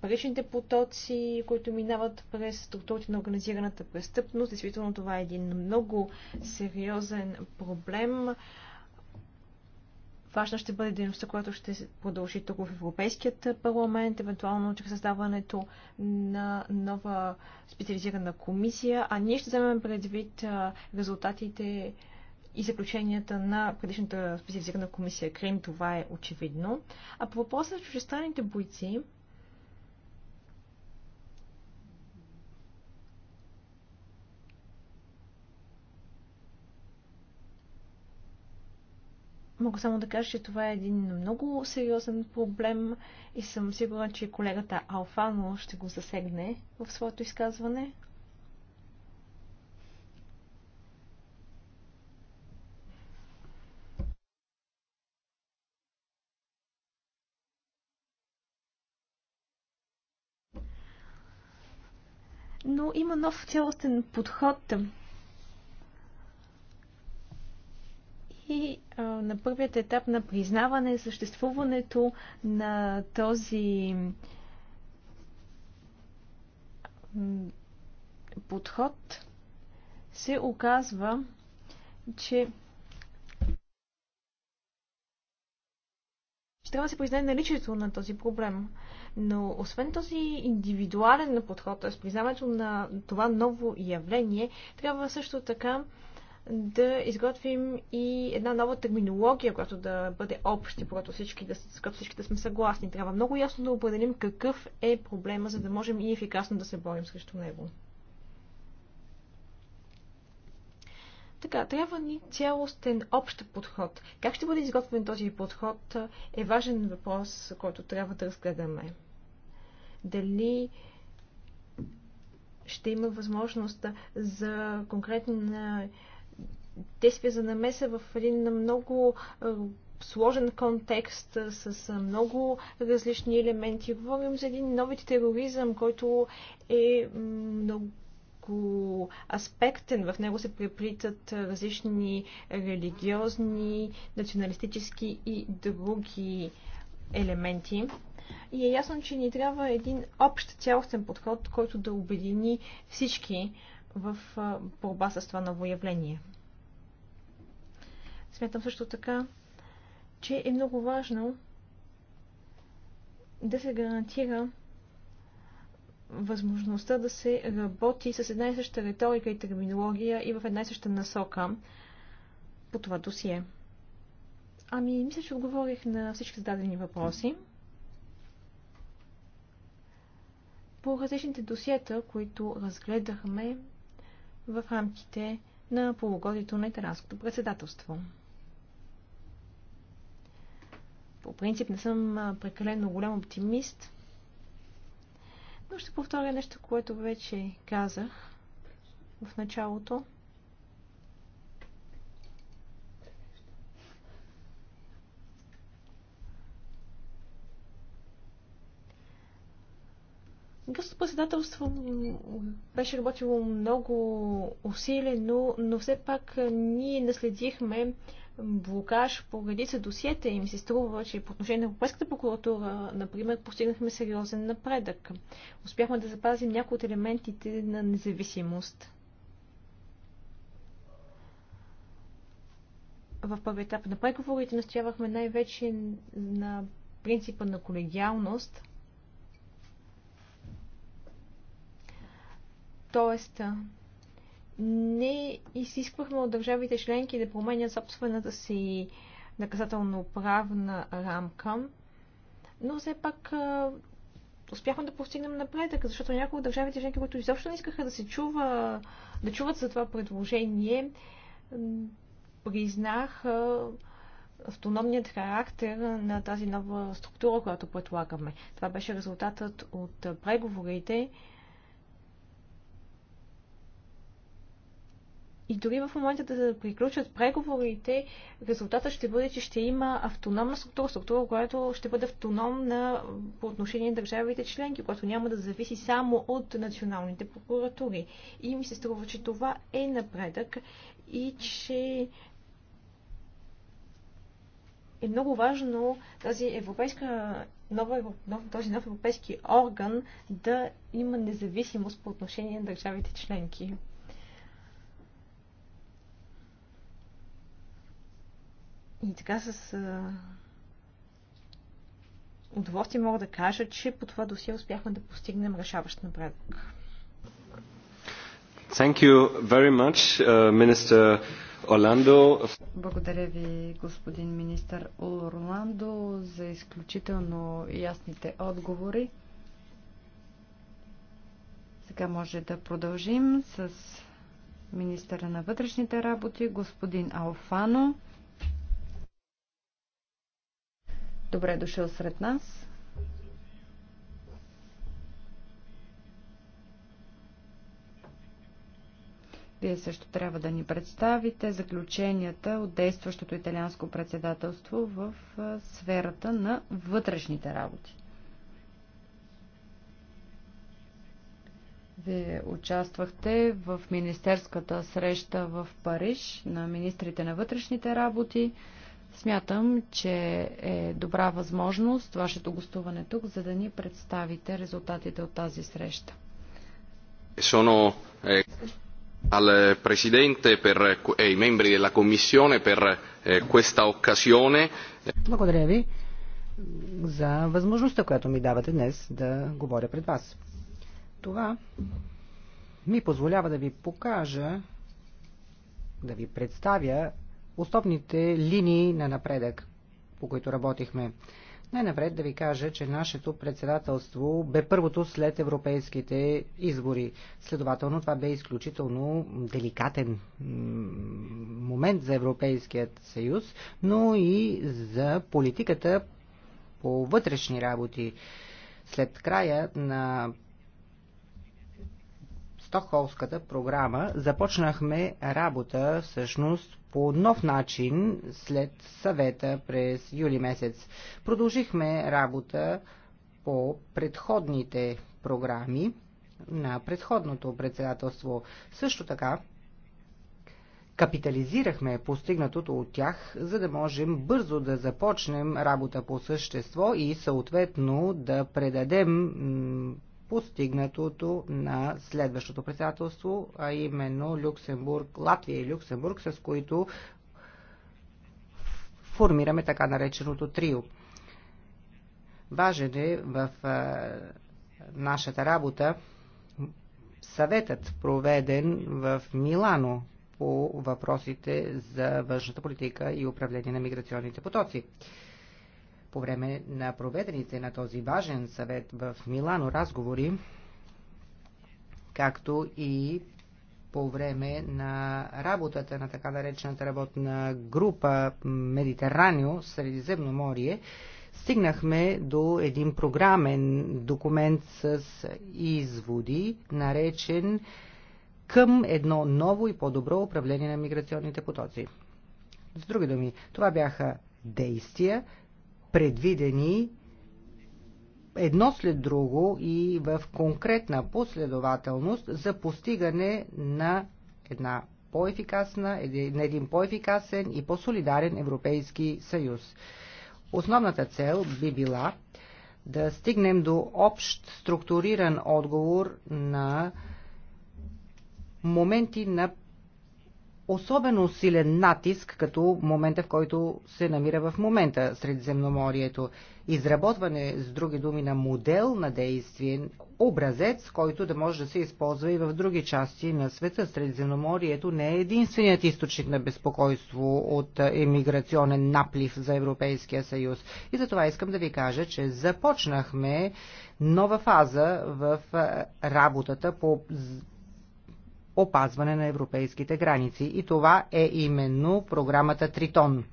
паричните потоци, които минават през структурите на организираната престъпност. Действително това е един много сериозен проблем. Важна ще бъде дейността, която ще продължи тук в Европейският парламент, евентуално чрез създаването на нова специализирана комисия, а ние ще вземем предвид резултатите и заключенията на предишната специализирана комисия Крим. Това е очевидно. А по въпроса за чужестранните бойци, Мога само да кажа, че това е един много сериозен проблем и съм сигурна, че колегата Алфано ще го засегне в своето изказване. но има нов цялостен подход И а, на първият етап на признаване съществуването на този подход се оказва, че ще трябва да се признае наличието на този проблем. Но освен този индивидуален подход, т.е. признаването на това ново явление, трябва също така да изготвим и една нова терминология, която да бъде обща, която всички да, с която всички да сме съгласни. Трябва много ясно да определим какъв е проблема, за да можем и ефикасно да се борим срещу него. Така, трябва ни цялостен общ подход. Как ще бъде изготвен този подход е важен въпрос, който трябва да разгледаме. Дали ще има възможност за конкретна действия за намеса в един много сложен контекст с много различни елементи. Говорим за един нови тероризъм, който е много аспектен. В него се преплитат различни религиозни, националистически и други елементи. И е ясно, че ни трябва един общ цялостен подход, който да обедини всички в борба с това явление. Смятам също така, че е много важно да се гарантира възможността да се работи с една и съща риторика и терминология и в една и съща насока по това досие. Ами, мисля, че отговорих на всички зададени въпроси. По различните досиета, които разгледахме в рамките на полугодието на италянското председателство. По принцип не съм прекалено голям оптимист, но ще повторя нещо, което вече казах в началото. Гръцкото председателство беше работило много усилено, но все пак ние наследихме блокаж по редица досиета и ми се струва, че по отношение на Европейската прокуратура, например, постигнахме сериозен напредък. Успяхме да запазим някои от елементите на независимост. В първи етап на преговорите настоявахме най-вече на принципа на колегиалност, т.е не изисквахме от държавите членки да променят собствената си наказателно-правна рамка, но все пак успяхме да постигнем напредък, защото някои от държавите членки, които изобщо не искаха да се чува, да чуват за това предложение, признах автономният характер на тази нова структура, която предлагаме. Това беше резултатът от преговорите, И дори в момента да приключат преговорите, резултатът ще бъде, че ще има автономна структура, структура, която ще бъде автономна по отношение на държавите членки, която няма да зависи само от националните прокуратури. И ми се струва, че това е напредък и че е много важно тази европейска, нова, нов, този нов европейски орган да има независимост по отношение на държавите членки. И така с а, удоволствие мога да кажа, че по това досие успяхме да постигнем решаващ напредък. Thank you very much, uh, Minister Orlando. Благодаря ви, господин министър Орландо, за изключително ясните отговори. Сега може да продължим с министъра на вътрешните работи, господин Алфано. Добре е дошъл сред нас. Вие също трябва да ни представите заключенията от действащото италианско председателство в сферата на вътрешните работи. Вие участвахте в министерската среща в Париж на министрите на вътрешните работи. Смятам, че е добра възможност вашето гостуване тук, за да ни представите резултатите от тази среща. Sono eh, al Presidente e eh, е, ai membri della Commissione per eh, questa occasione. Благодаря ви за възможността, която ми давате днес да говоря пред вас. Това ми позволява да ви покажа, да ви представя основните линии на напредък, по които работихме. Най-напред да ви кажа, че нашето председателство бе първото след европейските избори. Следователно, това бе изключително деликатен момент за Европейският съюз, но и за политиката по вътрешни работи. След края на Стокхолската програма започнахме работа всъщност по нов начин след съвета през юли месец. Продължихме работа по предходните програми на предходното председателство. Също така капитализирахме постигнатото от тях, за да можем бързо да започнем работа по същество и съответно да предадем постигнатото на следващото председателство, а именно Люксембург, Латвия и Люксембург, с които формираме така нареченото трио. Важен е в нашата работа съветът, проведен в Милано по въпросите за външната политика и управление на миграционните потоци. По време на проведените на този важен съвет в Милано разговори, както и по време на работата на така наречената работна група Медитеранио, море, стигнахме до един програмен документ с изводи, наречен към едно ново и по-добро управление на миграционните потоци. С други думи, това бяха действия, предвидени едно след друго и в конкретна последователност за постигане на една по-ефикасна, на един по-ефикасен и по-солидарен Европейски съюз. Основната цел би била да стигнем до общ структуриран отговор на моменти на особено силен натиск, като момента, в който се намира в момента Средиземноморието. Изработване, с други думи, на модел на действие, образец, който да може да се използва и в други части на света. Средиземноморието не е единственият източник на безпокойство от емиграционен наплив за Европейския съюз. И за това искам да ви кажа, че започнахме нова фаза в работата по опазване на европейските граници. И това е именно програмата Тритон.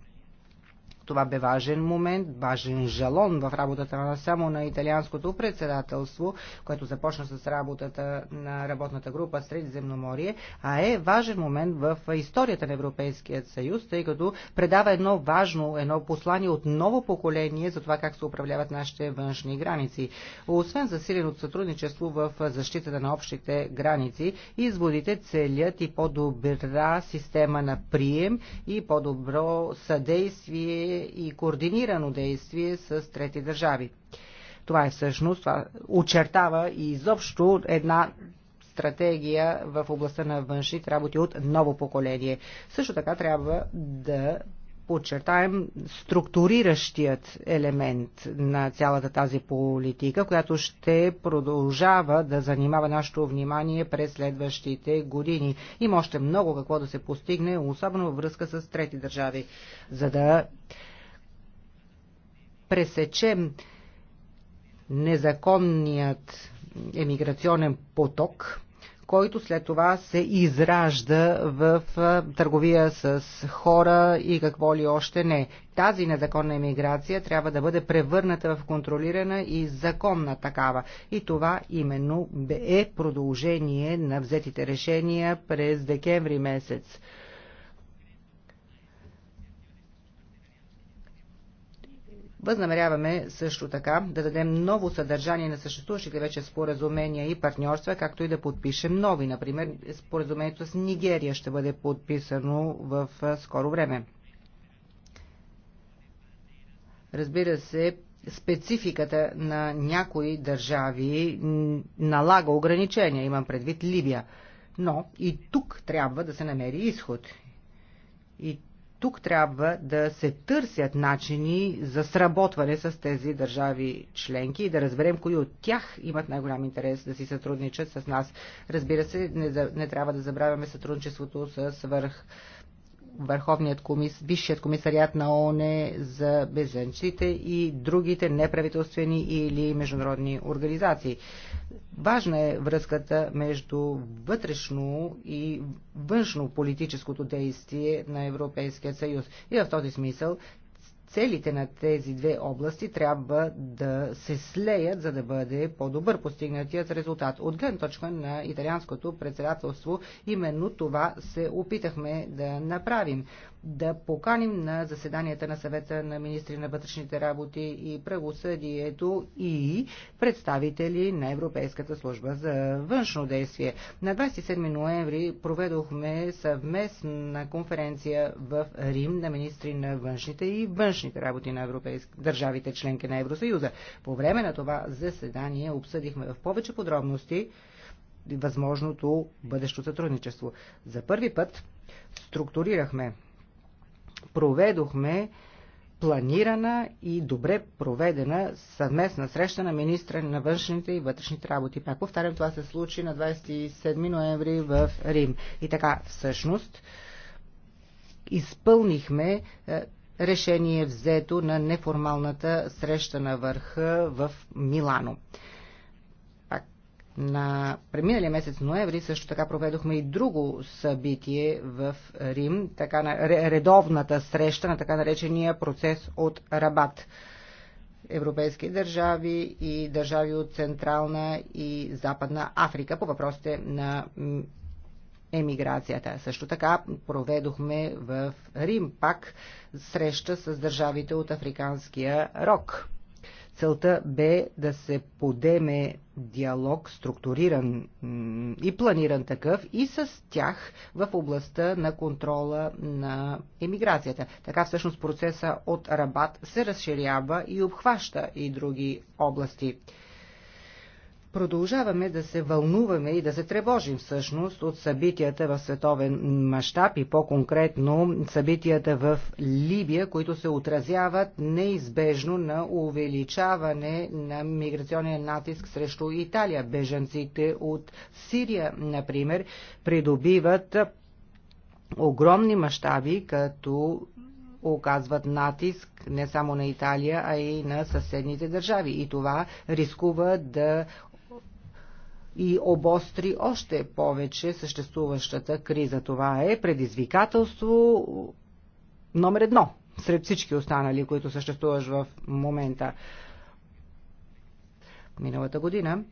Това бе важен момент, важен жалон в работата на само на италианското председателство, което започна с работата на работната група Средиземноморие, а е важен момент в историята на Европейския съюз, тъй като предава едно важно, едно послание от ново поколение за това как се управляват нашите външни граници. Освен засиленото сътрудничество в защитата на общите граници, изводите целят и по-добра система на прием и по-добро съдействие действие и координирано действие с трети държави. Това е всъщност, това очертава и изобщо една стратегия в областта на външните работи от ново поколение. Също така трябва да подчертаем структуриращият елемент на цялата тази политика, която ще продължава да занимава нашето внимание през следващите години. Има още много какво да се постигне, особено във връзка с трети държави, за да пресечем незаконният емиграционен поток който след това се изражда в търговия с хора и какво ли още не. Тази незаконна емиграция трябва да бъде превърната в контролирана и законна такава. И това именно е продължение на взетите решения през декември месец. Възнамеряваме също така да дадем ново съдържание на съществуващите вече споразумения и партньорства, както и да подпишем нови. Например, споразумението с Нигерия ще бъде подписано в скоро време. Разбира се, спецификата на някои държави налага ограничения, имам предвид Либия. Но и тук трябва да се намери изход. И тук трябва да се търсят начини за сработване с тези държави членки и да разберем кои от тях имат най-голям интерес да си сътрудничат с нас. Разбира се, не, не трябва да забравяме сътрудничеството с върх Върховният комис, Висшият комисарият на ООН за беженците и другите неправителствени или международни организации. Важна е връзката между вътрешно и външно политическото действие на Европейския съюз. И в този смисъл целите на тези две области трябва да се слеят, за да бъде по-добър постигнатият резултат. От гледна точка на италианското председателство именно това се опитахме да направим да поканим на заседанията на съвета на министри на вътрешните работи и правосъдието и представители на Европейската служба за външно действие. На 27 ноември проведохме съвместна конференция в Рим на министри на външните и външните работи на европейски държавите членки на Евросъюза. По време на това заседание обсъдихме в повече подробности възможното бъдещо сътрудничество. За първи път структурирахме проведохме планирана и добре проведена съвместна среща на министра на външните и вътрешните работи. Пак повтарям, това се случи на 27 ноември в Рим. И така, всъщност, изпълнихме е, решение взето на неформалната среща на върха в Милано. На преминалия месец ноември също така проведохме и друго събитие в Рим, така на, редовната среща на така наречения процес от Рабат. Европейски държави и държави от Централна и Западна Африка по въпросите на емиграцията. Също така проведохме в Рим пак среща с държавите от Африканския рок. Целта бе да се подеме диалог, структуриран и планиран такъв, и с тях в областта на контрола на емиграцията. Така всъщност процеса от Рабат се разширява и обхваща и други области. Продължаваме да се вълнуваме и да се тревожим всъщност от събитията в световен мащаб и по-конкретно събитията в Либия, които се отразяват неизбежно на увеличаване на миграционния натиск срещу Италия. Беженците от Сирия, например, придобиват огромни мащаби, като оказват натиск не само на Италия, а и на съседните държави. И това рискува да и обостри още повече съществуващата криза. Това е предизвикателство номер едно сред всички останали, които съществуваш в момента. Миналата година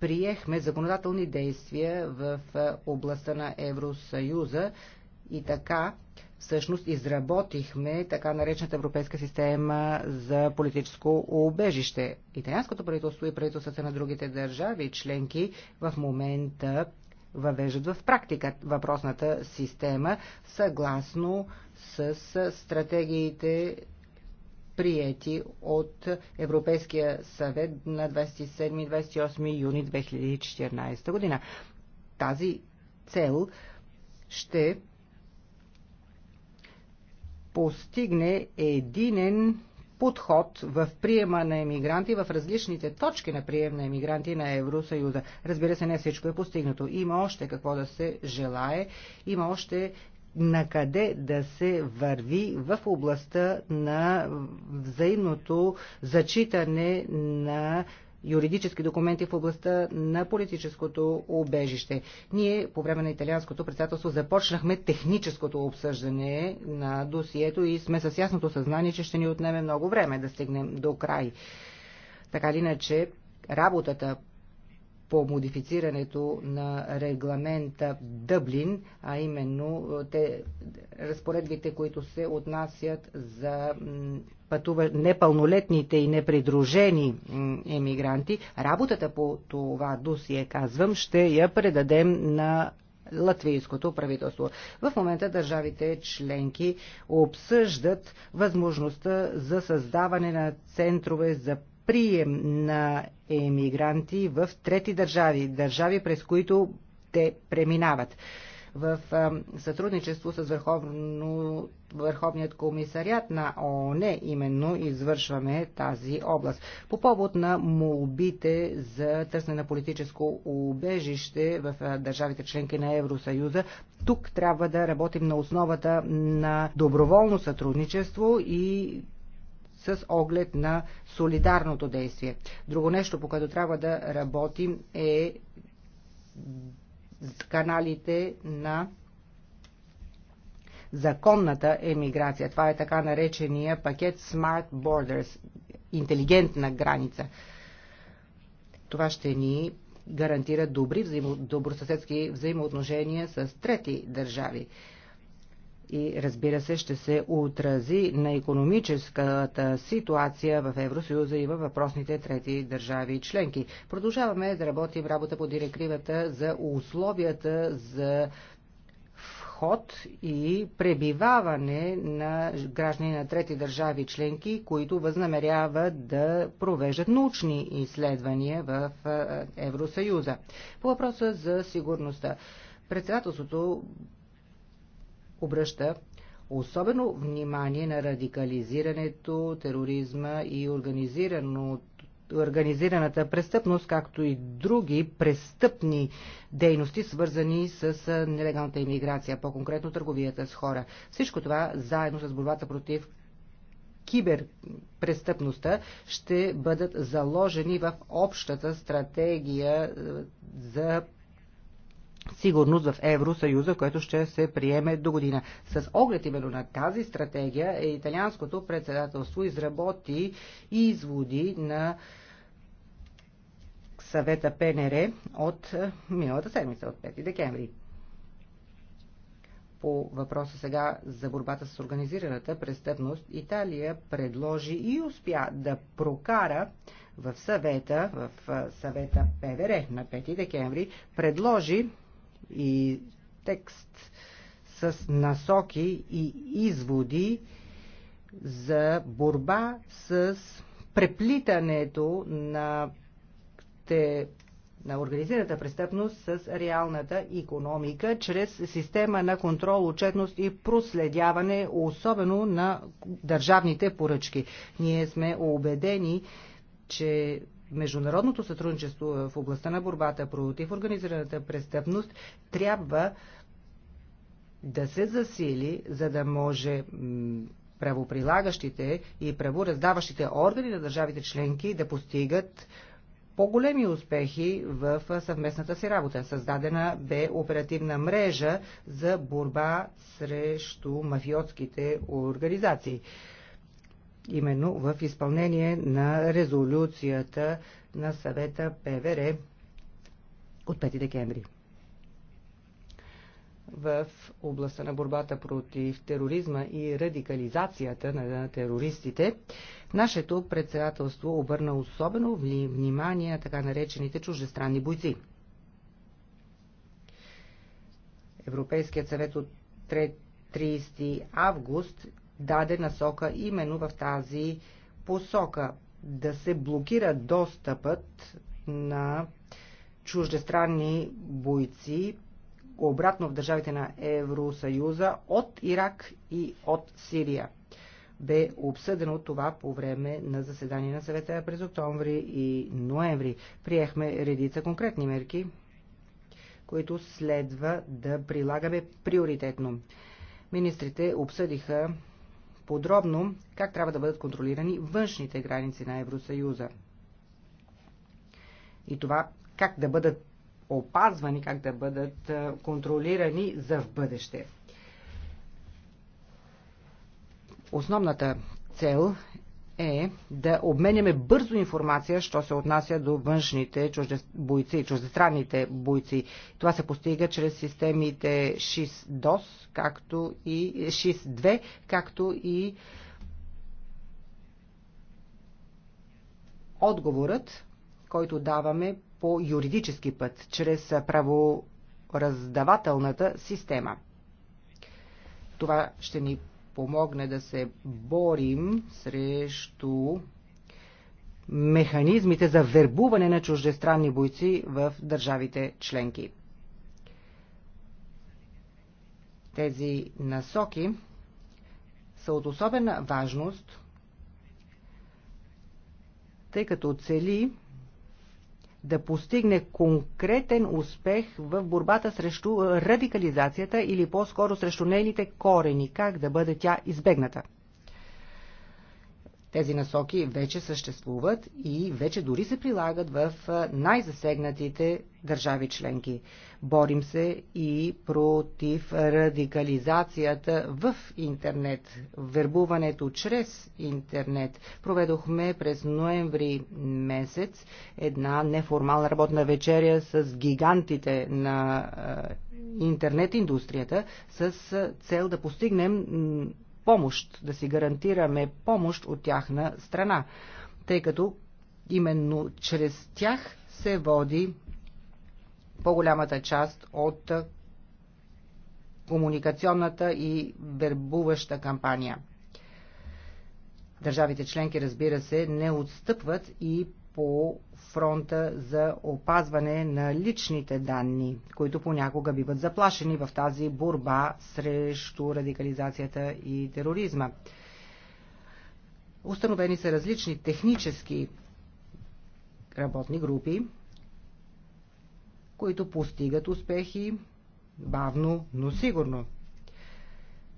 приехме законодателни действия в областта на Евросъюза, и така, всъщност изработихме така наречената Европейска система за политическо убежище. Италианското правителство и правителствата на другите държави членки в момента въвеждат в практика въпросната система съгласно с стратегиите приети от Европейския съвет на 27 28 юни 2014 година. Тази цел ще постигне единен подход в приема на емигранти в различните точки на прием на емигранти на Евросъюза. Разбира се, не всичко е постигнато. Има още какво да се желае, има още на къде да се върви в областта на взаимното зачитане на юридически документи в областта на политическото убежище. Ние по време на италианското председателство започнахме техническото обсъждане на досието и сме с ясното съзнание, че ще ни отнеме много време да стигнем до край. Така или иначе, работата по модифицирането на регламента Дъблин, а именно те, разпоредбите, които се отнасят за пътува, непълнолетните и непридружени емигранти, работата по това досие, казвам, ще я предадем на латвийското правителство. В момента държавите членки обсъждат възможността за създаване на центрове за прием на емигранти в трети държави, държави през които те преминават в сътрудничество с Върховно, Върховният комисарят на ООН. Именно извършваме тази област. По повод на молбите за търсене на политическо убежище в държавите членки на Евросъюза, тук трябва да работим на основата на доброволно сътрудничество и с оглед на солидарното действие. Друго нещо, по което трябва да работим е каналите на законната емиграция. Това е така наречения пакет Smart Borders, интелигентна граница. Това ще ни гарантира добри взаимо, добросъседски взаимоотношения с трети държави и разбира се ще се отрази на економическата ситуация в Евросъюза и във въпросните трети държави и членки. Продължаваме да работим работа по директивата за условията за вход и пребиваване на граждани на трети държави членки, които възнамеряват да провеждат научни изследвания в Евросъюза. По въпроса за сигурността. Председателството обръща особено внимание на радикализирането, тероризма и организираната престъпност, както и други престъпни дейности, свързани с нелегалната иммиграция, по-конкретно търговията с хора. Всичко това, заедно с борбата против киберпрестъпността, ще бъдат заложени в общата стратегия за сигурност в Евросъюза, което ще се приеме до година. С оглед именно на тази стратегия, е италианското председателство изработи изводи на съвета ПНР от е, миналата седмица, от 5 декември. По въпроса сега за борбата с организираната престъпност, Италия предложи и успя да прокара в съвета, в е, съвета ПВР на 5 декември, предложи и текст с насоки и изводи за борба с преплитането на, те, на организираната престъпност с реалната економика чрез система на контрол, отчетност и проследяване, особено на държавните поръчки. Ние сме убедени, че международното сътрудничество в областта на борбата против организираната престъпност трябва да се засили, за да може правоприлагащите и правораздаващите органи на държавите членки да постигат по-големи успехи в съвместната си работа. Създадена бе оперативна мрежа за борба срещу мафиотските организации именно в изпълнение на резолюцията на съвета ПВР от 5 декември. В областта на борбата против тероризма и радикализацията на терористите, нашето председателство обърна особено внимание на така наречените чуждестранни бойци. Европейският съвет от 3 30 август даде насока именно в тази посока да се блокира достъпът на чуждестранни бойци обратно в държавите на Евросъюза от Ирак и от Сирия. Бе обсъдено това по време на заседание на съвета през октомври и ноември. Приехме редица конкретни мерки, които следва да прилагаме приоритетно. Министрите обсъдиха подробно как трябва да бъдат контролирани външните граници на Евросъюза. И това как да бъдат опазвани, как да бъдат контролирани за в бъдеще. Основната цел е да обменяме бързо информация, що се отнася до външните чужде бойци, чуждестранните бойци. Това се постига чрез системите 6-дос, както и 6 2 както и отговорът, който даваме по юридически път, чрез правораздавателната система. Това ще ни помогне да се борим срещу механизмите за вербуване на чуждестранни бойци в държавите членки. Тези насоки са от особена важност, тъй като цели да постигне конкретен успех в борбата срещу радикализацията или по-скоро срещу нейните корени, как да бъде тя избегната. Тези насоки вече съществуват и вече дори се прилагат в най-засегнатите държави членки. Борим се и против радикализацията в интернет, вербуването чрез интернет. Проведохме през ноември месец една неформална работна вечеря с гигантите на интернет индустрията с цел да постигнем помощ, да си гарантираме помощ от тяхна страна, тъй като именно чрез тях се води по-голямата част от комуникационната и вербуваща кампания. Държавите членки, разбира се, не отстъпват и по фронта за опазване на личните данни, които понякога биват заплашени в тази борба срещу радикализацията и тероризма. Установени са различни технически работни групи, които постигат успехи бавно, но сигурно.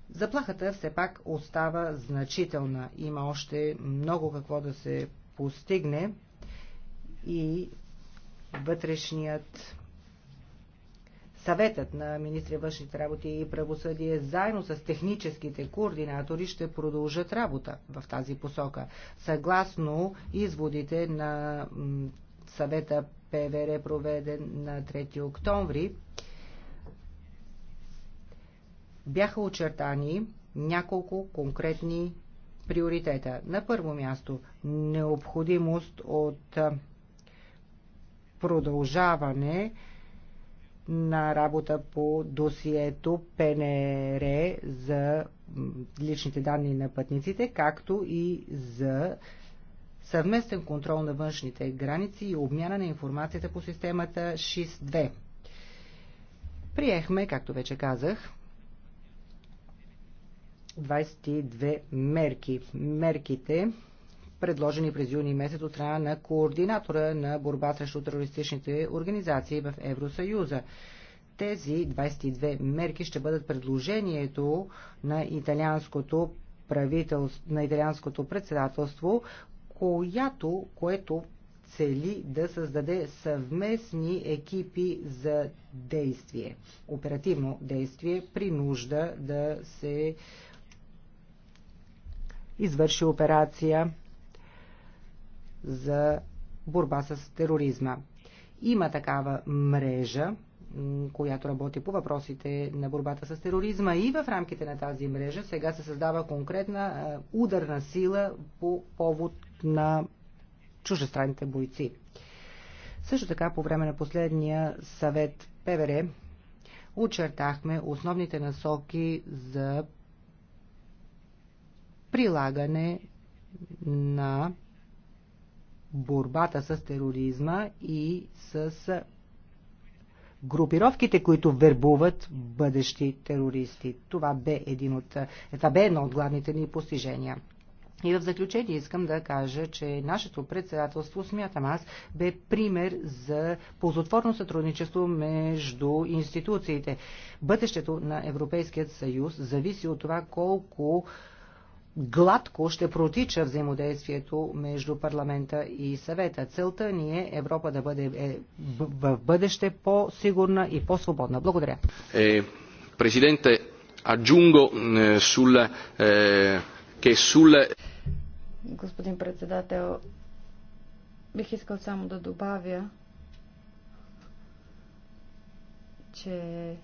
Заплахата все пак остава значителна. Има още много какво да се постигне и вътрешният Съветът на министри външните работи и правосъдие заедно с техническите координатори ще продължат работа в тази посока. Съгласно изводите на съвета ПВР, проведен на 3 октомври, бяха очертани няколко конкретни приоритета. На първо място необходимост от продължаване на работа по досието ПНР за личните данни на пътниците, както и за съвместен контрол на външните граници и обмяна на информацията по системата ШИС-2. Приехме, както вече казах, 22 мерки. Мерките предложени през юни месец от страна на координатора на борба срещу терористичните организации в Евросъюза. Тези 22 мерки ще бъдат предложението на италианското правителство, на италианското председателство, която, което цели да създаде съвместни екипи за действие, оперативно действие при нужда да се извърши операция за борба с тероризма. Има такава мрежа, която работи по въпросите на борбата с тероризма и в рамките на тази мрежа сега се създава конкретна ударна сила по повод на чужестранните бойци. Също така по време на последния съвет ПВР очертахме основните насоки за прилагане на борбата с тероризма и с групировките, които вербуват бъдещи терористи. Това бе, един от, това бе едно от главните ни постижения. И в заключение искам да кажа, че нашето председателство, смятам аз, бе пример за ползотворно сътрудничество между институциите. Бъдещето на Европейският съюз зависи от това колко гладко ще протича взаимодействието между парламента и съвета. Целта ни е Европа да бъде е, в бъдеще по-сигурна и по-свободна. Благодаря. Е, президенте, аджунго е, сул, е, ке сул... Господин председател, бих искал само да добавя, че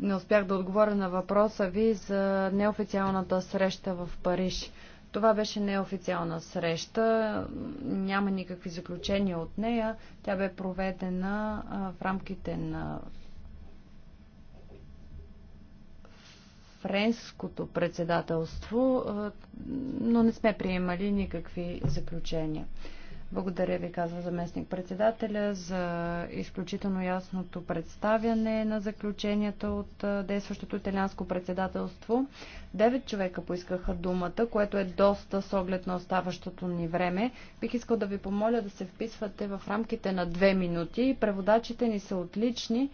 не успях да отговоря на въпроса ви за неофициалната среща в Париж. Това беше неофициална среща, няма никакви заключения от нея. Тя бе проведена в рамките на френското председателство, но не сме приемали никакви заключения. Благодаря ви, казва заместник председателя, за изключително ясното представяне на заключенията от действащото италианско председателство. Девет човека поискаха думата, което е доста с оглед на оставащото ни време. Бих искал да ви помоля да се вписвате в рамките на две минути. Преводачите ни са отлични,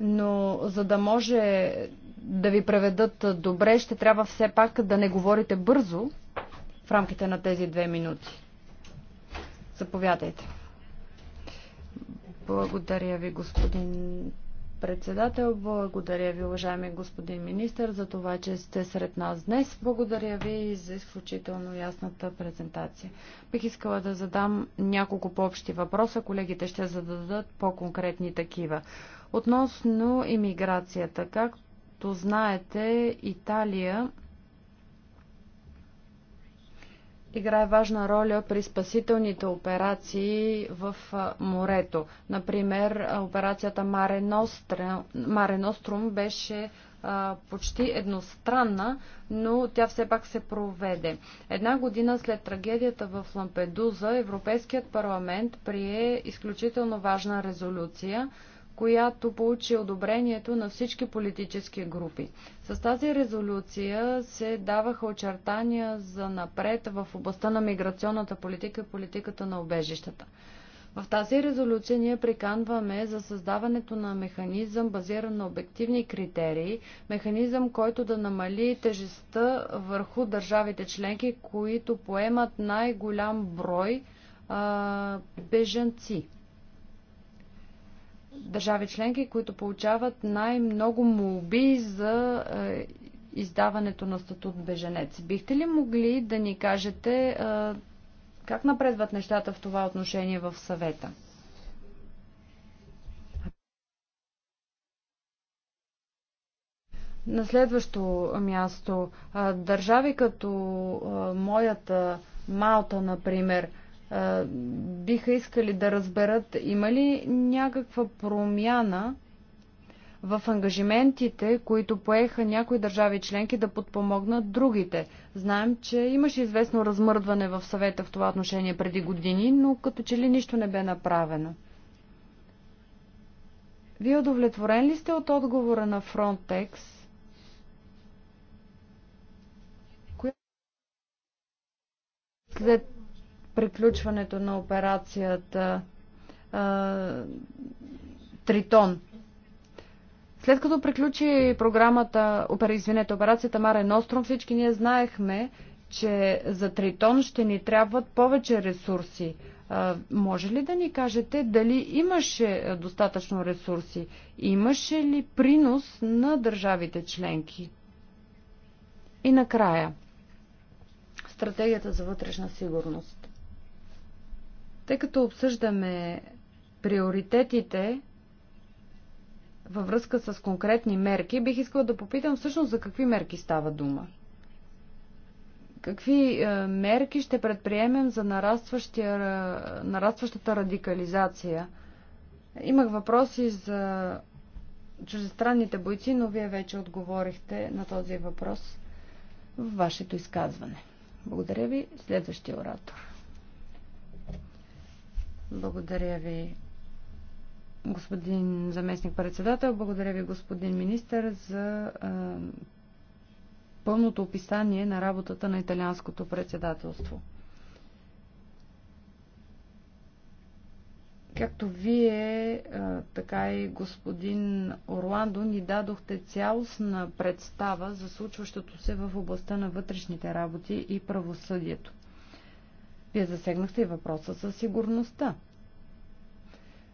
но за да може да ви преведат добре, ще трябва все пак да не говорите бързо в рамките на тези две минути. Заповядайте. Благодаря ви, господин председател. Благодаря ви, уважаеми господин министр, за това, че сте сред нас днес. Благодаря ви и за изключително ясната презентация. Бих искала да задам няколко по-общи въпроса. Колегите ще зададат по-конкретни такива. Относно иммиграцията, както знаете, Италия играе важна роля при спасителните операции в морето. Например, операцията Маре Нострум, Маре беше почти едностранна, но тя все пак се проведе. Една година след трагедията в Лампедуза, Европейският парламент прие изключително важна резолюция – която получи одобрението на всички политически групи. С тази резолюция се даваха очертания за напред в областта на миграционната политика и политиката на обежищата. В тази резолюция ние приканваме за създаването на механизъм, базиран на обективни критерии, механизъм, който да намали тежестта върху държавите членки, които поемат най-голям брой а, беженци държави членки, които получават най-много молби за е, издаването на статут беженец. Бихте ли могли да ни кажете е, как напредват нещата в това отношение в съвета? На следващо място, е, държави като моята Малта, например, биха искали да разберат има ли някаква промяна в ангажиментите, които поеха някои държави членки да подпомогнат другите. Знаем, че имаше известно размърдване в съвета в това отношение преди години, но като че ли нищо не бе направено. Вие удовлетворен ли сте от отговора на Frontex? След приключването на операцията Тритон. След като приключи програмата, извинете, операцията Маре Ностром, всички ние знаехме, че за Тритон ще ни трябват повече ресурси. Може ли да ни кажете дали имаше достатъчно ресурси? Имаше ли принос на държавите членки? И накрая, стратегията за вътрешна сигурност. Тъй като обсъждаме приоритетите във връзка с конкретни мерки, бих искала да попитам всъщност за какви мерки става дума. Какви е, мерки ще предприемем за е, нарастващата радикализация? Имах въпроси за чужестранните бойци, но вие вече отговорихте на този въпрос в вашето изказване. Благодаря ви. Следващия оратор. Благодаря ви, господин заместник председател. Благодаря ви, господин министър, за а, пълното описание на работата на италианското председателство. Както вие, така и господин Орландо ни дадохте цялостна представа за случващото се в областта на вътрешните работи и правосъдието. Вие засегнахте и въпроса за сигурността.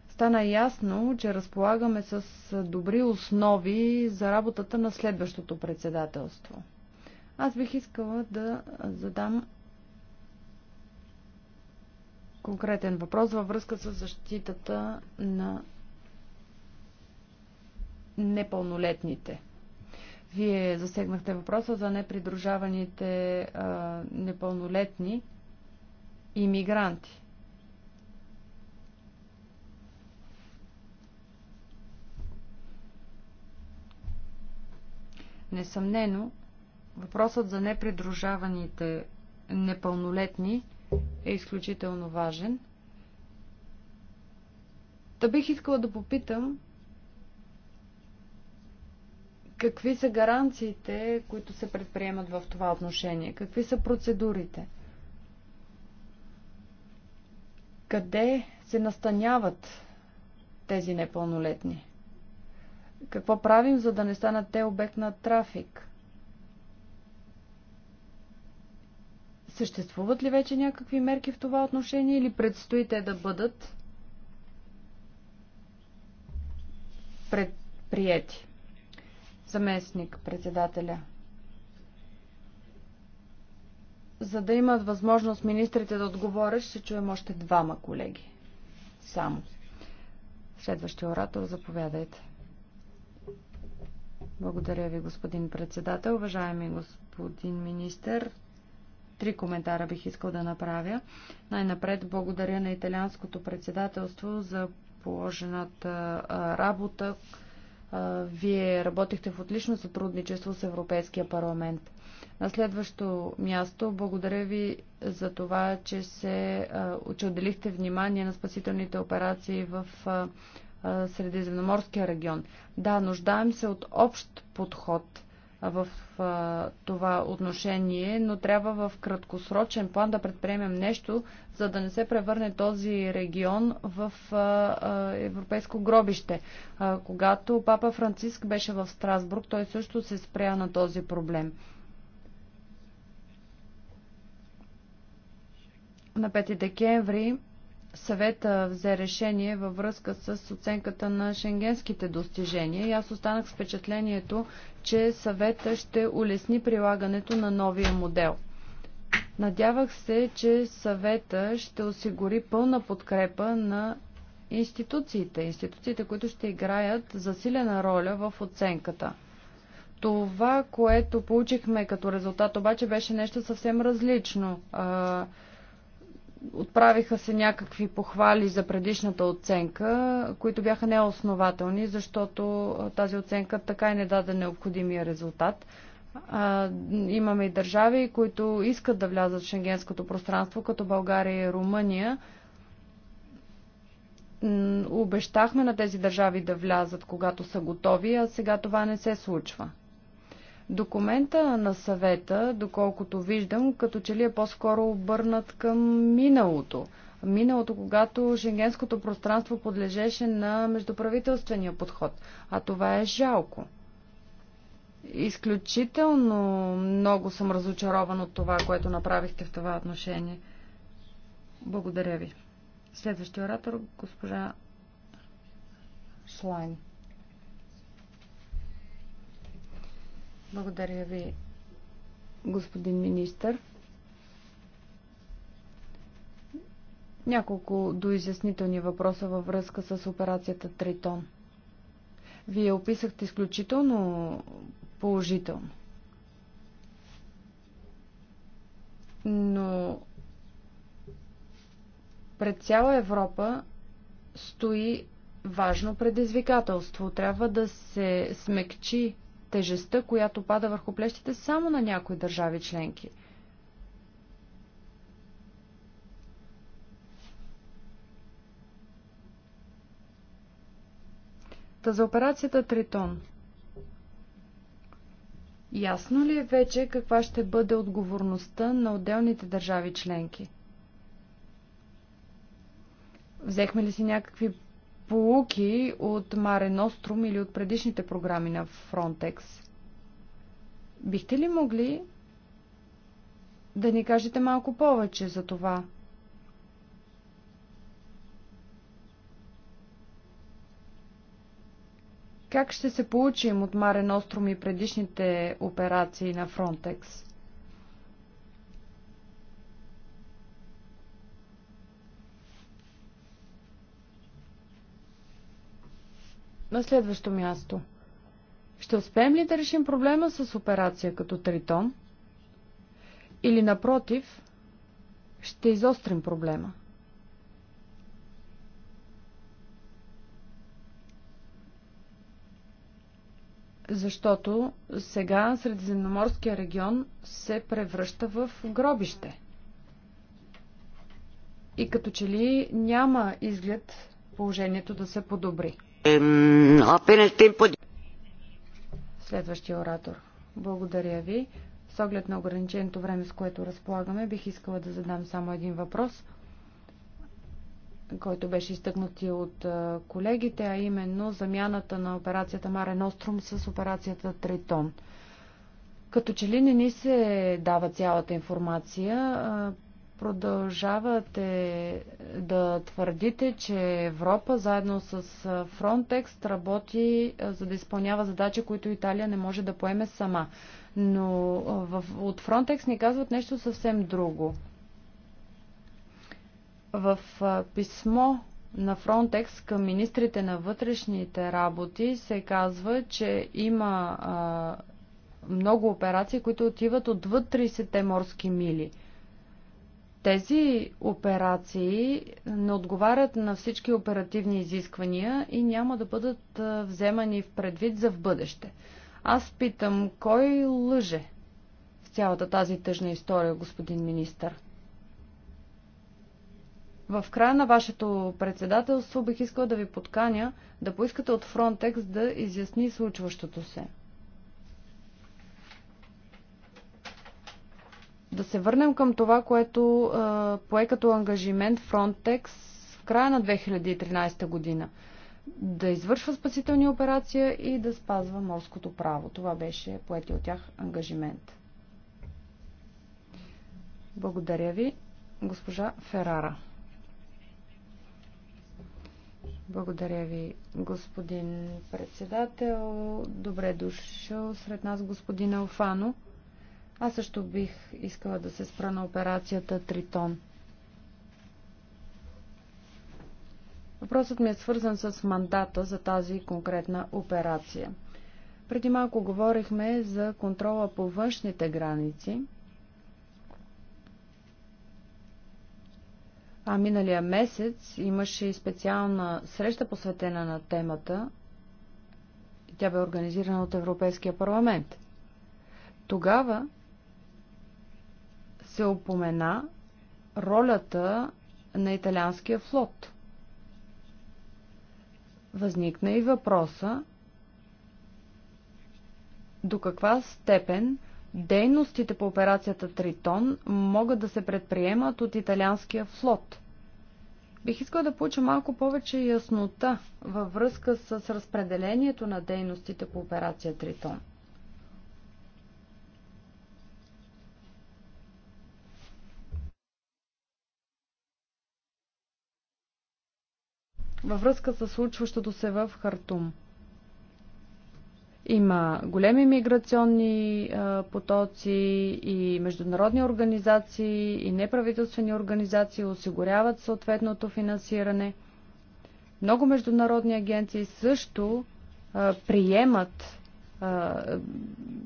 Стана ясно, че разполагаме с добри основи за работата на следващото председателство. Аз бих искала да задам конкретен въпрос във връзка с защитата на непълнолетните. Вие засегнахте въпроса за непридружаваните а, непълнолетни. Имигранти. Несъмнено, въпросът за непридружаваните непълнолетни е изключително важен. Та бих искала да попитам какви са гаранциите, които се предприемат в това отношение? Какви са процедурите? Къде се настаняват тези непълнолетни? Какво правим, за да не станат те обект на трафик? Съществуват ли вече някакви мерки в това отношение или предстои те да бъдат предприяти? Заместник председателя. За да имат възможност министрите да отговорят, ще чуем още двама колеги. Само. Следващия оратор, заповядайте. Благодаря ви, господин председател. Уважаеми господин министр, три коментара бих искал да направя. Най-напред благодаря на италианското председателство за положената работа. Вие работихте в отлично сътрудничество с Европейския парламент. На следващо място, благодаря ви за това, че, се, че отделихте внимание на спасителните операции в Средиземноморския регион. Да, нуждаем се от общ подход в това отношение, но трябва в краткосрочен план да предприемем нещо, за да не се превърне този регион в европейско гробище. когато папа Франциск беше в Страсбург, той също се спря на този проблем. На 5 декември съвета взе решение във връзка с оценката на шенгенските достижения и аз останах с впечатлението, че съвета ще улесни прилагането на новия модел. Надявах се, че съвета ще осигури пълна подкрепа на институциите, институциите, които ще играят засилена роля в оценката. Това, което получихме като резултат обаче беше нещо съвсем различно Отправиха се някакви похвали за предишната оценка, които бяха неоснователни, защото тази оценка така и не даде необходимия резултат. А, имаме и държави, които искат да влязат в шенгенското пространство, като България и Румъния. Обещахме на тези държави да влязат, когато са готови, а сега това не се случва. Документа на съвета, доколкото виждам, като че ли е по-скоро обърнат към миналото. Миналото, когато шенгенското пространство подлежеше на междуправителствения подход. А това е жалко. Изключително много съм разочарован от това, което направихте в това отношение. Благодаря ви. Следващия оратор, госпожа Шлайн. Благодаря ви, господин министър. Няколко доизяснителни въпроса във връзка с операцията Тритон. Вие описахте изключително положително. Но пред цяла Европа стои важно предизвикателство. Трябва да се смекчи тежестта, която пада върху плещите само на някои държави членки. Та за операцията Тритон. Ясно ли е вече каква ще бъде отговорността на отделните държави членки? Взехме ли си някакви полуки от Маре Ностром или от предишните програми на Frontex. Бихте ли могли да ни кажете малко повече за това? Как ще се получим от Маре Ностром и предишните операции на Фронтекс? На следващо място. Ще успеем ли да решим проблема с операция като Тритон? Или напротив, ще изострим проблема? Защото сега Средиземноморския регион се превръща в гробище. И като че ли няма изглед положението да се подобри. Е Следващия оратор. Благодаря ви. С оглед на ограниченото време, с което разполагаме, бих искала да задам само един въпрос, който беше изтъкнат и от колегите, а именно замяната на операцията Маре Ностром с операцията Тритон. Като че ли не ни се дава цялата информация, продължавате да твърдите, че Европа заедно с Frontex работи за да изпълнява задачи, които Италия не може да поеме сама. Но в, от Frontex ни казват нещо съвсем друго. В писмо на Frontex към министрите на вътрешните работи се казва, че има а, много операции, които отиват отвъд 30-те морски мили – тези операции не отговарят на всички оперативни изисквания и няма да бъдат вземани в предвид за в бъдеще. Аз питам, кой лъже в цялата тази тъжна история, господин министър? В края на вашето председателство бих искала да ви подканя да поискате от Фронтекс да изясни случващото се. Да се върнем към това, което пое като ангажимент Frontex в края на 2013 година. Да извършва спасителни операции и да спазва морското право. Това беше поети от тях ангажимент. Благодаря ви, госпожа Ферара. Благодаря ви, господин председател. Добре дошъл сред нас господин Алфано. Аз също бих искала да се спра на операцията Тритон. Въпросът ми е свързан с мандата за тази конкретна операция. Преди малко говорихме за контрола по външните граници. А миналия месец имаше и специална среща посветена на темата. Тя бе организирана от Европейския парламент. Тогава се упомена ролята на италианския флот. Възникна и въпроса до каква степен дейностите по операцията Тритон могат да се предприемат от италианския флот. Бих искал да получа малко повече яснота във връзка с разпределението на дейностите по операция Тритон. във връзка с случващото се в Хартум. Има големи миграционни потоци и международни организации и неправителствени организации осигуряват съответното финансиране. Много международни агенции също приемат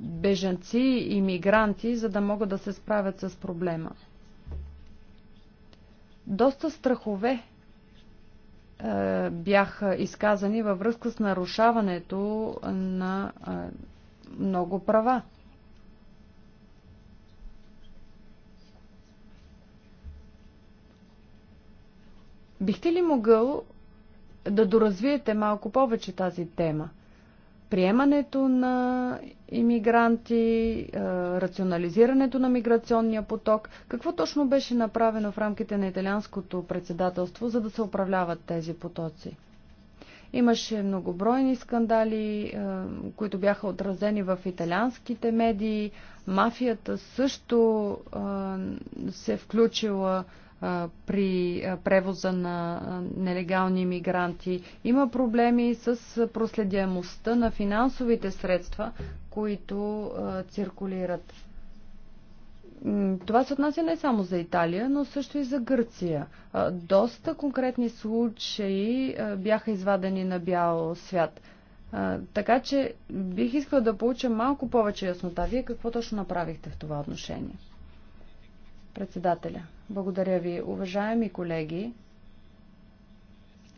бежанци и мигранти, за да могат да се справят с проблема. Доста страхове е, бяха изказани във връзка с нарушаването на е, много права. Бихте ли могъл да доразвиете малко повече тази тема? приемането на иммигранти, рационализирането на миграционния поток. Какво точно беше направено в рамките на италианското председателство, за да се управляват тези потоци? Имаше многобройни скандали, които бяха отразени в италианските медии. Мафията също се включила при превоза на нелегални мигранти. Има проблеми с проследяемостта на финансовите средства, които циркулират. Това се отнася не само за Италия, но също и за Гърция. Доста конкретни случаи бяха извадени на бял свят. Така че бих искала да получа малко повече яснота. Вие какво точно направихте в това отношение? Председателя. Благодаря ви. Уважаеми колеги,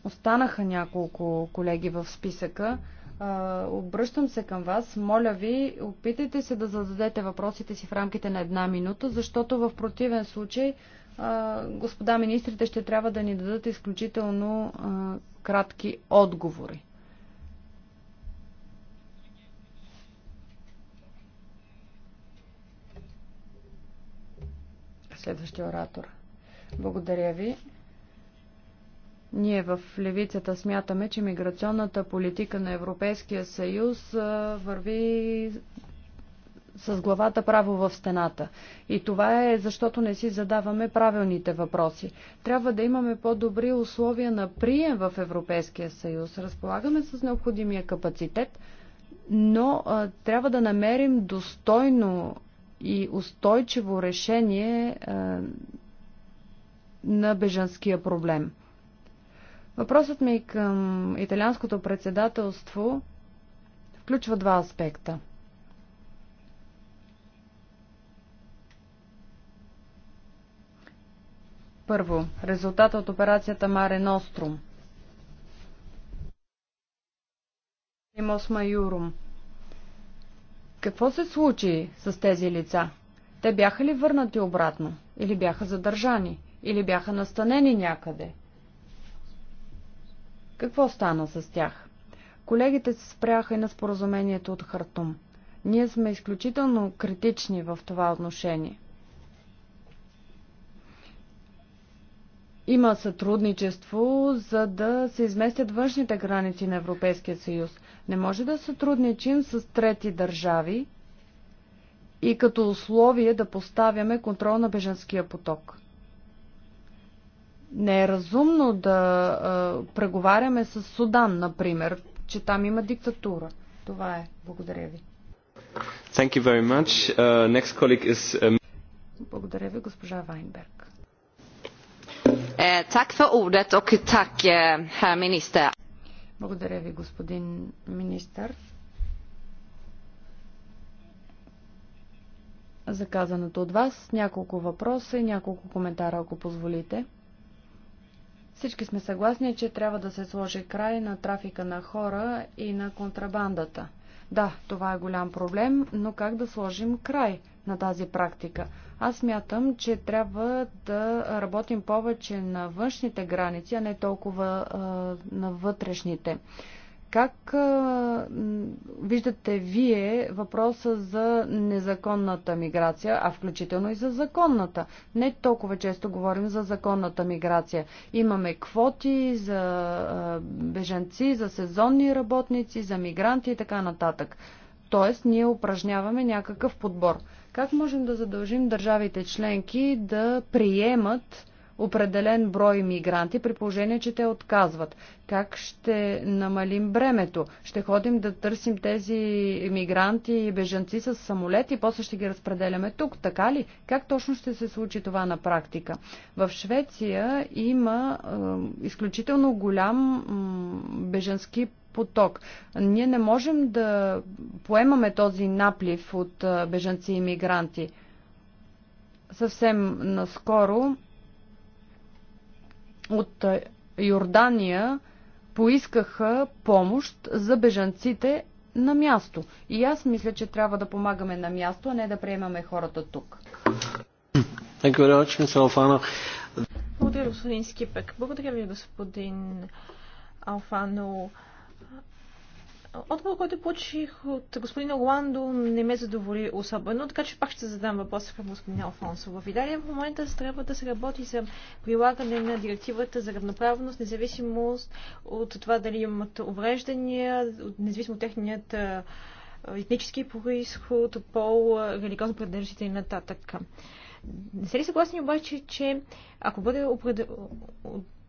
останаха няколко колеги в списъка. Обръщам се към вас. Моля ви, опитайте се да зададете въпросите си в рамките на една минута, защото в противен случай господа министрите ще трябва да ни дадат изключително кратки отговори. следващия оратор. Благодаря ви. Ние в левицата смятаме, че миграционната политика на Европейския съюз върви с главата право в стената. И това е защото не си задаваме правилните въпроси. Трябва да имаме по-добри условия на прием в Европейския съюз. Разполагаме с необходимия капацитет, но а, трябва да намерим достойно и устойчиво решение е, на бежанския проблем. Въпросът ми към италианското председателство включва два аспекта. Първо, резултата от операцията Маре Нострум. Имос Майорум – какво се случи с тези лица? Те бяха ли върнати обратно? Или бяха задържани? Или бяха настанени някъде? Какво стана с тях? Колегите се спряха и на споразумението от Хартум. Ние сме изключително критични в това отношение. има сътрудничество, за да се изместят външните граници на Европейския съюз. Не може да сътрудничим с трети държави и като условие да поставяме контрол на беженския поток. Не е разумно да а, преговаряме с Судан, например, че там има диктатура. Това е. Благодаря ви. Thank you very much. Uh, next colleague is, um... Благодаря ви, госпожа Вайнберг. Eh, eh, Благодаря ви, господин министър. за казаното от вас, няколко въпроса и няколко коментара, ако позволите. Всички сме съгласни, че трябва да се сложи край на трафика на хора и на контрабандата. Да, това е голям проблем, но как да сложим край на тази практика? Аз мятам, че трябва да работим повече на външните граници, а не толкова а, на вътрешните. Как а, виждате вие въпроса за незаконната миграция, а включително и за законната? Не толкова често говорим за законната миграция. Имаме квоти за а, бежанци, за сезонни работници, за мигранти и така нататък. Тоест, ние упражняваме някакъв подбор. Как можем да задължим държавите членки да приемат определен брой мигранти, при положение, че те отказват? Как ще намалим бремето? Ще ходим да търсим тези мигранти и бежанци с самолет и после ще ги разпределяме тук, така ли? Как точно ще се случи това на практика? В Швеция има е, изключително голям е, бежански поток. Ние не можем да поемаме този наплив от бежанци и мигранти. Съвсем наскоро от е, Йордания поискаха помощ за бежанците на място. И аз мисля, че трябва да помагаме на място, а не да приемаме хората тук. Благодаря, господин Скипек. Благодаря ви, господин Алфано. Отговор, който получих от господин Оландо, не ме задоволи особено, така че пак ще задам въпроса към господин Алфонсо. В Италия в момента трябва да се работи за прилагане на директивата за равноправност, независимост от това дали имат увреждания, независимо от техният етнически происход, пол, религиозно принадлежност и нататък. Не сте ли съгласни обаче, че ако бъде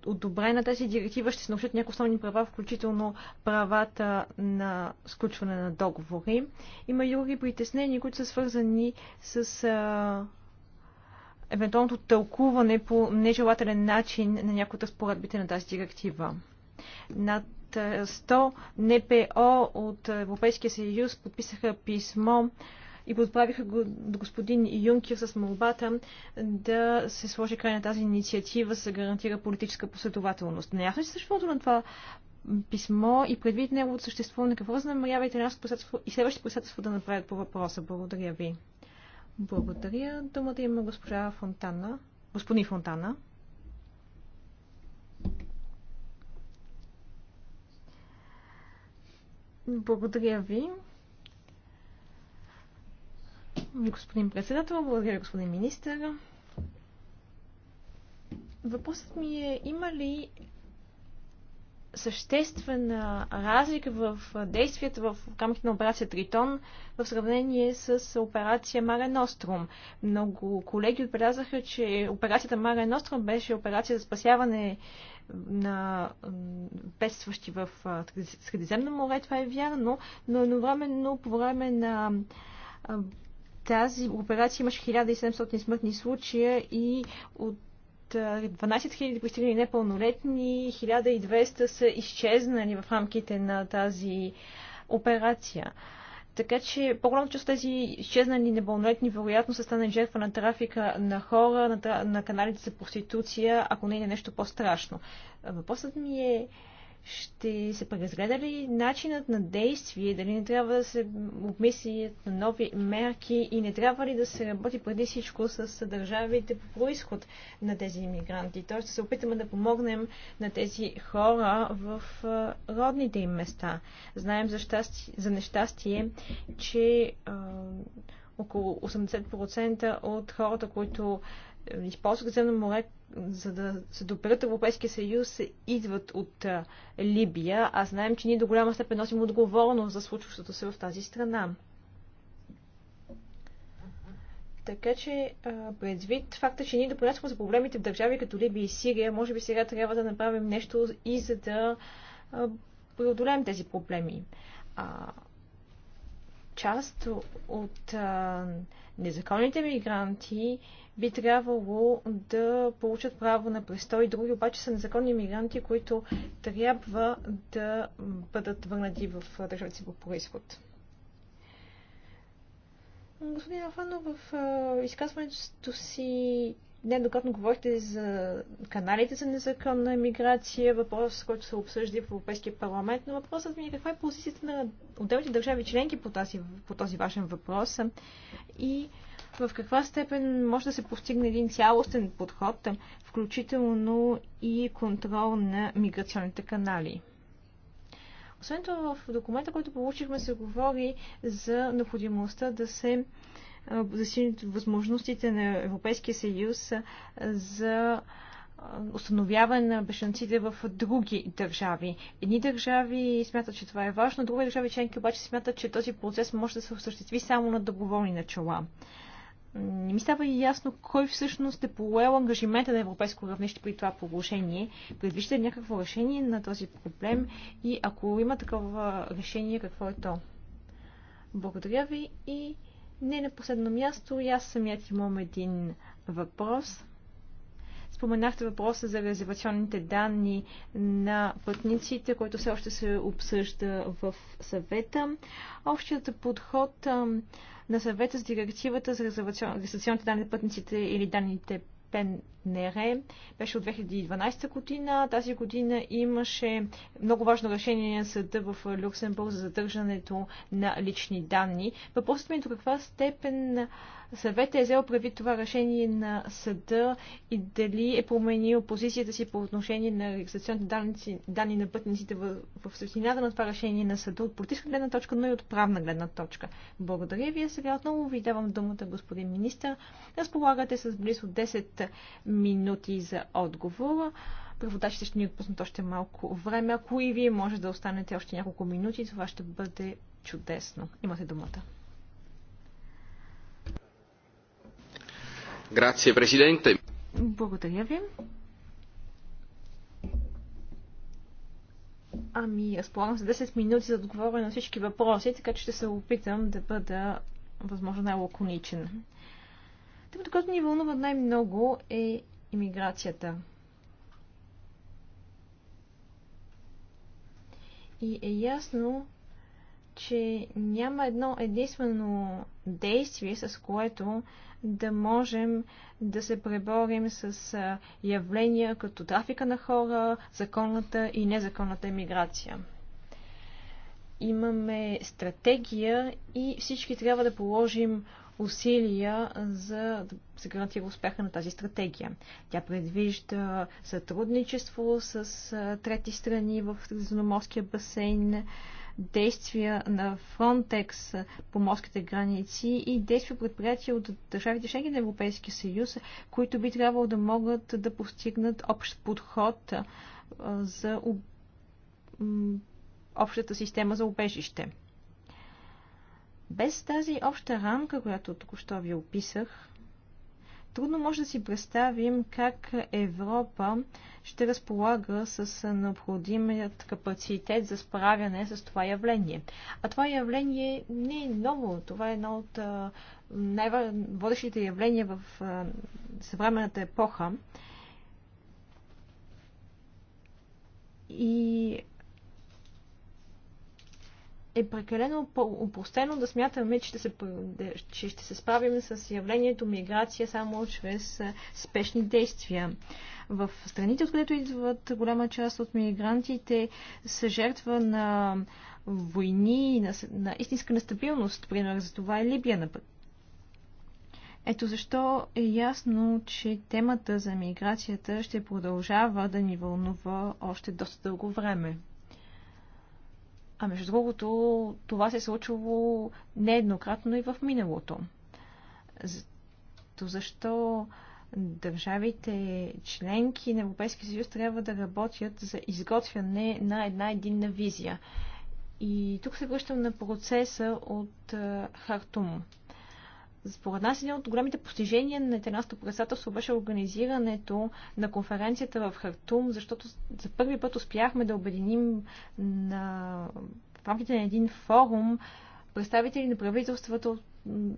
одобрена тази директива, ще се нарушат някои основни права, включително правата на сключване на договори. Има и други притеснения, които са свързани с а, евентуалното тълкуване по нежелателен начин на някои от разпоредбите на тази директива. Над 100 НПО от Европейския съюз подписаха писмо и го отправиха до господин Юнкер с молбата да се сложи край на тази инициатива, да се гарантира политическа последователност. Наясно ли съществото на това писмо и предвид неговото съществуване, какво възнамерявате нас и следващите посетство да направят по въпроса? Благодаря ви. Благодаря. Думата има госпожа Фонтана. Господин Фонтана. Благодаря ви господин председател, благодаря господин министър. Въпросът ми е, има ли съществена разлика в действията в рамките на операция Тритон в сравнение с операция Маре Ностром. Много колеги отбелязаха, че операцията Маре Ностром беше операция за спасяване на бедстващи в Средиземно море. Това е вярно, но едновременно по време на тази операция имаше 1700 смъртни случая и от 12 000 пристигнали непълнолетни, 1200 са изчезнали в рамките на тази операция. Така че по-голямата част от тези изчезнали непълнолетни вероятно са станали жертва на трафика на хора, на, на каналите за проституция, ако не е нещо по-страшно. Въпросът ми е ще се преразгледа ли начинът на действие, дали не трябва да се обмислят на нови мерки и не трябва ли да се работи преди всичко с държавите по происход на тези иммигранти. Т.е. да се опитаме да помогнем на тези хора в родните им места. Знаем за, щастие, за нещастие, че а, около 80% от хората, които използват ами, земно море, за да се допират Европейския съюз, идват от Либия, а знаем, че ние до голяма степен носим отговорност за случващото се в тази страна. Така че, предвид факта, че ние допринасяме за проблемите в държави като Либия и Сирия, може би сега трябва да направим нещо и за да преодолеем тези проблеми част от а, незаконните мигранти би трябвало да получат право на престой. Други обаче са незаконни мигранти, които трябва да бъдат върнати в държавите си по происход. Господин Афанов, в изказването си Неоднократно говорихте за каналите за незаконна миграция, въпрос, който се обсъжда в Европейския парламент, но въпросът ми е каква е позицията на отделните държави членки по, тази, по този вашен въпрос и в каква степен може да се постигне един цялостен подход, включително и контрол на миграционните канали. Освен това, в документа, който получихме, се говори за необходимостта да се засилят възможностите на Европейския съюз за установяване на бешенците в други държави. Едни държави смятат, че това е важно, други държави членки обаче смятат, че този процес може да се осъществи само на доброволни начала. Не ми става и ясно кой всъщност е поел ангажимента на европейско равнище при това положение. Предвижда някакво решение на този проблем и ако има такова решение, какво е то? Благодаря ви и не на последно място, и аз самият имам един въпрос. Споменахте въпроса за резервационните данни на пътниците, който все още се обсъжда в съвета. Общият подход на съвета с директивата за резервационните данни на пътниците или данните Пенере беше от 2012 година. Тази година имаше много важно решение на съда в Люксембург за задържането на лични данни. Въпросът ми е до каква степен Съвет е взел прави това решение на съда и дали е променил позицията си по отношение на регистрационните данни, данни на пътниците в, в същината на това решение на съда от политическа гледна точка, но и от правна гледна точка. Благодаря ви. Сега отново ви давам думата, господин министр. Разполагате с близо 10 минути за отговор. Преводачите ще ни отпуснат още малко време. Ако и вие може да останете още няколко минути, това ще бъде чудесно. Имате думата. Благодаря ви. Ами, разполагам за 10 минути за да отговоря на всички въпроси, така че ще се опитам да бъда възможно най-лаконичен. Темата, която ни вълнува най-много е иммиграцията. И е ясно, че няма едно единствено действие, с което да можем да се преборим с явления като трафика на хора, законната и незаконната емиграция. Имаме стратегия и всички трябва да положим усилия за да се гарантира успеха на тази стратегия. Тя предвижда сътрудничество с трети страни в Средиземноморския басейн, действия на Frontex по морските граници и действия предприятия от държавите членки на Европейския съюз, които би трябвало да могат да постигнат общ подход за общата система за убежище. Без тази обща рамка, която току-що ви описах, Трудно може да си представим как Европа ще разполага с необходимият капацитет за справяне с това явление. А това явление не е ново. Това е едно от най-водещите явления в съвременната епоха. И е прекалено упростено да смятаме, че ще, се, че ще се справим с явлението миграция само чрез спешни действия. В страните, откъдето идват голяма част от мигрантите, са жертва на войни, на, на истинска нестабилност. Пример за това е Либия, например. Ето защо е ясно, че темата за миграцията ще продължава да ни вълнува още доста дълго време. А между другото, това се е случило нееднократно и в миналото. То защо държавите членки на Европейския съюз трябва да работят за изготвяне на една единна визия. И тук се връщам на процеса от е, Хартум. Според нас един от големите постижения на италианското председателство беше организирането на конференцията в Хартум, защото за първи път успяхме да обединим на, в рамките на един форум представители на правителството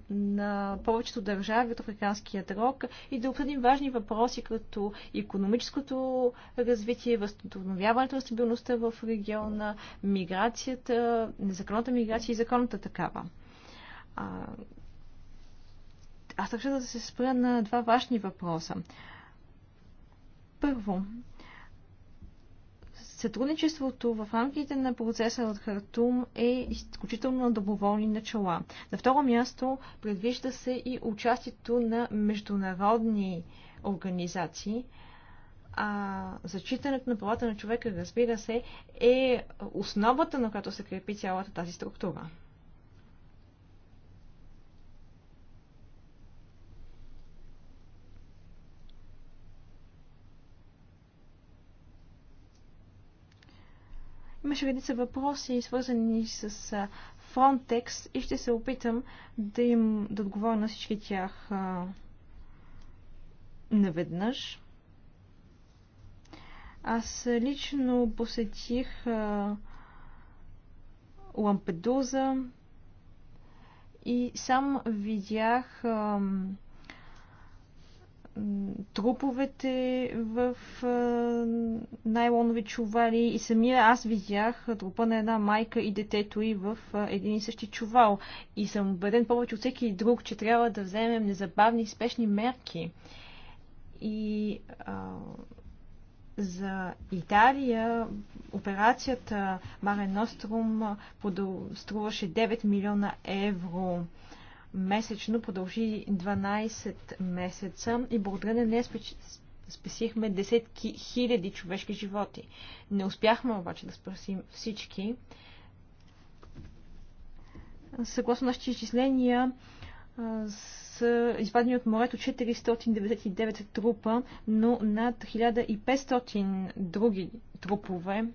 на повечето държави от Африканския рог и да обсъдим важни въпроси като економическото развитие, възстановяването на стабилността в региона, миграцията, незаконната миграция и законната такава. Аз държа да се спра на два важни въпроса. Първо, сътрудничеството в рамките на процеса от Хартум е изключително доброволни начала. На второ място предвижда се и участието на международни организации. А зачитането на правата на човека, разбира се, е основата, на която се крепи цялата тази структура. Имаше редица въпроси, свързани с Frontex и ще се опитам да им да отговоря на всички тях а, наведнъж. Аз лично посетих а, Лампедуза и сам видях а, труповете в найлонови чували и самия аз видях трупа на една майка и детето и в един и същи чувал. И съм убеден повече от всеки друг, че трябва да вземем незабавни и спешни мерки. И а, за Италия операцията Маре Ностром струваше 9 милиона евро месечно, продължи 12 месеца и благодарение не спеч... спесихме десетки хиляди човешки животи. Не успяхме обаче да спасим всички. Съгласно нашите изчисления, са извадени от морето 499 трупа, но над 1500 други трупове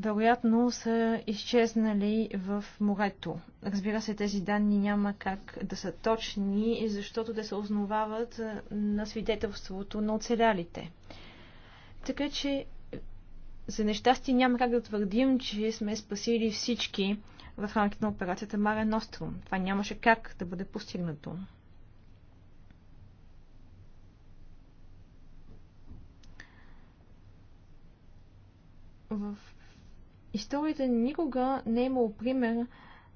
вероятно са изчезнали в морето. Разбира се, тези данни няма как да са точни, защото те се основават на свидетелството на оцелялите. Така че за нещастие няма как да твърдим, че сме спасили всички в рамките на операцията Маре Ностром. Това нямаше как да бъде постигнато. В историята никога не е имало пример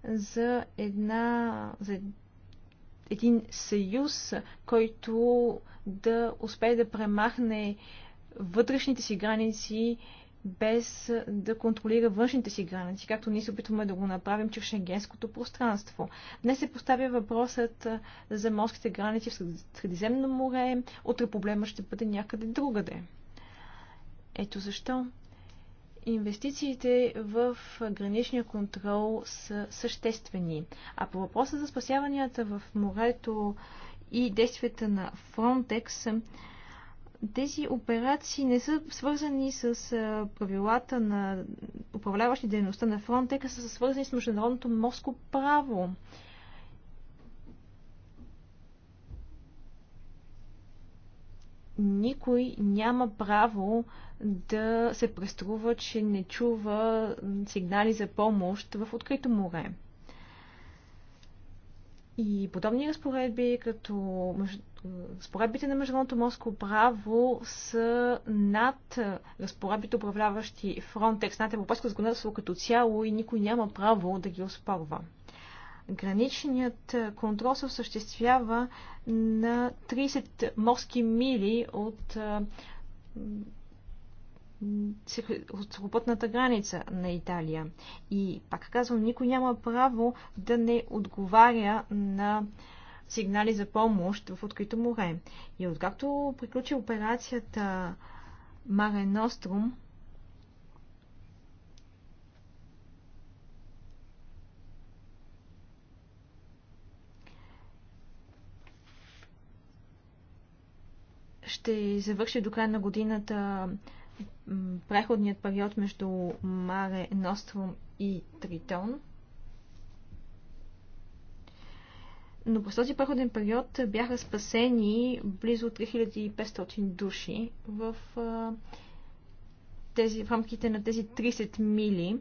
за една, за един съюз, който да успее да премахне вътрешните си граници без да контролира външните си граници, както ние се опитваме да го направим чрез шенгенското пространство. Днес се поставя въпросът за морските граници в Средиземно море, утре проблема ще бъде някъде другаде. Ето защо инвестициите в граничния контрол са съществени. А по въпроса за спасяванията в морето и действията на Frontex, тези операции не са свързани с правилата на управляващи дейността на Frontex, а са свързани с международното морско право. Никой няма право да се преструва, че не чува сигнали за помощ в открито море. И подобни разпоредби, като разпоредбите на международното морско право са над разпоредбите, управляващи Frontex, над европейското законодателство като цяло и никой няма право да ги оспорва. Граничният контрол се осъществява на 30 морски мили от сухопътната граница на Италия. И пак казвам, никой няма право да не отговаря на сигнали за помощ в открито море. И откакто приключи операцията Маре Ностром, ще завърши до края на годината преходният период между Маре Ностром и Тритон. Но през този преходен период бяха спасени близо 3500 души в, тези, в рамките на тези 30 мили.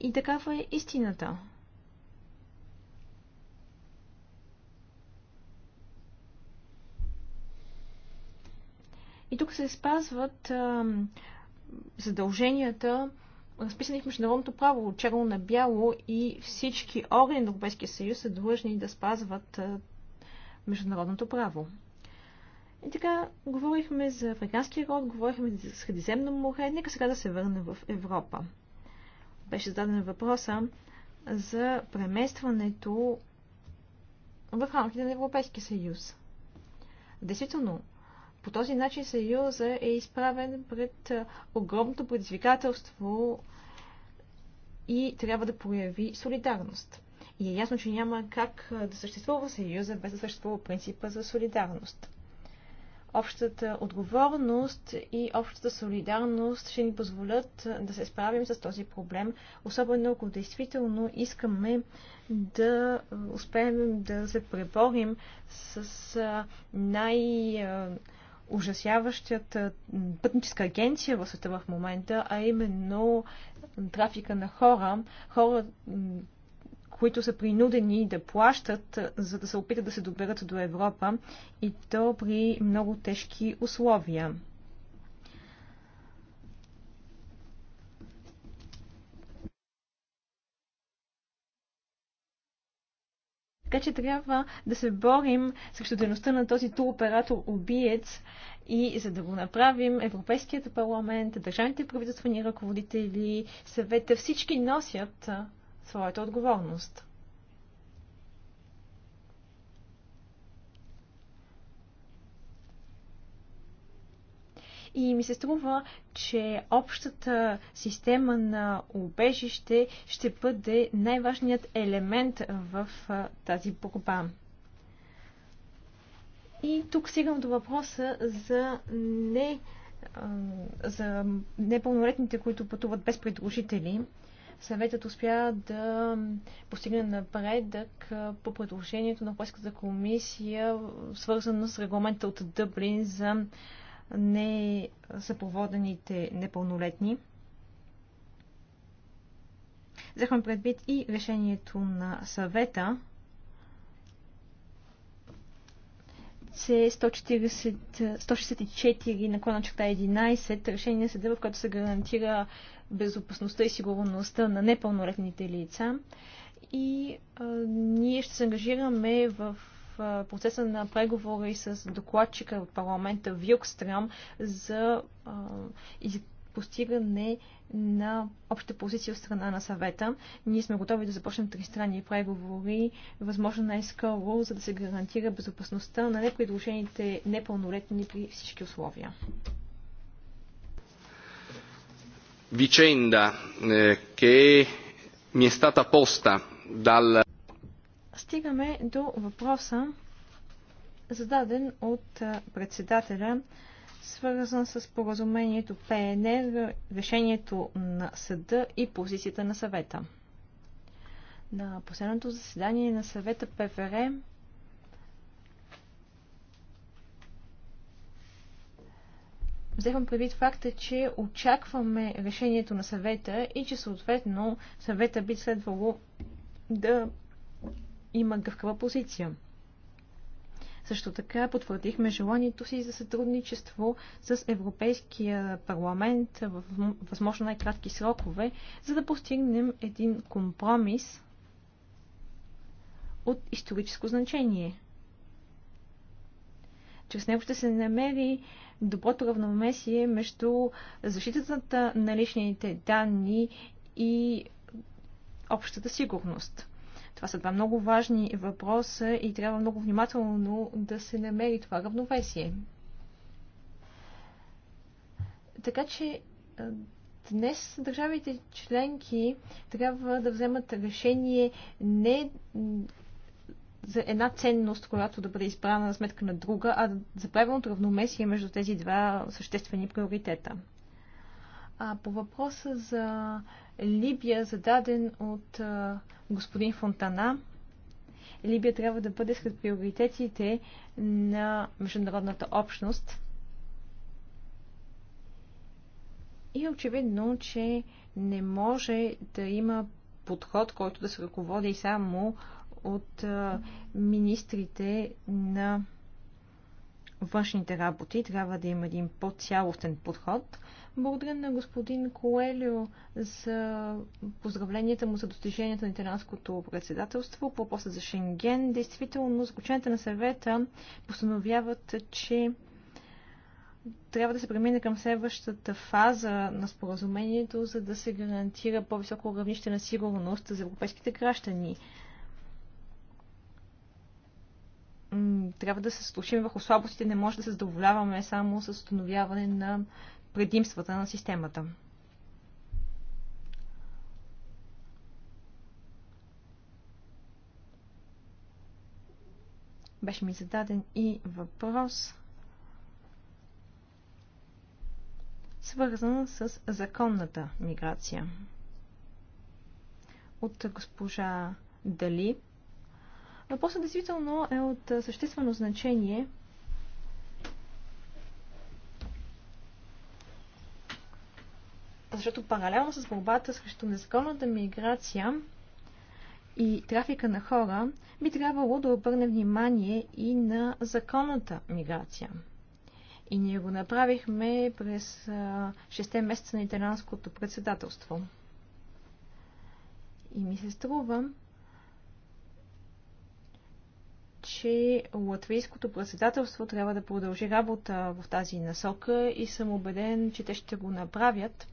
И такава е истината. И тук се спазват а, задълженията, разписани в международното право, черно на бяло и всички органи на Европейския съюз са длъжни да спазват а, международното право. И така, говорихме за африканския род, говорихме за Средиземно море, нека сега да се върнем в Европа. Беше зададен въпроса за преместването в рамките на Европейския съюз. Действително, по този начин Съюза е изправен пред огромното предизвикателство и трябва да прояви солидарност. И е ясно, че няма как да съществува Съюза без да съществува принципа за солидарност. Общата отговорност и общата солидарност ще ни позволят да се справим с този проблем, особено ако действително искаме да успеем да се преборим с най- ужасяващата пътническа агенция в света в момента, а именно трафика на хора, хора, които са принудени да плащат, за да се опитат да се доберат до Европа и то при много тежки условия. Така че трябва да се борим срещу дейността на този туроператор убиец и за да го направим, Европейският парламент, държавните правителствени ръководители, съвета, всички носят своята отговорност. и ми се струва, че общата система на убежище ще бъде най-важният елемент в тази борба. И тук стигам до въпроса за не за непълнолетните, които пътуват без предложители. Съветът успя да постигне напредък по предложението на Европейската комисия, свързано с регламента от Дъблин за не поводените непълнолетни. Взехме предвид и решението на съвета C140, 164 наклона черта 11, решение на съда, в което се гарантира безопасността и сигурността на непълнолетните лица. И а, ние ще се ангажираме в процеса на преговори с докладчика от парламента Вилкстрам за постигане на обща позиция от страна на съвета. Ние сме готови да започнем тристранни преговори, възможно най-скоро, за да се гарантира безопасността на непредложените непълнолетни при всички условия. Vicenda eh, che mi è stata posta dal стигаме до въпроса, зададен от председателя, свързан с поразумението ПНР, решението на съда и позицията на съвета. На последното заседание на съвета ПФР вземам предвид факта, че очакваме решението на съвета и че съответно съвета би следвало да има гъвкава позиция. Също така потвърдихме желанието си за сътрудничество с Европейския парламент в възможно най-кратки срокове, за да постигнем един компромис от историческо значение. Чрез него ще се намери доброто равномесие между защитата на личните данни и общата сигурност. Това са два много важни въпроса и трябва много внимателно да се намери това равновесие. Така че днес държавите членки трябва да вземат решение не за една ценност, която да бъде избрана на сметка на друга, а за правилното равномесие между тези два съществени приоритета. А по въпроса за Либия, зададен от господин Фонтана. Либия трябва да бъде сред приоритетите на международната общност. И е очевидно, че не може да има подход, който да се ръководи само от министрите на външните работи. Трябва да има един по-цялостен подход. Благодаря на господин Коелио за поздравленията му за достиженията на италианското председателство. По после за Шенген. Действително, заключенията на съвета постановяват, че трябва да се премине към следващата фаза на споразумението, за да се гарантира по-високо равнище на сигурност за европейските граждани трябва да се случим върху слабостите, не може да се задоволяваме само с установяване на предимствата на системата. Беше ми зададен и въпрос, свързан с законната миграция. От госпожа Далип Въпросът действително е от съществено значение. Защото паралелно с борбата срещу незаконната миграция и трафика на хора, би трябвало да обърне внимание и на законната миграция. И ние го направихме през 6 месеца на италянското председателство. И ми се струва, че латвийското председателство трябва да продължи работа в тази насока и съм убеден, че те ще го направят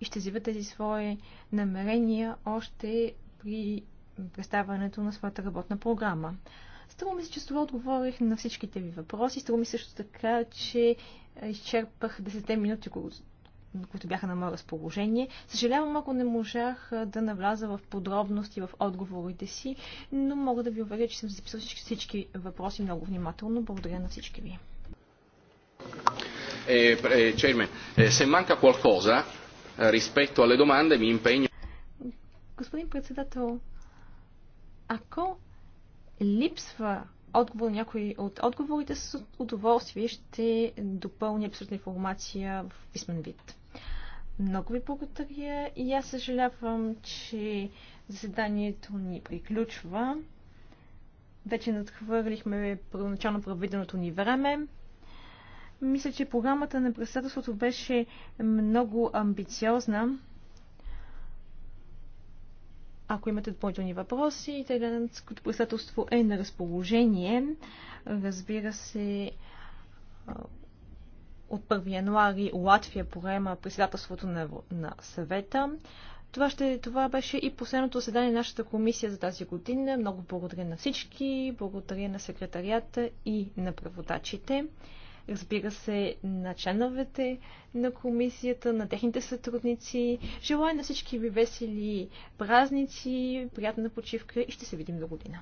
и ще заявят тези свои намерения още при представянето на своята работна програма. Струва ми се, че с това отговорих на всичките ви въпроси. Струва ми също така, че изчерпах 10 минути, които бяха на мое разположение. Съжалявам, ако не можах да навляза в подробности в отговорите си, но мога да ви уверя, че съм записал всички въпроси много внимателно. Благодаря на всички ви. Господин председател, ако липсва отговор на някои от отговорите, с удоволствие ще допълня абсолютна информация в писмен вид. Много ви благодаря и аз съжалявам, че заседанието ни приключва. Вече надхвърлихме първоначално проведеното ни време. Мисля, че програмата на председателството беше много амбициозна. Ако имате допълнителни въпроси, италианското председателство е на разположение. Разбира се, от 1 януари Латвия поема председателството на, на съвета. Това, ще, това беше и последното заседание на нашата комисия за тази година. Много благодаря на всички, благодаря на секретарията и на преводачите разбира се, на членовете на комисията, на техните сътрудници. Желая на всички ви весели празници, приятна почивка и ще се видим до година.